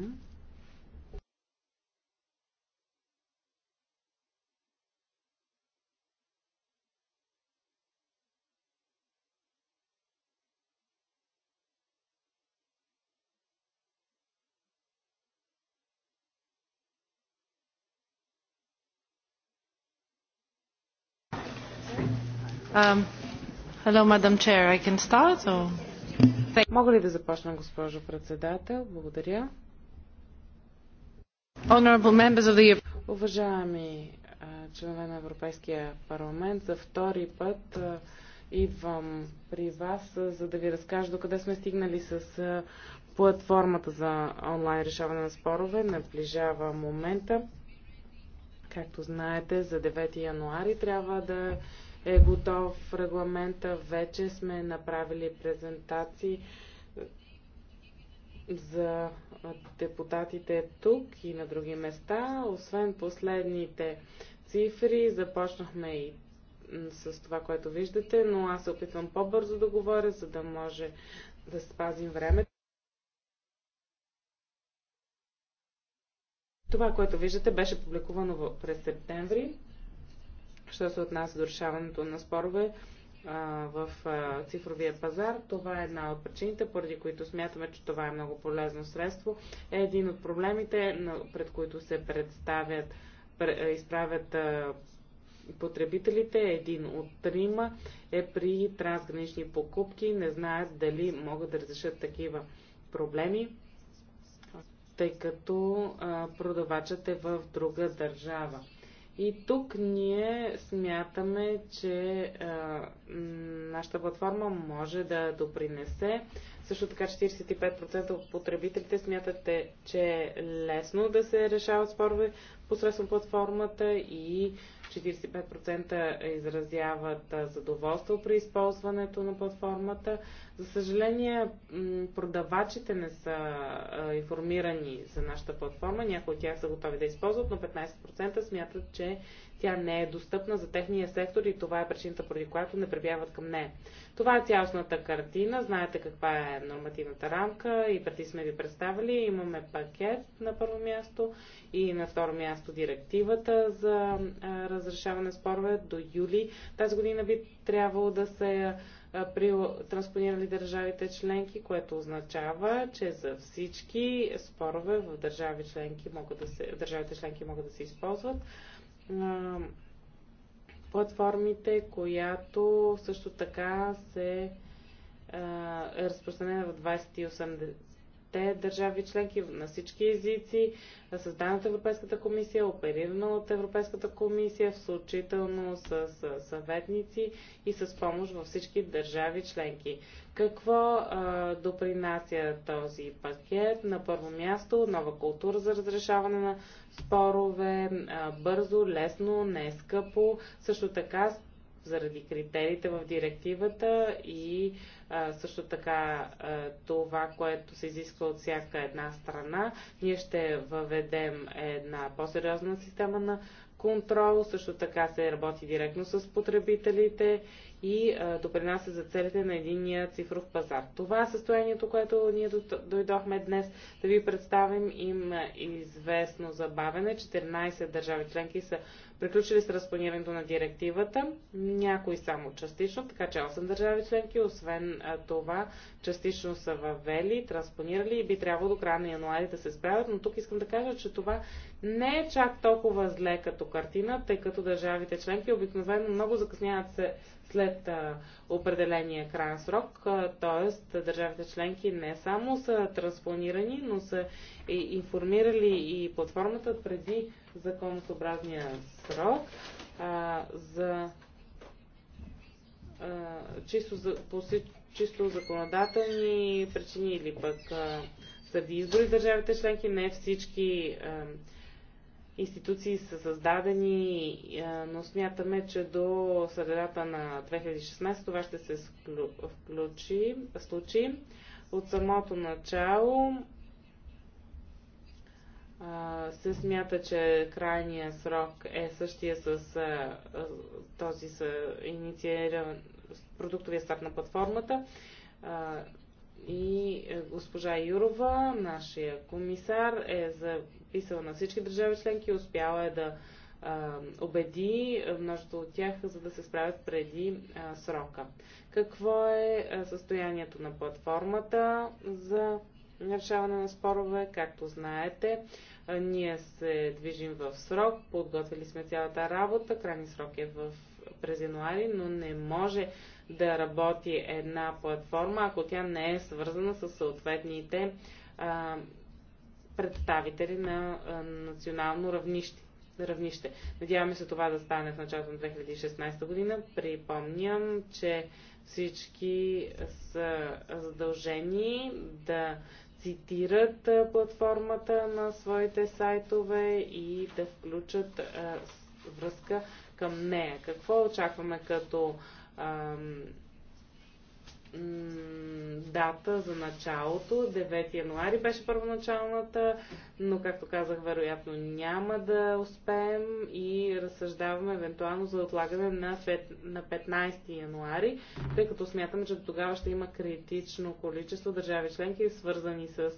Um, hello, Madam Chair. I can start? Or... Мога ли да започна, госпожо председател? Благодаря. Honorable members of the... Уважаеми членове на Европейския парламент, за втори път идвам при вас, за да ви разкажа докъде сме стигнали с платформата за онлайн решаване на спорове. Наближава момента. Както знаете, за 9 януари трябва да е готов регламента. Вече сме направили презентации за депутатите тук и на други места. Освен последните цифри, започнахме и с това, което виждате, но аз се опитвам по-бързо да говоря, за да може да спазим времето. Това, което виждате, беше публикувано през септември що се отнася до решаването на спорове в цифровия пазар. Това е една от причините, поради които смятаме, че това е много полезно средство. Е един от проблемите, пред които се представят, изправят потребителите, един от трима е при трансгранични покупки, не знаят дали могат да разрешат такива проблеми, тъй като продавачът е в друга държава. И тук ние смятаме, че а, нашата платформа може да допринесе. Също така 45% от потребителите смятат, е, че е лесно да се решават спорове посредством платформата и 45% изразяват задоволство при използването на платформата. За съжаление, продавачите не са информирани за нашата платформа. Някои от тях са готови да използват, но 15% смятат, че тя не е достъпна за техния сектор и това е причината, поради която не прибягват към нея. Това е цялостната картина. Знаете каква е нормативната рамка и преди сме ви представили. Имаме пакет на първо място и на второ място директивата за разрешаване спорове до юли. Тази година би трябвало да се при транспонирали държавите членки, което означава, че за всички спорове в държави членки могат да се, държавите членки могат да се използват а, платформите, която също така се а, е разпространена в 28 те държави членки на всички езици, създадена от Европейската комисия, оперирана от Европейската комисия, включително с, с съветници и с помощ във всички държави членки. Какво а, допринася този пакет? На първо място нова култура за разрешаване на спорове, а, бързо, лесно, не е скъпо. Също така заради критериите в директивата и а, също така а, това, което се изисква от всяка една страна. Ние ще въведем една по-сериозна система на контрол, също така се работи директно с потребителите и допринася за целите на единия цифров пазар. Това е състоянието, което ние дойдохме днес да ви представим, им известно забавене. 14 държави членки са Приключили с разпланирането на директивата, някои само частично, така че 8 държави членки, освен това, частично са въвели, транспонирали и би трябвало до края на януари да се справят, но тук искам да кажа, че това не е чак толкова зле като картина, тъй като държавите членки обикновено много закъсняват се след а, определения крайен срок, т.е. държавите членки не само са транспонирани, но са информирали и платформата преди законосъобразния срок, а, за а, чисто, за, по, чисто законодателни причини или пък а, са ви избори в държавите членки, не всички а, институции са създадени, а, но смятаме, че до средата на 2016 това ще се включи, случи. От самото начало се смята, че крайния срок е същия с а, този с иницииран продуктовия старт на платформата. А, и госпожа Юрова, нашия комисар, е записала на всички държави членки, успяла е да а, убеди множество от тях, за да се справят преди а, срока. Какво е състоянието на платформата за решаване на спорове. Както знаете, ние се движим в срок, подготвили сме цялата работа, крайни срок е в, през януари, но не може да работи една платформа, ако тя не е свързана с съответните а, представители на а, национално равнище. равнище. Надяваме се това да стане в началото на 2016 година. Припомням, че всички са задължени да цитират платформата на своите сайтове и да включат връзка към нея. Какво очакваме като дата за началото. 9 януари беше първоначалната, но както казах, вероятно няма да успеем и разсъждаваме евентуално за отлагане на 15 януари, тъй като смятам, че до тогава ще има критично количество държави членки, свързани с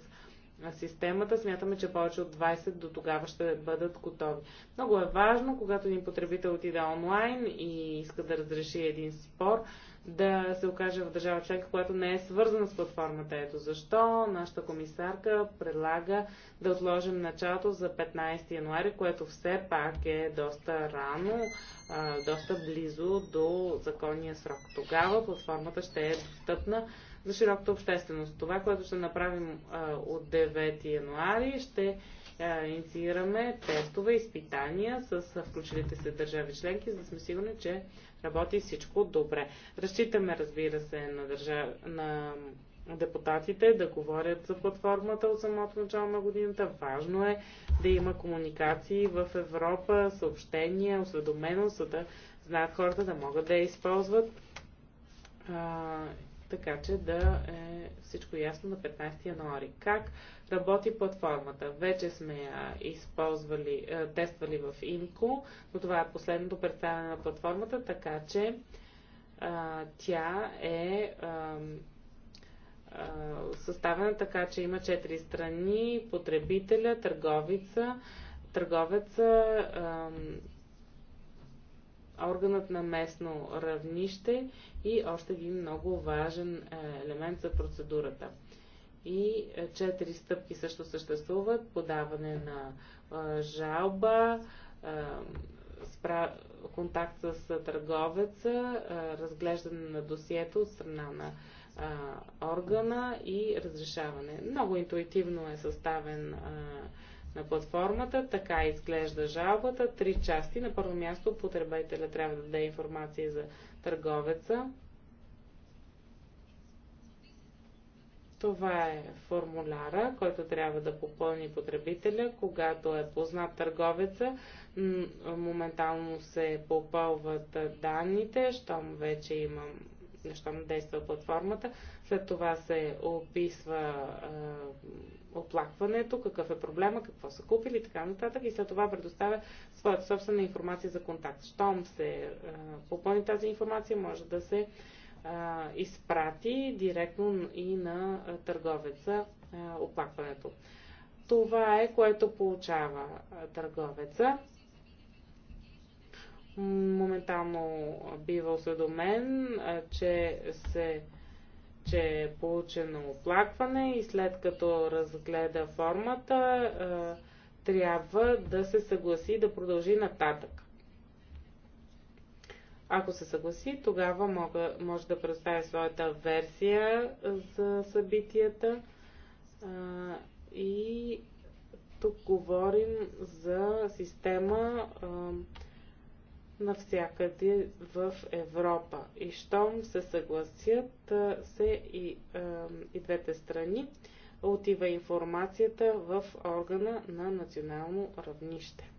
системата. Смятаме, че повече от 20 до тогава ще бъдат готови. Много е важно, когато един потребител отида онлайн и иска да разреши един спор, да се окаже в държава членка, която не е свързана с платформата. Ето защо нашата комисарка предлага да отложим началото за 15 януари, което все пак е доста рано, доста близо до законния срок. Тогава платформата ще е достъпна за широката общественост. Това, което ще направим от 9 януари, ще инициираме тестове, изпитания с включилите се държави членки, за да сме сигурни, че работи всичко добре. Разчитаме, разбира се, на, държа... на депутатите да говорят за платформата от самото начало на годината. Важно е да има комуникации в Европа, съобщения, осведоменост, за да знаят хората да могат да я използват. А, така че да е всичко ясно на 15 януари. Как работи платформата. Вече сме я използвали, е, тествали в Инко, но това е последното представяне на платформата, така че а, е, тя е, е съставена така, че има четири страни потребителя, търговица, търговеца, органът на местно равнище и още един много важен елемент за процедурата – и е, четири стъпки също съществуват. Подаване на е, жалба, е, контакт с търговеца, разглеждане на досието от страна на органа и разрешаване. Много интуитивно е съставен на платформата. Така изглежда жалбата. Три части. На първо място потребителя трябва да даде информация за търговеца. Това е формуляра, който трябва да попълни потребителя. Когато е познат търговеца, моментално се попълват данните, щом вече имам щом действа платформата. След това се описва е, оплакването, какъв е проблема, какво са купили и така нататък. И след това предоставя своята собствена информация за контакт. Щом се е, попълни тази информация, може да се а, изпрати директно и на търговеца а, оплакването. Това е което получава търговеца. Моментално бива осведомен, че се че е получено оплакване и след като разгледа формата, трябва да се съгласи да продължи нататък. Ако се съгласи, тогава мога, може да представя своята версия за събитията. А, и тук говорим за система а, навсякъде в Европа. И щом се съгласят се и, а, и двете страни, отива информацията в органа на национално равнище.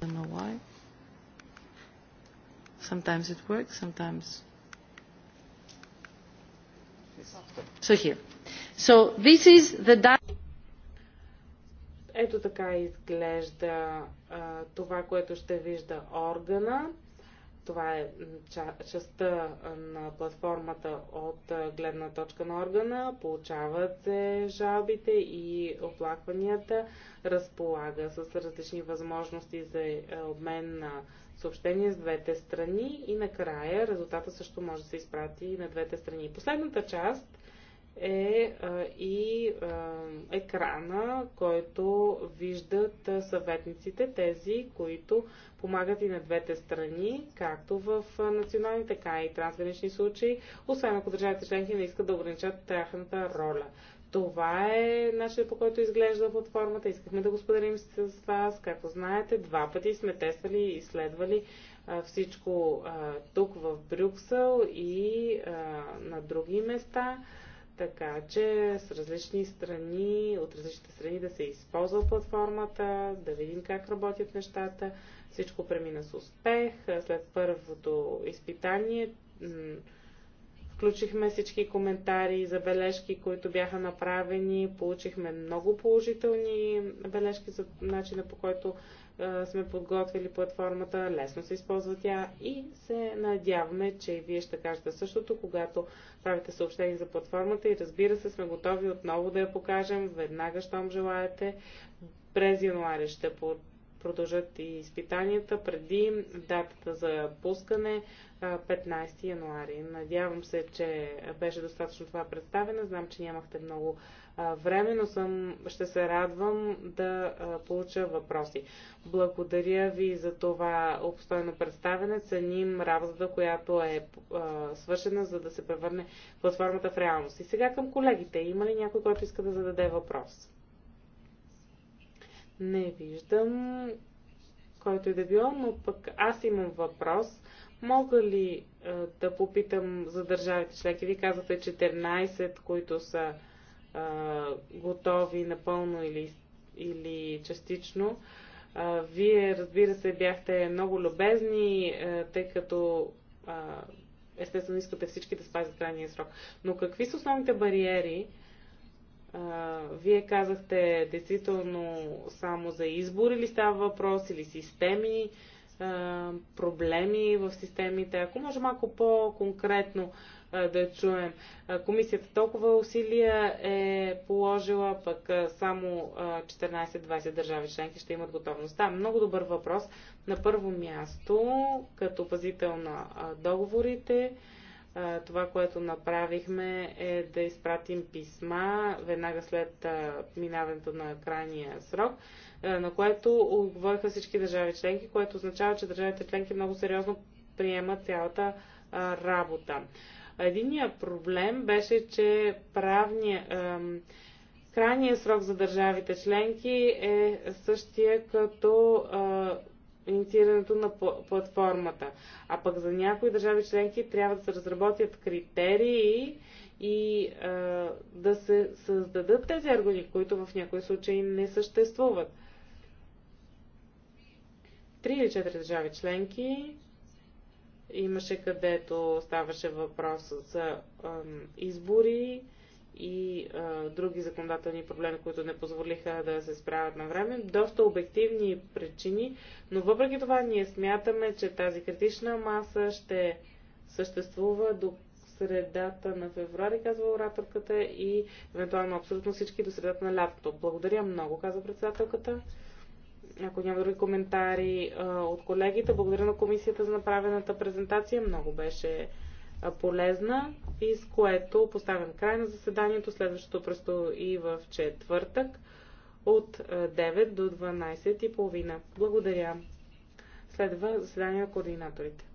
I don't know why. Sometimes it works, sometimes. So here. So this is the Ето така изглежда а, това, което ще вижда органа. Това е частта на платформата от гледна точка на органа. Получават се жалбите и оплакванията, разполага с различни възможности за е, обмен на съобщения с двете страни и накрая резултата също може да се изпрати на двете страни. Последната част е а, и а, екрана, който виждат съветниците, тези, които помагат и на двете страни, както в национални, така и трансгранични случаи, освен ако държавите членки не искат да ограничат тяхната роля. Това е начинът по който изглежда платформата. Искахме да го споделим с вас. Както знаете, два пъти сме тествали и изследвали всичко а, тук в Брюксел и а, на други места така че с различни страни, от различните страни да се използва платформата, да видим как работят нещата. Всичко премина с успех. След първото изпитание включихме всички коментари, забележки, които бяха направени. Получихме много положителни бележки за начина по който сме подготвили платформата, лесно се използва тя и се надяваме, че и вие ще кажете същото, когато правите съобщение за платформата и разбира се, сме готови отново да я покажем, веднага, щом желаете. През януари ще продължат и изпитанията преди датата за пускане 15 януари. Надявам се, че беше достатъчно това представене. Знам, че нямахте много време, но съм, ще се радвам да получа въпроси. Благодаря ви за това обстойно представене. Ценим работата, която е свършена, за да се превърне платформата в реалност. И сега към колегите. Има ли някой, който иска да зададе въпрос? Не виждам който и е да било, но пък аз имам въпрос. Мога ли е, да попитам за държавите членки? Вие казвате 14, които са а, готови напълно или, или частично. А, вие, разбира се, бяхте много любезни, а, тъй като а, естествено искате всички да спазят крайния срок. Но какви са основните бариери? А, вие казахте действително само за избор или става въпрос, или системи, а, проблеми в системите. Ако може малко по-конкретно, да чуем. Комисията толкова усилия е положила, пък само 14-20 държави членки ще имат готовност. Да, много добър въпрос. На първо място, като пазител на договорите, това, което направихме е да изпратим писма веднага след минаването на крайния срок, на което отговориха всички държави членки, което означава, че държавите членки много сериозно приемат цялата работа. Единият проблем беше, че правния, ем, крайния срок за държавите членки е същия като е, инициирането на платформата. А пък за някои държави членки трябва да се разработят критерии и е, да се създадат тези органи, които в някои случаи не съществуват. Три или четири държави членки имаше където ставаше въпрос за избори и а, други законодателни проблеми, които не позволиха да се справят на време. Доста обективни причини, но въпреки това ние смятаме, че тази критична маса ще съществува до средата на февруари, казва ораторката, и евентуално абсолютно всички до средата на лятото. Благодаря много, каза председателката. Ако няма други коментари от колегите, благодаря на комисията за направената презентация. Много беше полезна и с което поставям край на заседанието. Следващото и в четвъртък от 9 до 12.30. Благодаря. Следва заседание на координаторите.